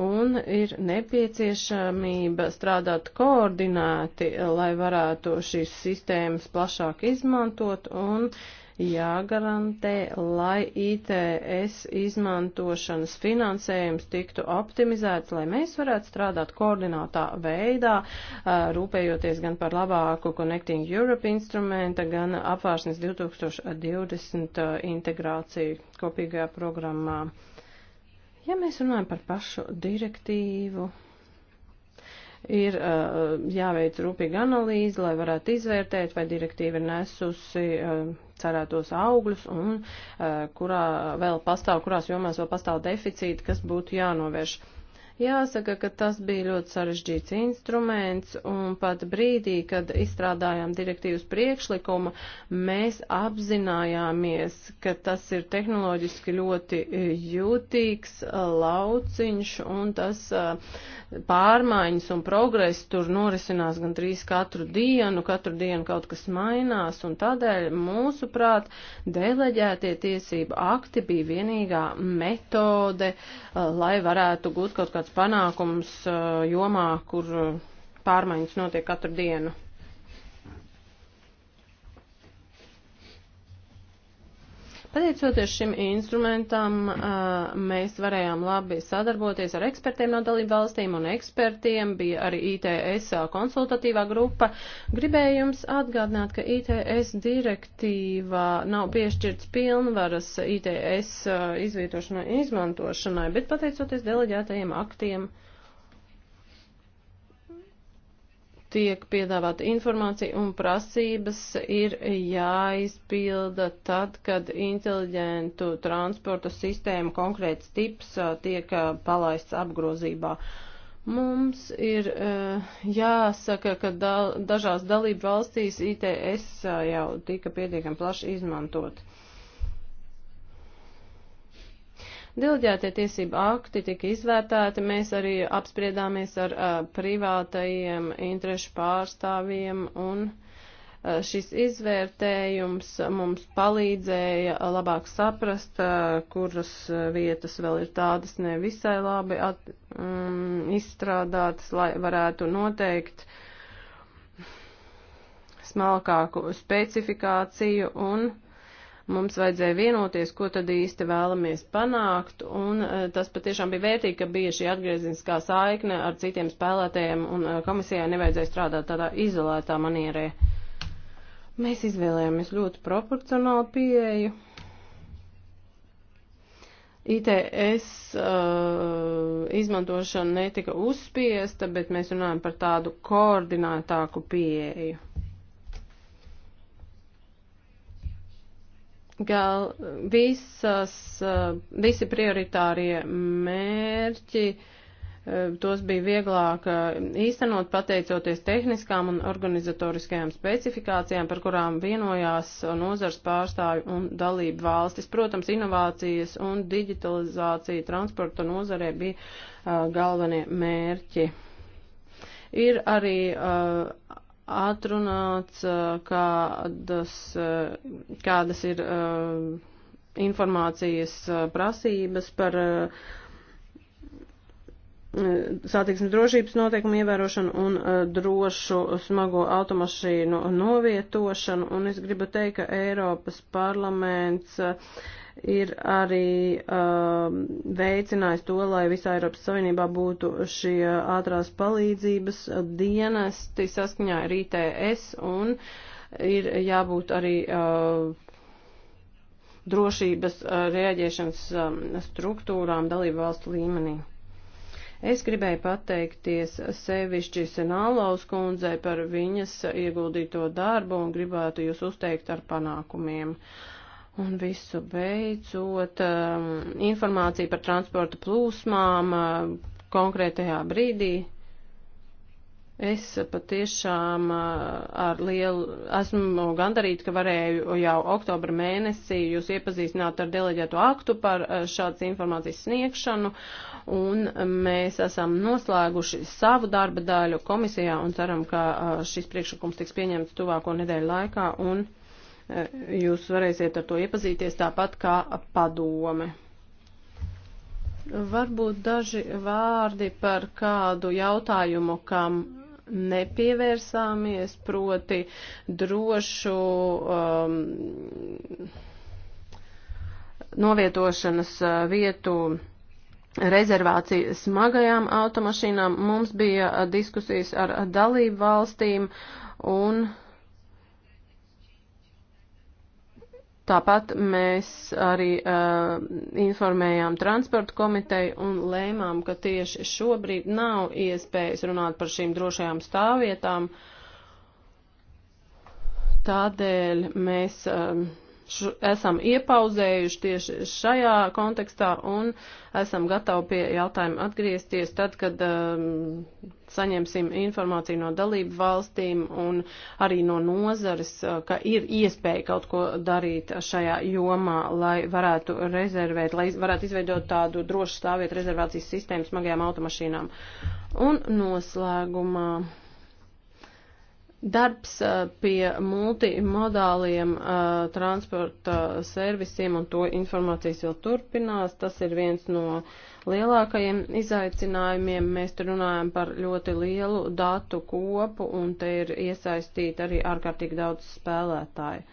un ir nepieciešamība strādāt koordinēti, lai varētu šīs sistēmas plašāk izmantot un uh, jāgarantē, lai ITS izmantošanas finansējums tiktu optimizēts, lai mēs varētu strādāt koordinātā veidā, rūpējoties gan par labāku Connecting Europe instrumenta, gan apvāršanas 2020 integrāciju kopīgajā programmā. Ja mēs runājam par pašu direktīvu, ir uh, jāveic rūpīga analīze, lai varētu izvērtēt, vai direktīva ir nesusi uh, cerētos augļus un uh, kurā vēl pastāv, kurās jomās vēl pastāv deficīti, kas būtu jānovērš. Uh, Jāsaka, ka tas bija ļoti sarežģīts instruments, un pat brīdī, kad izstrādājām direktīvas priekšlikumu, mēs apzinājāmies, ka tas ir tehnoloģiski ļoti e, jūtīgs e, lauciņš, un tas e, pārmaiņas un progress tur norisinās gan trīs katru dienu, katru dienu kaut kas mainās, un tādēļ, mūsuprāt, deleģētie tiesību akti bija vienīgā metode, lai varētu gūt kaut kāds panākumus uh, jomā, kur uh, pārmaiņas notiek katru dienu. Pateicoties šim instrumentam, mēs varējām labi sadarboties ar ekspertiem no dalību valstīm un ekspertiem, bija arī ITS konsultatīvā grupa. Gribēju jums atgādināt, ka ITS direktīvā nav piešķirts pilnvaras ITS izvietošanai un izmantošanai, bet pateicoties deleģētajiem aktiem. tiek piedāvāta informācija un prasības ir jāizpilda tad, kad inteliģentu transporta sistēmu konkrēts tips tiek palaists apgrozībā. Mums ir jāsaka, ka dažās dalību valstīs ITS jau tika pietiekami plaši izmantot. Dilģētie tiesība akti tika izvērtēti, mēs arī apspriedāmies ar uh, privātajiem interešu pārstāvjiem un uh, šis izvērtējums mums palīdzēja labāk saprast, uh, kuras vietas vēl ir tādas nevisai labi at, um, izstrādātas, lai varētu noteikt uh, smalkāku specifikāciju un Mums vajadzēja vienoties, ko tad īsti vēlamies panākt, un e, tas patiešām bija vērtīgi, ka bija šī atgrieziniskā saikne ar citiem spēlētējiem, un e, komisijai nevajadzēja strādāt tādā izolētā manierē. Mēs izvēlējāmies ļoti proporcionālu pieeju. ITS uh, e, izmantošana netika uzspiesta, bet mēs runājam par tādu koordinētāku pieeju. Gal visas, eh, visi prioritārie mērķi, eh, tos bija vieglāk eh, īstenot pateicoties tehniskām un organizatoriskajām specifikācijām, par kurām vienojās nozars pārstāvi un dalību valstis. Protams, inovācijas un digitalizācija transporta nozarē bija galvenie mērķi ir arī uh, atrunāts, kādas, kādas ir informācijas prasības par satiksmes drošības noteikumu ievērošanu un drošu smago automašīnu novietošanu. Un es gribu teikt, ka Eiropas parlaments uh, ir arī um, veicinājis to, lai visā Eiropas Savienībā būtu šie ātrās palīdzības dienesti saskaņā ar ITS un ir jābūt arī uh, drošības uh, rēģēšanas um, struktūrām dalību valstu līmenī. Es gribēju pateikties sevišķi Senālaus kundzei par viņas ieguldīto darbu un gribētu jūs uzteikt ar panākumiem. Uh, Un visu beidzot, um, informācija par transporta plūsmām um, konkrētajā brīdī. Es patiešām uh, ar lielu esmu gandarīta, ka varēju jau oktobra mēnesī jūs iepazīstināt ar deleģēto aktu par uh, šādas informācijas sniegšanu, un mēs esam noslēguši savu darba daļu komisijā un ceram, ka uh, šis priekšlikums tiks pieņemts tuvāko nedēļu laikā. Un Jūs varēsiet ar to iepazīties tāpat kā padome. Varbūt daži vārdi par kādu jautājumu, kam nepievērsāmies, proti drošu um, novietošanas uh, vietu rezervāciju smagajām automašīnām. Mums bija uh, diskusijas ar dalību valstīm un uh, Tāpat mēs arī uh, informējām transporta komiteju un lēmām, ka tieši šobrīd nav iespējas runāt par šīm drošajām stāvvietām. Tādēļ mēs. Uh, š, esam iepauzējuši tieši šajā kontekstā un esam gatavi pie jautājuma atgriezties tad, kad um, saņemsim informāciju no dalību valstīm un arī no nozares, uh, ka ir iespēja kaut ko darīt šajā jomā, lai varētu rezervēt, lai varētu izveidot tādu drošu stāvvietu rezervācijas sistēmu smagajām automašīnām. Un noslēgumā Darbs pie multimodāliem uh, transporta servisiem un to informācijas vēl turpinās. Tas ir viens no lielākajiem izaicinājumiem. Mēs te runājam par ļoti lielu datu kopu un te ir iesaistīti arī ārkārtīgi daudz spēlētāju.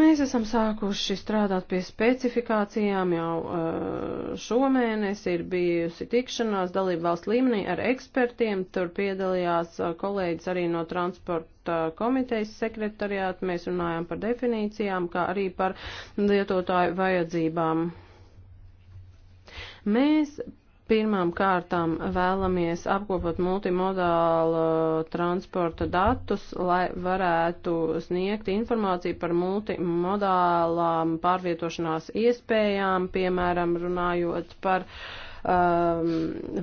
Mēs esam sākuši strādāt pie specifikācijām jau eh, šomēnes, ir bijusi tikšanās dalību valsts līmenī ar ekspertiem, tur piedalījās eh, kolēģis arī no transporta eh, komitejas sekretariāta, mēs runājām par definīcijām, kā arī par lietotāju vajadzībām. Mēs Pirmām kārtām vēlamies apkopot multimodālu transporta datus, lai varētu sniegt informāciju par multimodālām pārvietošanās iespējām, piemēram, runājot par um,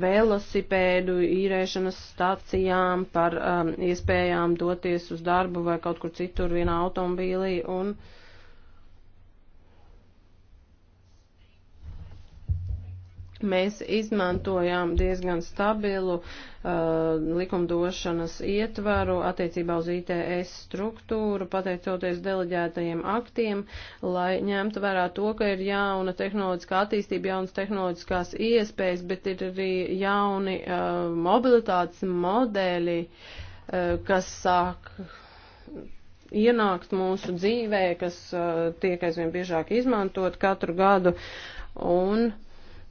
velosipēdu īrēšanas stacijām, par um, iespējām doties uz darbu vai kaut kur citur vienā automobīlī un uh, Mēs izmantojām diezgan stabilu uh, likumdošanas ietvaru attiecībā uz ITS struktūru, pateicoties deleģētajiem aktiem, lai ņemtu vērā to, ka ir jauna tehnoloģiskā attīstība, jaunas tehnoloģiskās iespējas, bet ir arī jauni uh, mobilitātes modeļi, uh, kas sāk ienākt mūsu dzīvē, kas uh, tiek aizvien biežāk izmantot katru gadu. Un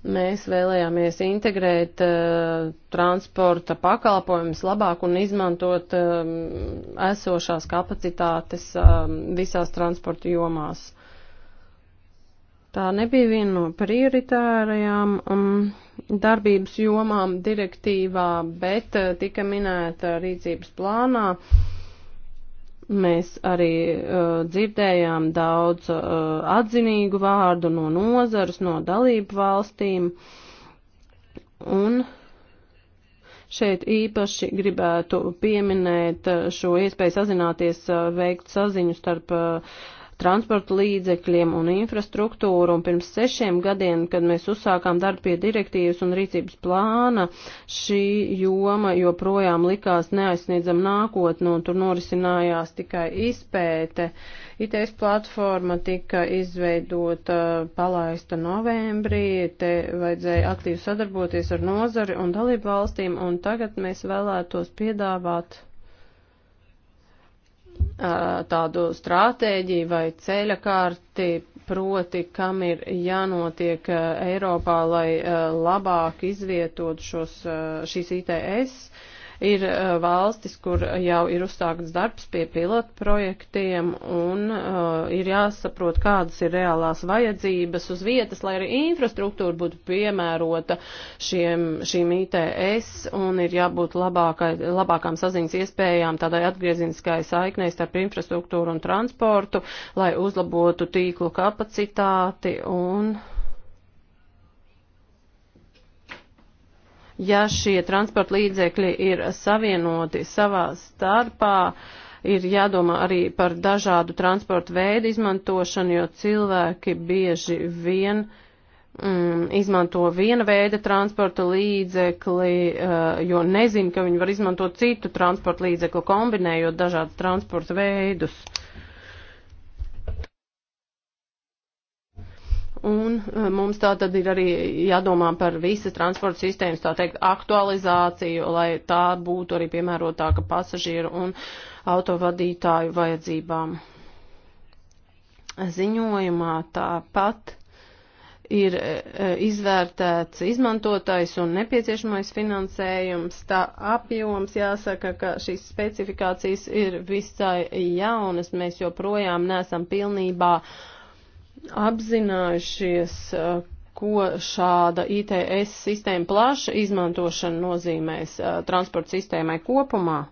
Mēs vēlējāmies integrēt uh, transporta pakalpojumus labāk un izmantot uh, esošās kapacitātes uh, visās transporta jomās. Tā nebija viena no prioritārajām um, darbības jomām direktīvā, bet uh, tika minēta rīcības plānā. Uh, Mēs arī uh, dzirdējām daudz uh, atzinīgu vārdu no nozares, no dalību valstīm. Un šeit īpaši gribētu pieminēt uh, šo iespēju sazināties, uh, veikt saziņu starp uh, transporta līdzekļiem un infrastruktūru, un pirms sešiem gadiem, kad mēs uzsākām darbu pie direktīvas un rīcības plāna, šī joma joprojām likās neaizsniedzam nākotnē, un tur norisinājās tikai izpēte. ITS platforma tika izveidota, uh, palaista novembrī, te vajadzēja aktīvi sadarboties ar nozari un dalību valstīm, un tagad mēs vēlētos piedāvāt tādu stratēģiju vai ceļa kārti, proti, kam ir jānotiek Eiropā, lai labāk izvietotu šos, šīs ITS Ir uh, valstis, kur jau ir uzsākts darbs pie pilotu projektiem un uh, ir jāsaprot, kādas ir reālās vajadzības uz vietas, lai arī infrastruktūra būtu piemērota šiem, šīm ITS un ir jābūt labākai, labākām saziņas iespējām tādai atgrieziniskai saiknei starp infrastruktūru un transportu, lai uzlabotu tīklu kapacitāti un ja šie transporta līdzekļi ir savienoti savā starpā, ir jādomā arī par dažādu transporta veidu izmantošanu, jo cilvēki bieži vien mm, izmanto viena veida transporta līdzekli, uh, jo nezin, ka viņi var izmantot citu transporta līdzekli, kombinējot dažādus transporta veidus. Uh, Un eh, mums tā tad ir arī jādomā par visas transporta sistēmas, tā teikt, aktualizāciju, lai tā būtu arī piemērotāka pasažieru un autovadītāju vajadzībām. Ziņojumā tāpat ir eh, izvērtēts izmantotais un nepieciešamais finansējums, tā apjoms jāsaka, ka šīs specifikācijas ir visai jaunas, mēs joprojām nesam pilnībā uh, apzinājušies, uh, ko šāda ITS sistēma plaša izmantošana nozīmēs uh, transporta sistēmai kopumā.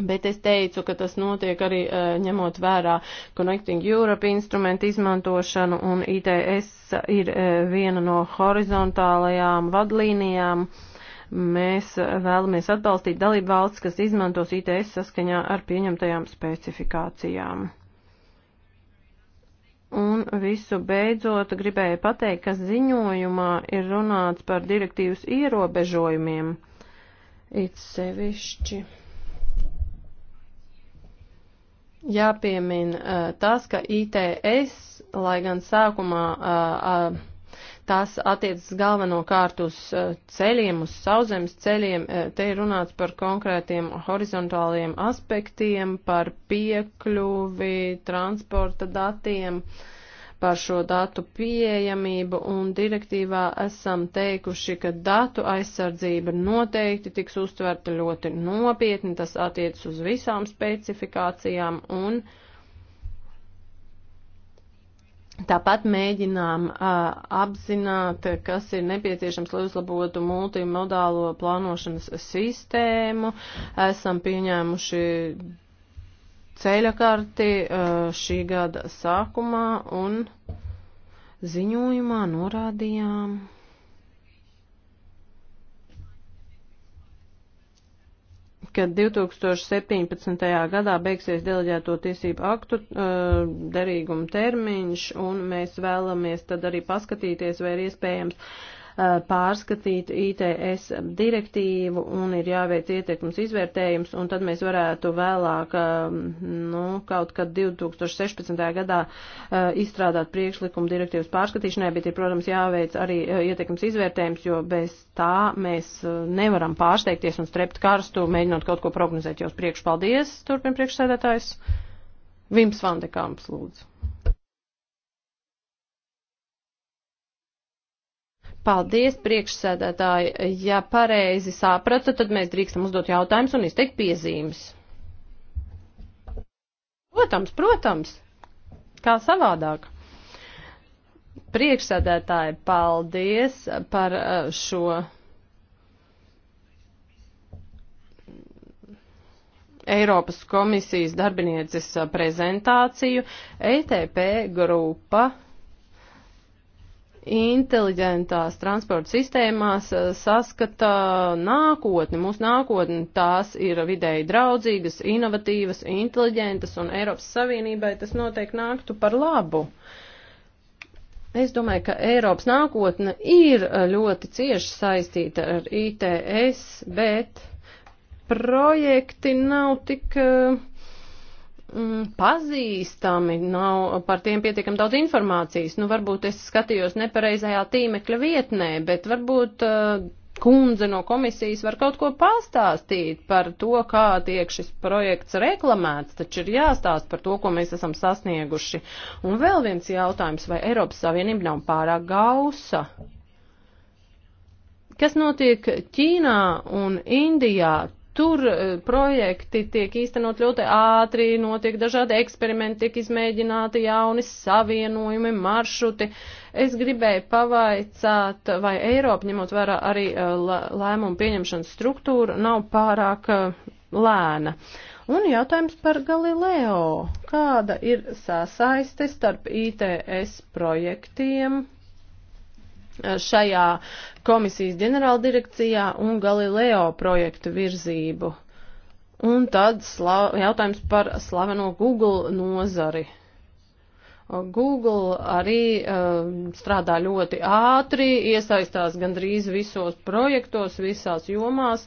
Bet es teicu, ka tas notiek arī uh, ņemot vērā Connecting Europe instrumentu izmantošanu, un ITS ir viena no horizontālajām vadlīnijām. Mēs vēlamies atbalstīt dalību valsts, kas izmantos ITS saskaņā ar pieņemtajām specifikācijām. Un visu beidzot gribēju pateikt, ka ziņojumā ir runāts par direktīvas ierobežojumiem. It sevišķi. Jāpiemina uh, tas, ka ITS, lai gan sākumā uh, uh, Tas attiecas galvenokārt uz eh, ceļiem, uz sauszemes ceļiem. Eh, te ir runāts par konkrētiem horizontāliem aspektiem, par piekļuvi, transporta datiem, par šo datu pieejamību, un direktīvā esam teikuši, ka datu aizsardzība noteikti tiks uztverta ļoti nopietni, tas attiecas uz visām specifikācijām un uh, Tāpat mēģinām a, apzināt, kas ir nepieciešams, lai uzlabotu multimodālo plānošanas sistēmu. Esam pieņēmuši ceļa karti a, šī gada sākumā un ziņojumā norādījām. ka 2017. gadā beigsies deleģēto tiesību aktu uh, derīguma termiņš, un mēs vēlamies tad arī paskatīties, vai ir iespējams Uh, pārskatītu ITS direktīvu un ir jāveic ietekmes izvērtējums, un tad mēs varētu vēlāk, um, nu, kaut kad 2016. gadā uh, izstrādāt priekšlikumu direktīvas pārskatīšanai, bet ir, protams, jāveic arī uh, ietekmes izvērtējums, jo bez tā mēs nevaram pārsteigties un strept karstu, mēģinot kaut ko prognozēt. Jūs priekš paldies, turpin priekšsēdētājs. Vims Vandekamps, lūdzu. Paldies, priekšsēdētāji. Ja pareizi sapratu, tad mēs drīkstam uzdot jautājumus un izteikt piezīmes. Protams, protams. Kā savādāk? Priekšsēdētāji, paldies par uh, šo. Eiropas komisijas darbinieces uh, prezentāciju ETP grupa inteliģentās transporta sistēmās eh, saskata nākotni, mūsu nākotni. Tās ir vidēji draudzīgas, inovatīvas, inteliģentas un Eiropas Savienībai tas noteikti nāktu par labu. Es domāju, ka Eiropas nākotne ir eh, ļoti cieši saistīta ar ITS, bet projekti nav tik uh, mm, pazīstami, nav par tiem pietiekam daudz informācijas. Nu, varbūt es skatījos nepareizajā tīmekļa vietnē, bet varbūt uh, kundze no komisijas var kaut ko pastāstīt par to, kā tiek šis projekts reklamēts, taču ir jāstāst par to, ko mēs esam sasnieguši. Un vēl viens jautājums, vai Eiropas Savienība nav pārāk gausa? Kas notiek Ķīnā un Indijā? Tur e, projekti tiek īstenot ļoti ātri, notiek dažādi eksperimenti, tiek izmēģināti jauni savienojumi, maršruti. Es gribēju pavaicāt, vai Eiropa, ņemot vērā arī e, lēmumu pieņemšanas struktūru, nav pārāk e, lēna. Un jautājums par Galileo. Kāda ir sasaiste starp ITS projektiem? Eh, šajā komisijas ģenerāldirekcijā un Galileo projektu virzību. Un tad slav, jautājums par slaveno Google nozari. Google arī um, strādā ļoti ātri, iesaistās gandrīz visos projektos, visās jomās,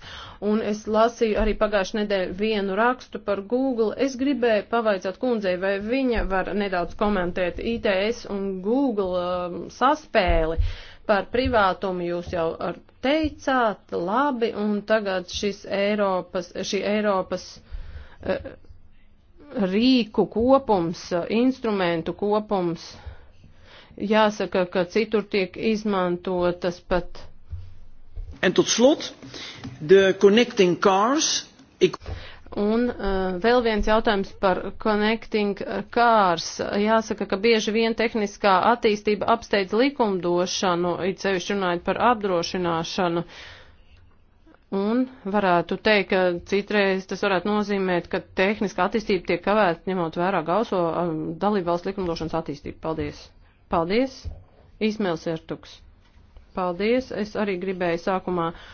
un es lasīju arī pagājušajā nedēļā vienu rakstu par Google. Es gribēju pavaicāt kundzei, vai viņa var nedaudz komentēt ITS un Google um, saspēli. Uh, Par privātumu jūs jau teicāt, labi, un tagad šis Eiropas, šī Eiropas eh, rīku kopums, eh, instrumentu kopums, jāsaka, ka citur tiek izmantotas pat. En tot slot, de connecting cars. Ik... Un uh, vēl viens jautājums par connecting cars. Jāsaka, ka bieži vien tehniskā attīstība apsteidz likumdošanu, it sevišķi runājot par apdrošināšanu. Un varētu teikt, ka citreiz tas varētu nozīmēt, ka tehniska attīstība tiek kavēta ņemot vērā gauso um, dalībvalsts likumdošanas attīstību. Paldies! Paldies! Izmēls Ertuks! Paldies! Es arī gribēju sākumā. Uh,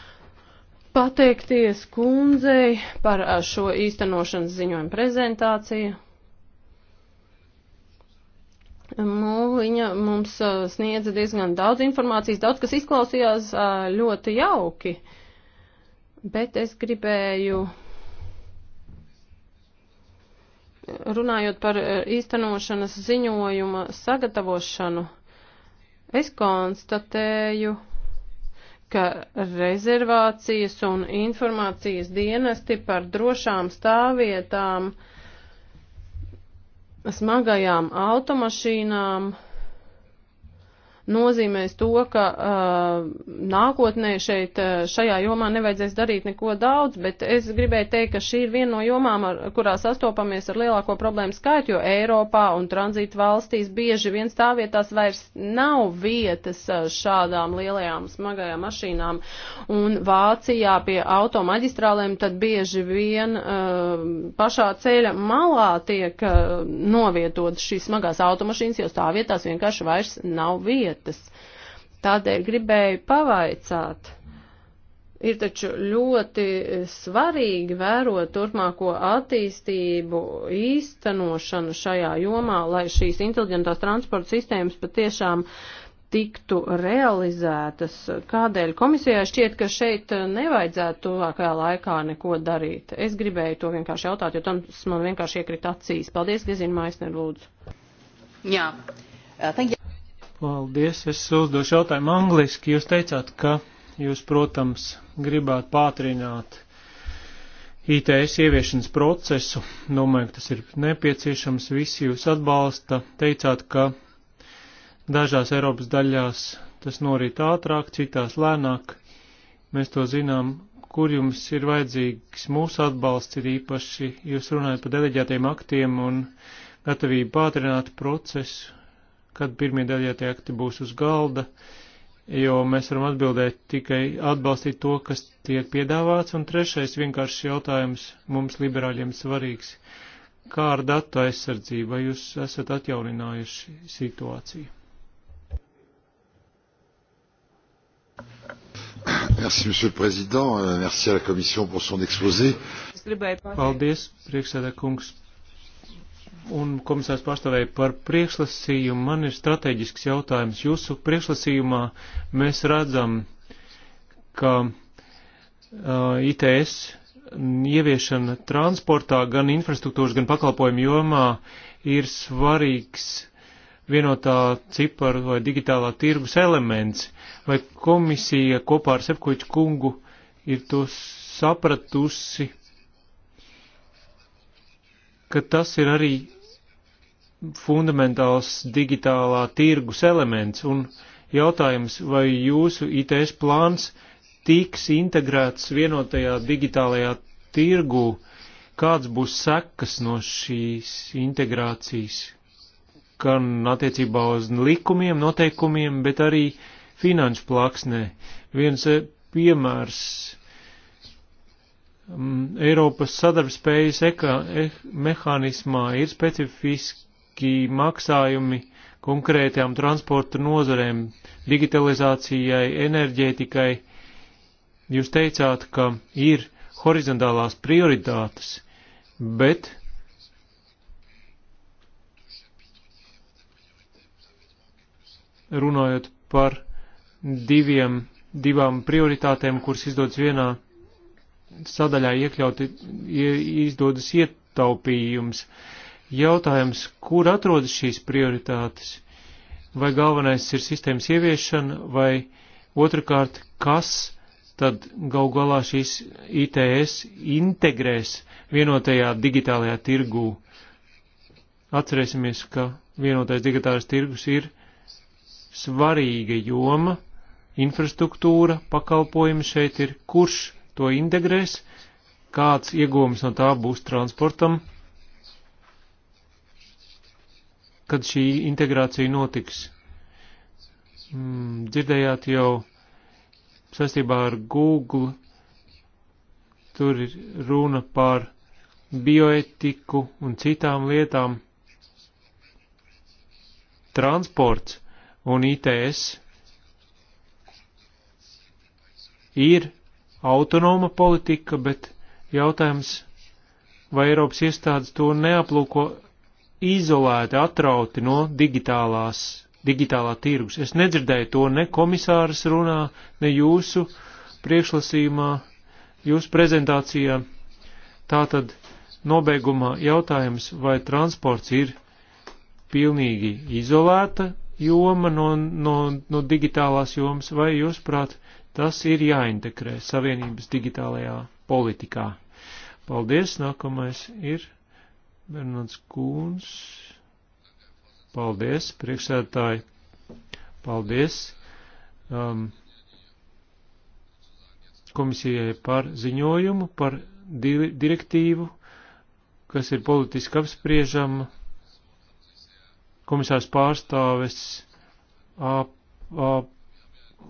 pateikties kundzei par eh, šo īstenošanas ziņojumu prezentāciju. Nu, viņa mums eh, sniedza diezgan daudz informācijas, daudz kas izklausījās eh, ļoti jauki, bet es gribēju runājot par īstenošanas ziņojuma sagatavošanu, es konstatēju, ka rezervācijas un informācijas dienesti par drošām stāvvietām smagajām automašīnām nozīmēs to, ka uh, nākotnē šeit uh, šajā jomā nevajadzēs darīt neko daudz, bet es gribēju teikt, ka šī ir viena no jomām, ar, kurā sastopamies ar lielāko problēmu skaitu, jo Eiropā un tranzītu valstīs bieži vien stāvvietās vairs nav vietas uh, šādām lielajām smagajām mašīnām. Un Vācijā pie automaģistrālēm tad bieži vien uh, pašā ceļa malā tiek uh, novietotas šīs smagās automašīnas, jo stāvvietās vienkārši vairs nav vietas lietas. Tādēļ gribēju pavaicāt. Ir taču ļoti svarīgi vērot turpmāko attīstību, īstenošanu šajā jomā, lai šīs inteliģentās transporta sistēmas patiešām tiktu realizētas. Kādēļ komisijai šķiet, ka šeit nevajadzētu tuvākajā laikā neko darīt? Es gribēju to vienkārši jautāt, jo tas man vienkārši iekrita acīs. Paldies, Gezina Maisner, lūdzu. Jā. Uh, Paldies, es uzdošu jautājumu angliski. Jūs teicāt, ka jūs, protams, gribētu pātrināt ITS ieviešanas procesu. Domāju, ka tas ir nepieciešams. Visi jūs atbalsta. Teicāt, ka dažās Eiropas daļās tas norit ātrāk, citās lēnāk. Mēs to zinām, kur jums ir vajadzīgs mūsu atbalsts, ir īpaši jūs runājat par deleģētiem aktiem un gatavību pātrināt procesu kad pirmie daļietie akti būs uz galda, jo mēs varam atbildēt tikai atbalstīt to, kas tiek piedāvāts, un trešais vienkāršs jautājums mums liberāļiem svarīgs. Kā ar datu aizsardzību, vai jūs esat atjauninājuši situāciju? Merci, Monsieur le Président. Euh, merci à la Commission pour son exposé. Paldies, priekšsēdē kungs, un komisārs pārstāvēja par priekšlasījumu. Man ir strateģisks jautājums. Jūsu priekšlasījumā mēs redzam, ka uh, ITS ieviešana transportā gan infrastruktūras, gan pakalpojumu jomā ir svarīgs vienotā ciparu vai digitālā tirgus elements, vai komisija kopā ar Sepkoķu kungu ir to sapratusi, ka tas ir arī fundamentāls digitālā tirgus elements un jautājums, vai jūsu ITS plāns tiks integrēts vienotajā digitālajā tirgu, kāds būs sekas no šīs integrācijas, gan attiecībā uz likumiem, noteikumiem, bet arī finanšu plāksnē. Viens eh, piemērs mm, Eiropas sadarbspējas e mehānismā ir specifiski publiski maksājumi konkrētām transporta nozarēm, digitalizācijai, enerģētikai. Jūs teicāt, ka ir horizontālās prioritātes, bet runājot par diviem, divām prioritātēm, kuras izdodas vienā sadaļā iekļauti, izdodas ietaupījums. Uh, Jautājums, kur atrodas šīs prioritātes? Vai galvenais ir sistēmas ieviešana, vai otrkārt, kas tad gal galā šīs ITS integrēs vienotajā digitālajā tirgū? Atcerēsimies, ka vienotais digitālais tirgus ir svarīga joma, infrastruktūra, pakalpojumi šeit ir, kurš to integrēs, kāds iegūms no tā būs transportam kad šī integrācija notiks. Mm, dzirdējāt jau saistībā ar Google, tur ir runa par bioetiku un citām lietām. Transports un ITS ir autonoma politika, bet jautājums, vai Eiropas iestādes to neaplūko izolēti, atrauti no digitālās, digitālā tirgus. Es nedzirdēju to ne komisāras runā, ne jūsu priekšlasījumā, jūsu prezentācijā. Tātad nobeigumā jautājums, vai transports ir pilnīgi izolēta joma no, no, no digitālās jomas, vai jūs prāt, tas ir jāintegrē Savienības digitālajā politikā. Paldies, nākamais ir. Bernards Kūns. Paldies, priekšsētāji. Paldies um, komisijai par ziņojumu, par di direktīvu, kas ir politiski apspriežama. Komisārs pārstāves ap, ap,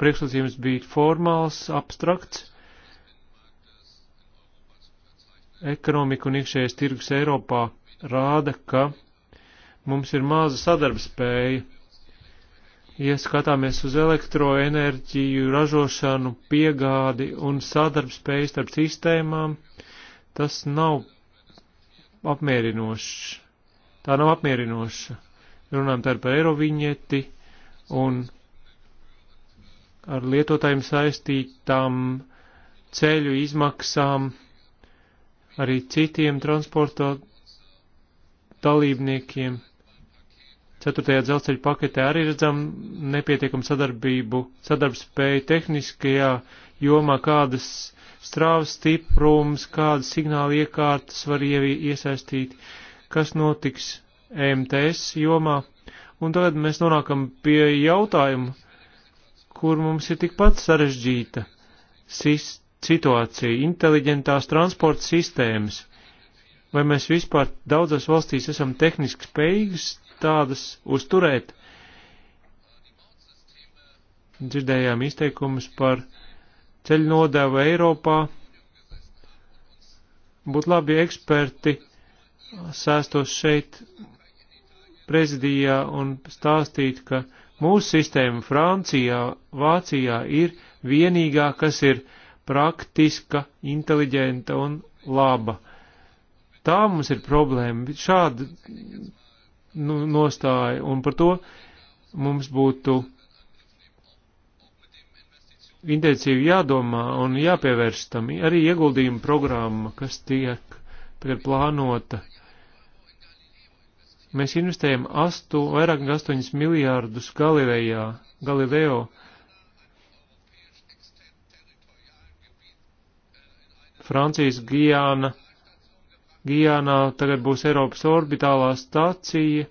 priekšlasījums bija formāls, abstrakts ekonomika un iekšējais tirgus Eiropā rāda, ka mums ir maza sadarbspēja. Ja skatāmies uz elektroenerģiju, ražošanu, piegādi un sadarbspēju starp sistēmām, tas nav apmierinošs. Tā nav apmierinoša. Runājam tā par eiroviņeti un ar lietotājiem saistītām ceļu izmaksām arī citiem transporta dalībniekiem. Ceturtajā dzelzceļa paketē arī redzam nepietiekamu sadarbību, sadarbspēju tehniskajā jomā, kādas strāvas stiprums, kādas signāla iekārtas var iesaistīt, kas notiks EMTS jomā. Un tagad mēs nonākam pie jautājuma, kur mums ir tikpat sarežģīta sist situācija, inteliģentās transporta sistēmas. Vai mēs vispār daudzas valstīs esam tehniski spējīgas tādas uzturēt? Dzirdējām izteikumus par ceļu nodevu Eiropā. Būtu labi eksperti sēstos šeit prezidijā un stāstīt, ka mūsu sistēma Francijā, Vācijā ir vienīgā, kas ir uh, praktiska, inteliģenta un laba. Tā mums ir problēma, šāda nu, nostāja, un par to mums būtu intensīvi jādomā un jāpievērš tam arī ieguldījuma programma, kas tiek plānota. Mēs investējam astu, vairāk nekā 8 miljārdus Galilejā, Galileo Francijas Gijāna. Gijānā tagad būs Eiropas orbitālā stācija.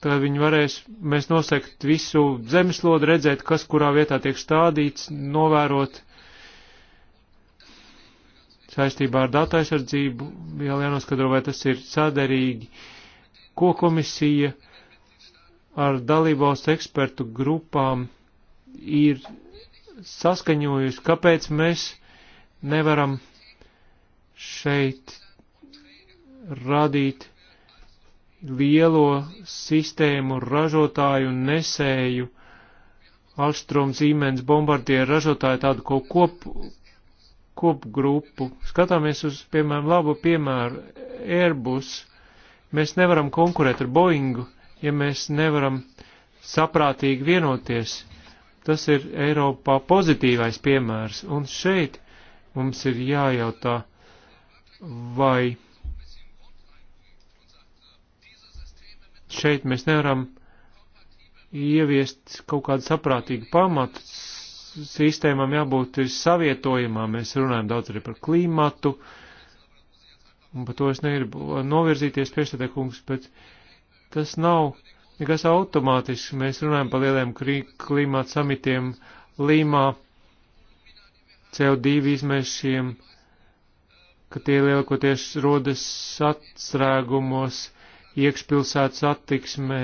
Tad viņi varēs, mēs nosekt visu zemeslodu, redzēt, kas kurā vietā tiek stādīts, novērot saistībā ar datu aizsardzību. Vēl jānoskatro, vai tas ir saderīgi. Ko komisija ar dalībvalstu ekspertu grupām ir saskaņojusi, kāpēc mēs nevaram šeit radīt lielo sistēmu ražotāju un nesēju, Alstrom zīmēns bombardieru ražotāju tādu kaut kop, kopgrupu. Skatāmies uz, piemēram, labu piemēru Airbus. Mēs nevaram konkurēt ar Boeingu, ja mēs nevaram saprātīgi vienoties. Tas ir Eiropā pozitīvais piemērs, un šeit mums ir jājautā, vai šeit mēs nevaram ieviest kaut kādu saprātīgu pamatu. Sistēmām jābūt ir savietojumām. Mēs runājam daudz arī par klimatu, un par to es negribu novirzīties priekšstādē kungs, bet tas nav nekas automātisks. Mēs runājam par lieliem klimāta samitiem Līmā, CO2 izmešiem, ka tie lielākoties rodas sastrēgumos, iekšpilsētas attiksmē,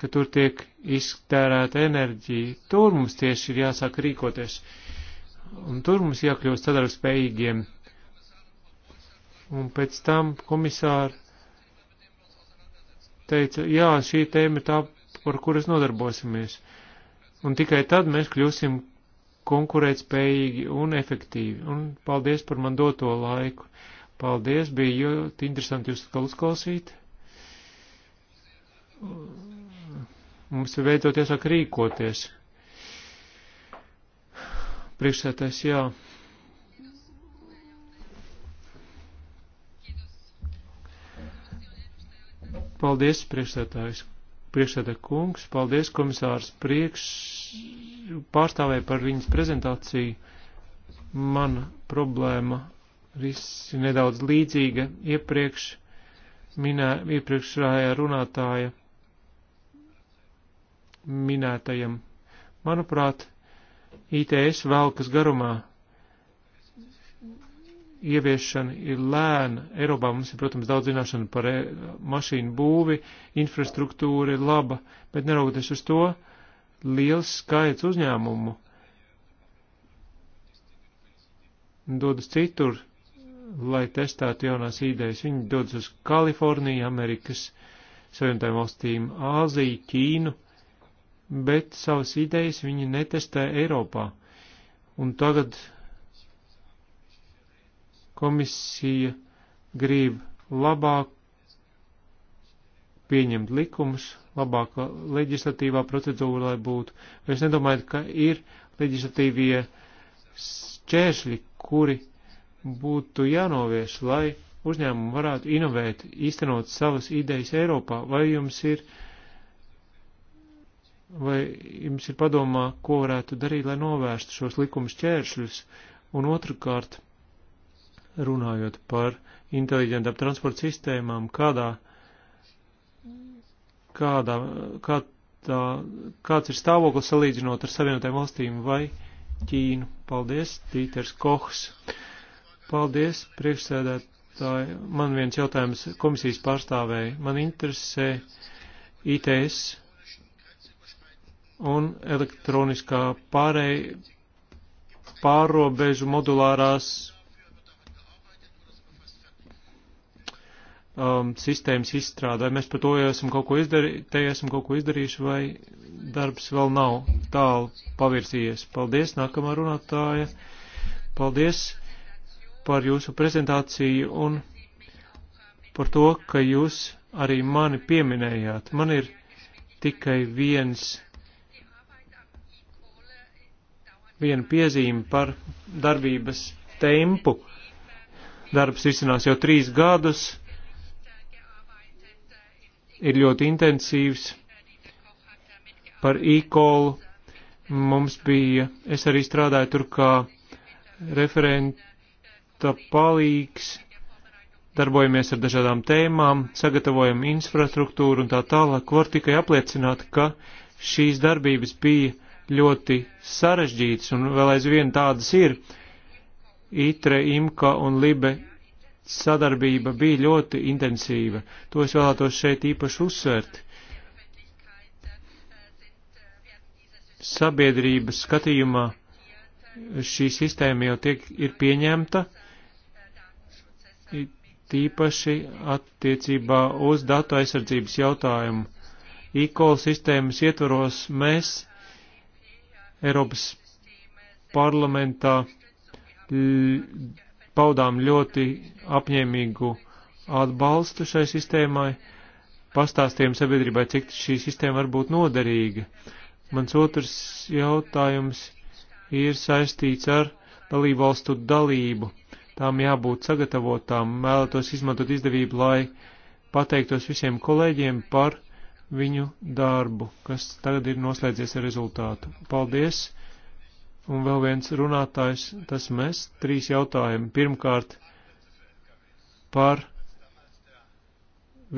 ka tur tiek iztērēta enerģija. Tur mums tieši ir jāsāk rīkoties. Un tur mums jākļūst sadarbspējīgiem. Un pēc tam komisāri teica, jā, šī tēma ir tā, par kuras nodarbosimies. Un tikai tad mēs kļūsim konkurētspējīgi un efektīvi. Un paldies par man doto laiku. Paldies, bija ļoti interesanti jūs atkal uzklausīt. Mums ir veidoties sāk rīkoties. Priekšsētais, jā. Paldies, priekšsētājs. Priekšsēdā kungs, paldies komisārs priekš pārstāvēja par viņas prezentāciju. Mana problēma viss ir nedaudz līdzīga iepriekš minē, iepriekšējā runātāja minētajam. Manuprāt, ITS velkas garumā ieviešana ir lēna. Eiropā mums ir, protams, daudz zināšanu par e mašīnu būvi, infrastruktūra ir laba, bet neraugoties uz to, liels skaits uzņēmumu dodas citur, lai testētu jaunās idejas. Viņi dodas uz Kaliforniju, Amerikas Savienotajām valstīm, Āziju, Ķīnu, bet savas idejas viņi netestē Eiropā. Un tagad Komisija grib labāk pieņemt likumus, labāka leģislatīvā procedūra, lai būtu. Es nedomāju, ka ir leģislatīvie šķēršļi, kuri būtu jānovieš, lai uzņēmumi varētu inovēt, īstenot savas idejas Eiropā. Vai jums ir, vai jums ir padomā, ko varētu darīt, lai novērstu šos likumus šķēršļus? Un otrkārt, runājot par inteliģentām transporta sistēmām, kādā, kādā, kā tā, kāds ir stāvoklis salīdzinot ar Savienotajām valstīm vai Ķīnu. Paldies, Tīters Kohs. Paldies, priekšsēdētāji. Man viens jautājums komisijas pārstāvēja. Man interesē ITS un elektroniskā pārēja pārobežu modulārās um, sistēmas izstrādē. Mēs par to esam kaut ko izdarījuši, te esam kaut ko izdarījuši, vai darbs vēl nav tālu pavirzījies. Paldies, nākamā runātāja. Paldies par jūsu prezentāciju un par to, ka jūs arī mani pieminējāt. Man ir tikai viens, viena piezīme par darbības tempu. Darbs izcinās jau trīs gadus ir ļoti intensīvs par e-kolu. Mums bija, es arī strādāju tur kā referenta palīgs, darbojamies ar dažādām tēmām, sagatavojam infrastruktūru un tā tālāk. Var tikai apliecināt, ka šīs darbības bija ļoti sarežģītas un vēl aizvien tādas ir. ITRE, IMKA un LIBE sadarbība bija ļoti intensīva. To es vēlētos šeit īpaši uzsvērt. Sabiedrības skatījumā šī sistēma jau tiek, ir pieņemta, tīpaši attiecībā uz datu aizsardzības jautājumu. E-call sistēmas ietvaros mēs Eiropas parlamentā paudām ļoti apņēmīgu atbalstu šai sistēmai, pastāstījām sabiedrībai, cik šī sistēma var būt noderīga. Mans otrs jautājums ir saistīts ar dalību valstu dalību. Tām jābūt sagatavotām, vēlētos izmantot izdevību, lai pateiktos visiem kolēģiem par viņu darbu, kas tagad ir noslēdzies ar rezultātu. Paldies! un vēl viens runātājs, tas mēs, trīs jautājumi. Pirmkārt, par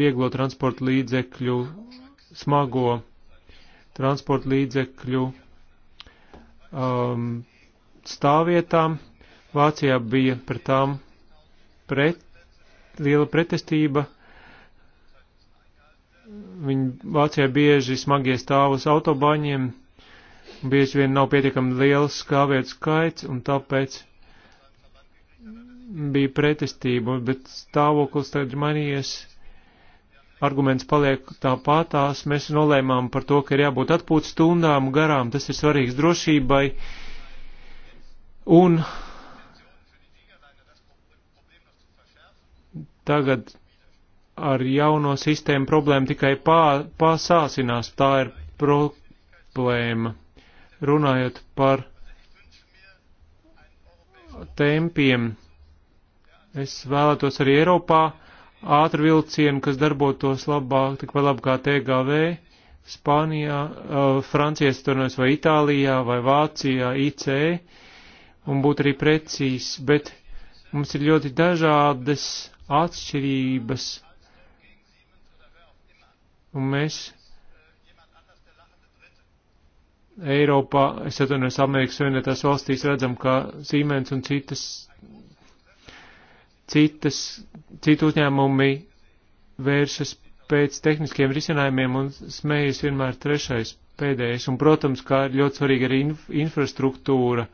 vieglo transporta līdzekļu, smago transporta līdzekļu um, stāvvietām. Vācijā bija pret tām pret, liela pretestība. Viņi Vācijā bieži smagie stāv uz autobaņiem bieži vien nav pietiekami liels skāvietu skaits, un tāpēc bija pretestība, bet stāvoklis tagad mainījies. Arguments paliek tāpatās, mēs nolēmām par to, ka ir jābūt atpūtas stundām garām, tas ir svarīgs drošībai. Un tagad ar jauno sistēmu problēma tikai pā, pasāsinās, tā ir problēma runājot par tempiem. Es vēlētos arī Eiropā ātru vilcienu, kas darbotos labāk, tik vai labāk kā TGV, Spānijā, uh, Francijas turnos vai Itālijā vai Vācijā, IC, un būtu arī precīzi, bet mums ir ļoti dažādas atšķirības, un mēs Eiropā, es atvainojos Amerikas Savienotās valstīs, redzam, ka Siemens un citas, citas, citu uzņēmumi vēršas pēc tehniskiem risinājumiem un smējas vienmēr trešais, pēdējais. Un, protams, kā ir ļoti svarīga arī inf infrastruktūra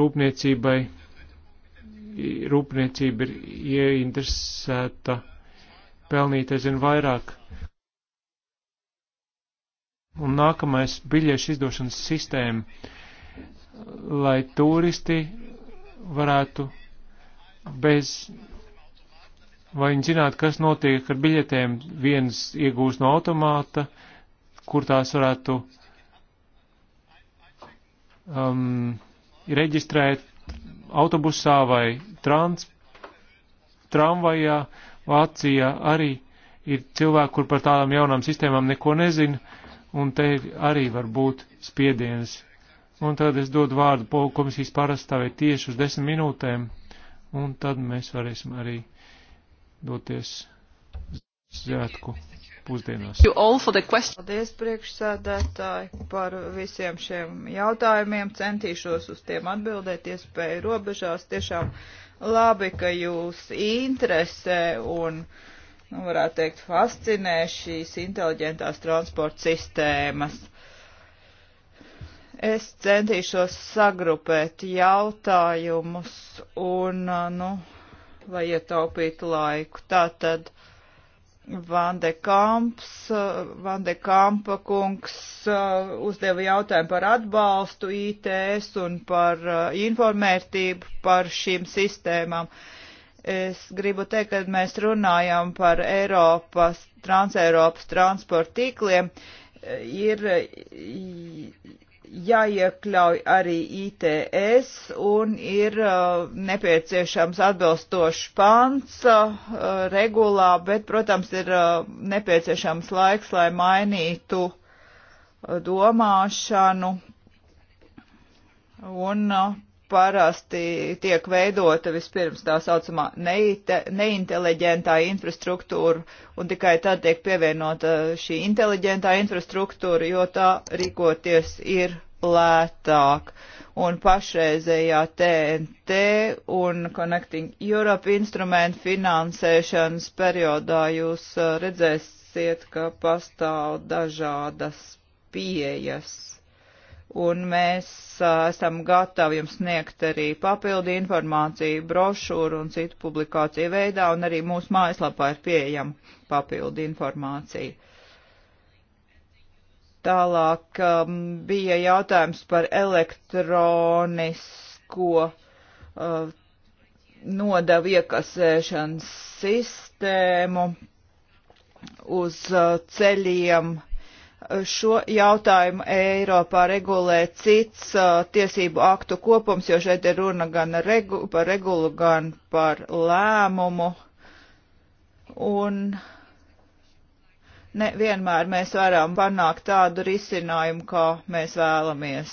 rūpniecībai. Rūpniecība ir ieinteresēta pelnīt aizvien vairāk. Uh, Un nākamais biļešu izdošanas sistēma, lai turisti varētu bez, vai viņi zinātu, kas notiek ar biļetēm, viens iegūst no automāta, kur tās varētu um, reģistrēt autobusā vai trans, tramvajā, Vācijā arī ir cilvēki, kur par tādām jaunām sistēmām neko nezina un te arī var būt spiediens. Un tad es dodu vārdu komisijas pārstāvē tieši uz desmit minūtēm, un tad mēs varēsim arī doties svētku pusdienās. Paldies priekšsēdētāji par visiem šiem jautājumiem. Centīšos uz tiem atbildēt iespēju robežās. Tiešām labi, ka jūs interesē un. Uh, nu, varētu teikt, fascinē šīs inteliģentās transporta sistēmas. Es centīšos sagrupēt jautājumus un, nu, lai ietaupītu laiku. Tātad Vandekamps, Vandekampa kungs uh, uzdeva jautājumu par atbalstu ITS un par uh, informētību par šīm sistēmām. Uh, Es gribu teikt, kad mēs runājam par Eiropas, transeiropas transporta tīkliem, ir jāiekļauj arī ITS un ir uh, nepieciešams atbilstošs pants uh, regulā, bet, protams, ir uh, nepieciešams laiks, lai mainītu uh, domāšanu un uh, parasti tiek veidota vispirms tā saucamā neite, neinteliģentā infrastruktūra, un tikai tad tiek pievienota šī inteliģentā infrastruktūra, jo tā rīkoties ir lētāk. Un pašreizējā TNT un Connecting Europe instrumentu finansēšanas periodā jūs uh, redzēsiet, ka pastāv dažādas pieejas un mēs a, esam gatavi jums sniegt arī papildi informāciju, brošūru un citu publikāciju veidā, un arī mūsu mājaslapā ir pieejama papildi informācija. Tālāk um, bija jautājums par elektronisko uh, nodevu iekasēšanas sistēmu uz uh, ceļiem šo jautājumu Eiropā regulē cits uh, tiesību aktu kopums, jo šeit ir runa gan regu, par regulu, gan par lēmumu. Un uh, nevienmēr mēs varam panākt tādu risinājumu, kā mēs vēlamies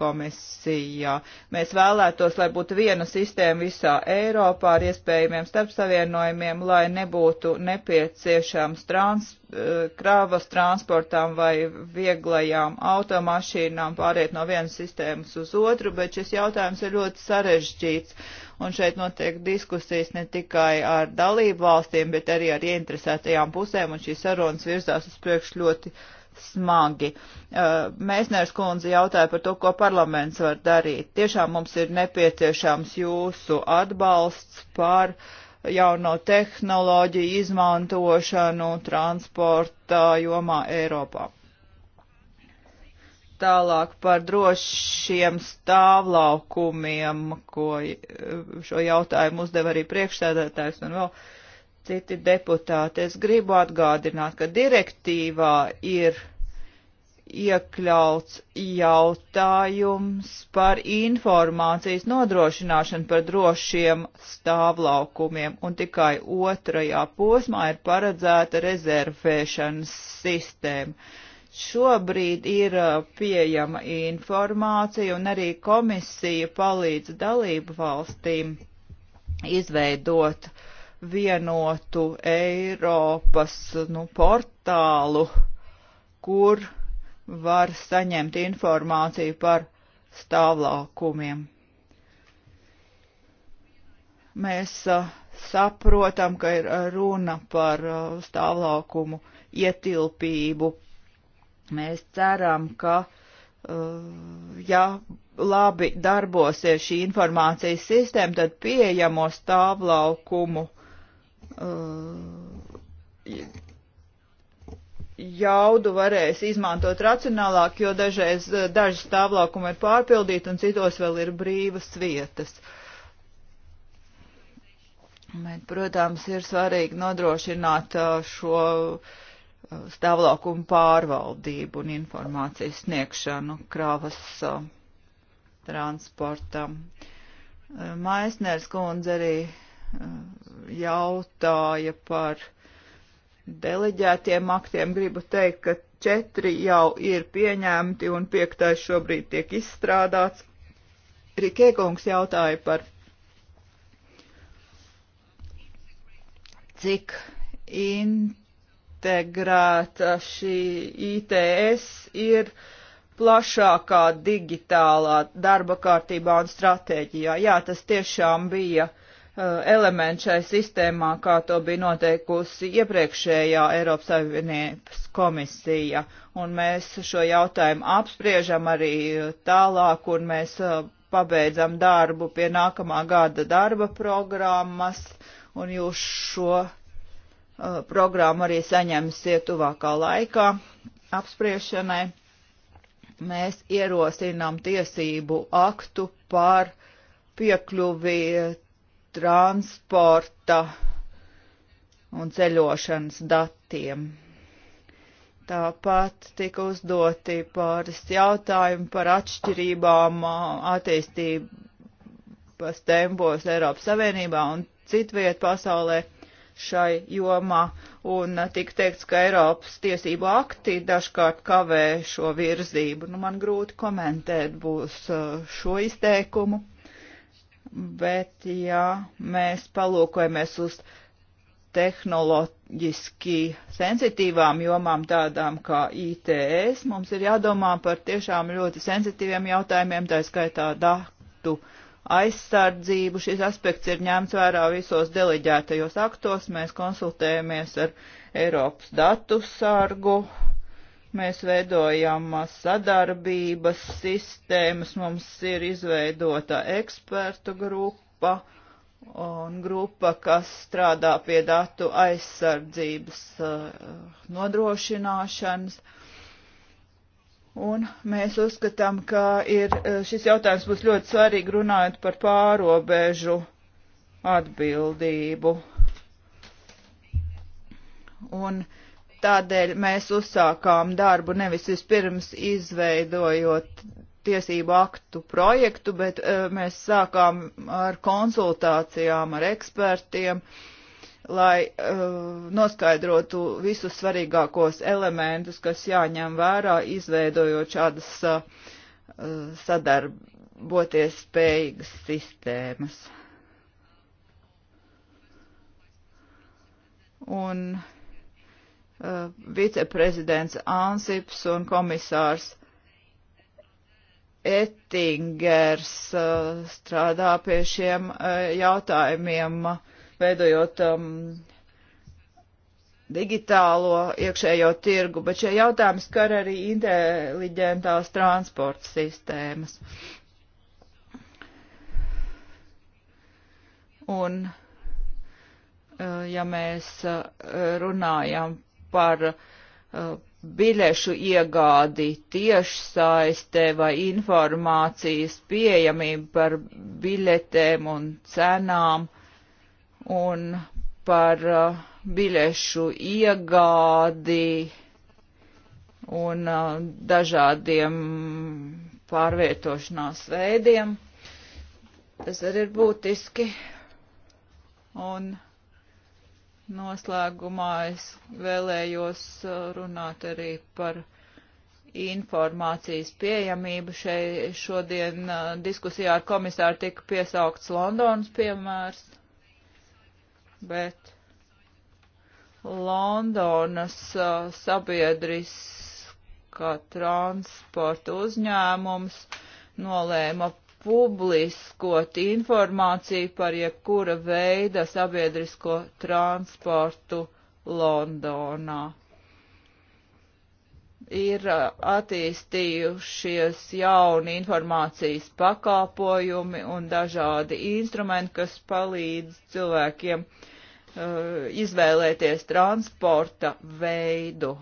komisijā. Mēs vēlētos, lai būtu viena sistēma visā Eiropā ar iespējamiem starpsavienojumiem, lai nebūtu nepieciešams trans, e, kravas transportām vai vieglajām automašīnām pāriet no vienas sistēmas uz otru, bet šis jautājums ir ļoti sarežģīts un šeit notiek diskusijas ne tikai ar dalību valstīm, bet arī ar ieinteresētajām pusēm, un šīs sarunas virzās uz priekšu ļoti smagi. Uh, Mēsnērs kundze jautāja par to, ko parlaments var darīt. Tiešām mums ir nepieciešams jūsu atbalsts par jauno tehnoloģiju izmantošanu transporta jomā Eiropā. Tālāk par drošiem stāvlaukumiem, ko eh, šo jautājumu uzdeva arī priekšsēdētājs un vēl citi deputāti. Es gribu atgādināt, ka direktīvā ir iekļauts jautājums par informācijas nodrošināšanu par drošiem stāvlaukumiem, un tikai otrajā posmā ir paredzēta rezervēšanas sistēma. Šobrīd ir uh, pieejama informācija un arī komisija palīdz dalību valstīm izveidot vienotu Eiropas nu, portālu, kur var saņemt informāciju par stāvlaukumiem. Mēs uh, saprotam, ka ir uh, runa par stāvlaukumu ietilpību Mēs ceram, ka, uh, ja labi darbosies šī informācijas sistēma, tad pieejamo stāvlaukumu uh, jaudu varēs izmantot racionālāk, jo dažreiz daži stāvlaukumi ir pārpildīti un citos vēl ir brīvas vietas. Bet, protams, ir svarīgi nodrošināt uh, šo uh, stāvlaukumu pārvaldību un informācijas sniegšanu kravas transportam. Maisners kundze arī jautāja par deleģētiem aktiem. Gribu teikt, ka četri jau ir pieņemti un piektais šobrīd tiek izstrādāts. Rikēkungs jautāja par cik int integrēta šī ITS ir plašākā digitālā darba kārtībā un stratēģijā. Jā, tas tiešām bija uh, elements šai sistēmā, kā to bija noteikusi iepriekšējā Eiropas Savienības komisija. Un mēs šo jautājumu apspriežam arī tālāk, un mēs uh, pabeidzam darbu pie nākamā gada darba programmas, un jūs šo Uh, programma arī saņemsiet tuvākā laikā apspriešanai. Mēs ierosinām tiesību aktu par piekļuvi transporta un ceļošanas datiem. Tāpat tika uzdoti pāris jautājumi par atšķirībām uh, attīstības tempos Eiropas Savienībā un citviet pasaulē šai jomā, un tika teikts, ka Eiropas tiesību akti dažkārt kavē šo virzību. Nu, man grūti komentēt būs uh, šo izteikumu, bet ja mēs palūkojamies uz tehnoloģiski sensitīvām jomām tādām kā ITS, mums ir jādomā par tiešām ļoti sensitīviem jautājumiem, tā skaitā datu aizsardzību. Šis aspekts ir ņemts vērā visos deleģētajos aktos. Mēs konsultējamies ar Eiropas datu sargu, mēs veidojam sadarbības sistēmas, mums ir izveidota ekspertu grupa un grupa, kas strādā pie datu aizsardzības eh, nodrošināšanas. Uh, Un mēs uzskatām, ka ir, e, šis jautājums būs ļoti svarīgi runājot par pārobežu atbildību. Un tādēļ mēs uzsākām darbu nevis vispirms izveidojot tiesību aktu projektu, bet e, mēs sākām ar konsultācijām ar ekspertiem, uh, lai uh, noskaidrotu visus svarīgākos elementus, kas jāņem vērā, izveidojot šādas uh, sadarboties spējīgas sistēmas. Un uh, viceprezidents Ansips un komisārs Ettingers uh, strādā pie šiem uh, jautājumiem. Uh, veidojot um, digitālo iekšējo tirgu, bet šie jautājumi skar arī inteliģentās transporta sistēmas. Un, uh, ja mēs uh, runājam par uh, biļešu iegādi tiešsaistē vai informācijas pieejamību par biļetēm un cenām, un par uh, biļešu iegādi un uh, dažādiem pārvietošanās veidiem. Tas arī ir būtiski. Un noslēgumā es vēlējos uh, runāt arī par informācijas pieejamību. Šeit šodien uh, diskusijā ar komisāru tika piesaukts Londonas piemērs bet Londonas sabiedriskā transporta uzņēmums nolēma publiskot informāciju par jebkura veida sabiedrisko transportu Londonā ir uh, attīstījušies jauni informācijas pakāpojumi un dažādi instrumenti, kas palīdz cilvēkiem uh, izvēlēties transporta veidu.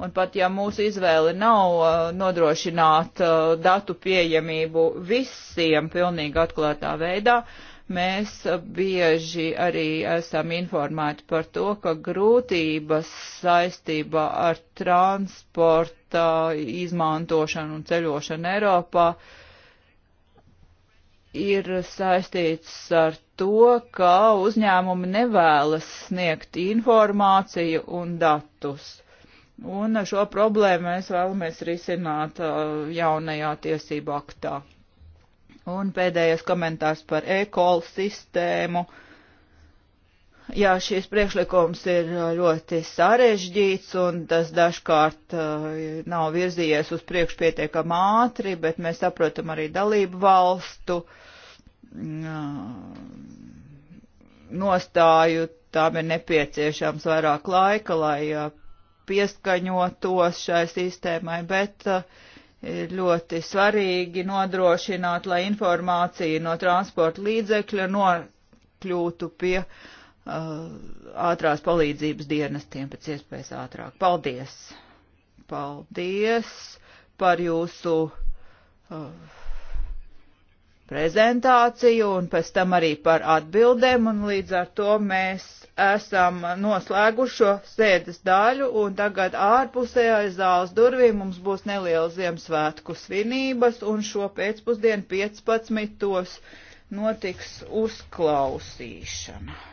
Un pat ja mūsu izvēle nav uh, nodrošināt uh, datu pieejamību visiem pilnīgi atklātā veidā, uh, Mēs bieži arī esam informēti par to, ka grūtības saistībā ar transporta izmantošanu un ceļošanu Eiropā ir saistīts ar to, ka uzņēmumi nevēlas sniegt informāciju un datus. Un šo problēmu mēs vēlamies risināt uh, jaunajā tiesību aktā. Un pēdējais komentārs par e-call sistēmu. Jā, šis priekšlikums ir uh, ļoti sarežģīts un tas dažkārt uh, nav virzījies uz priekšu pietiekam ātri, bet mēs saprotam arī dalību valstu mm, uh, nostāju. Tām ir nepieciešams vairāk laika, lai uh, pieskaņotos šai sistēmai, bet uh, ir ļoti svarīgi nodrošināt, lai informācija no transporta līdzekļa nokļūtu pie uh, ātrās palīdzības dienestiem pēc iespējas ātrāk. Paldies! Paldies par jūsu uh, prezentāciju un pēc tam arī par atbildēm, un līdz ar to mēs esam noslēguši šo sēdes daļu, un tagad ārpusējā zāles durvīm mums būs neliela Ziemassvētku svinības, un šo pēcpusdienu 15. notiks uzklausīšana.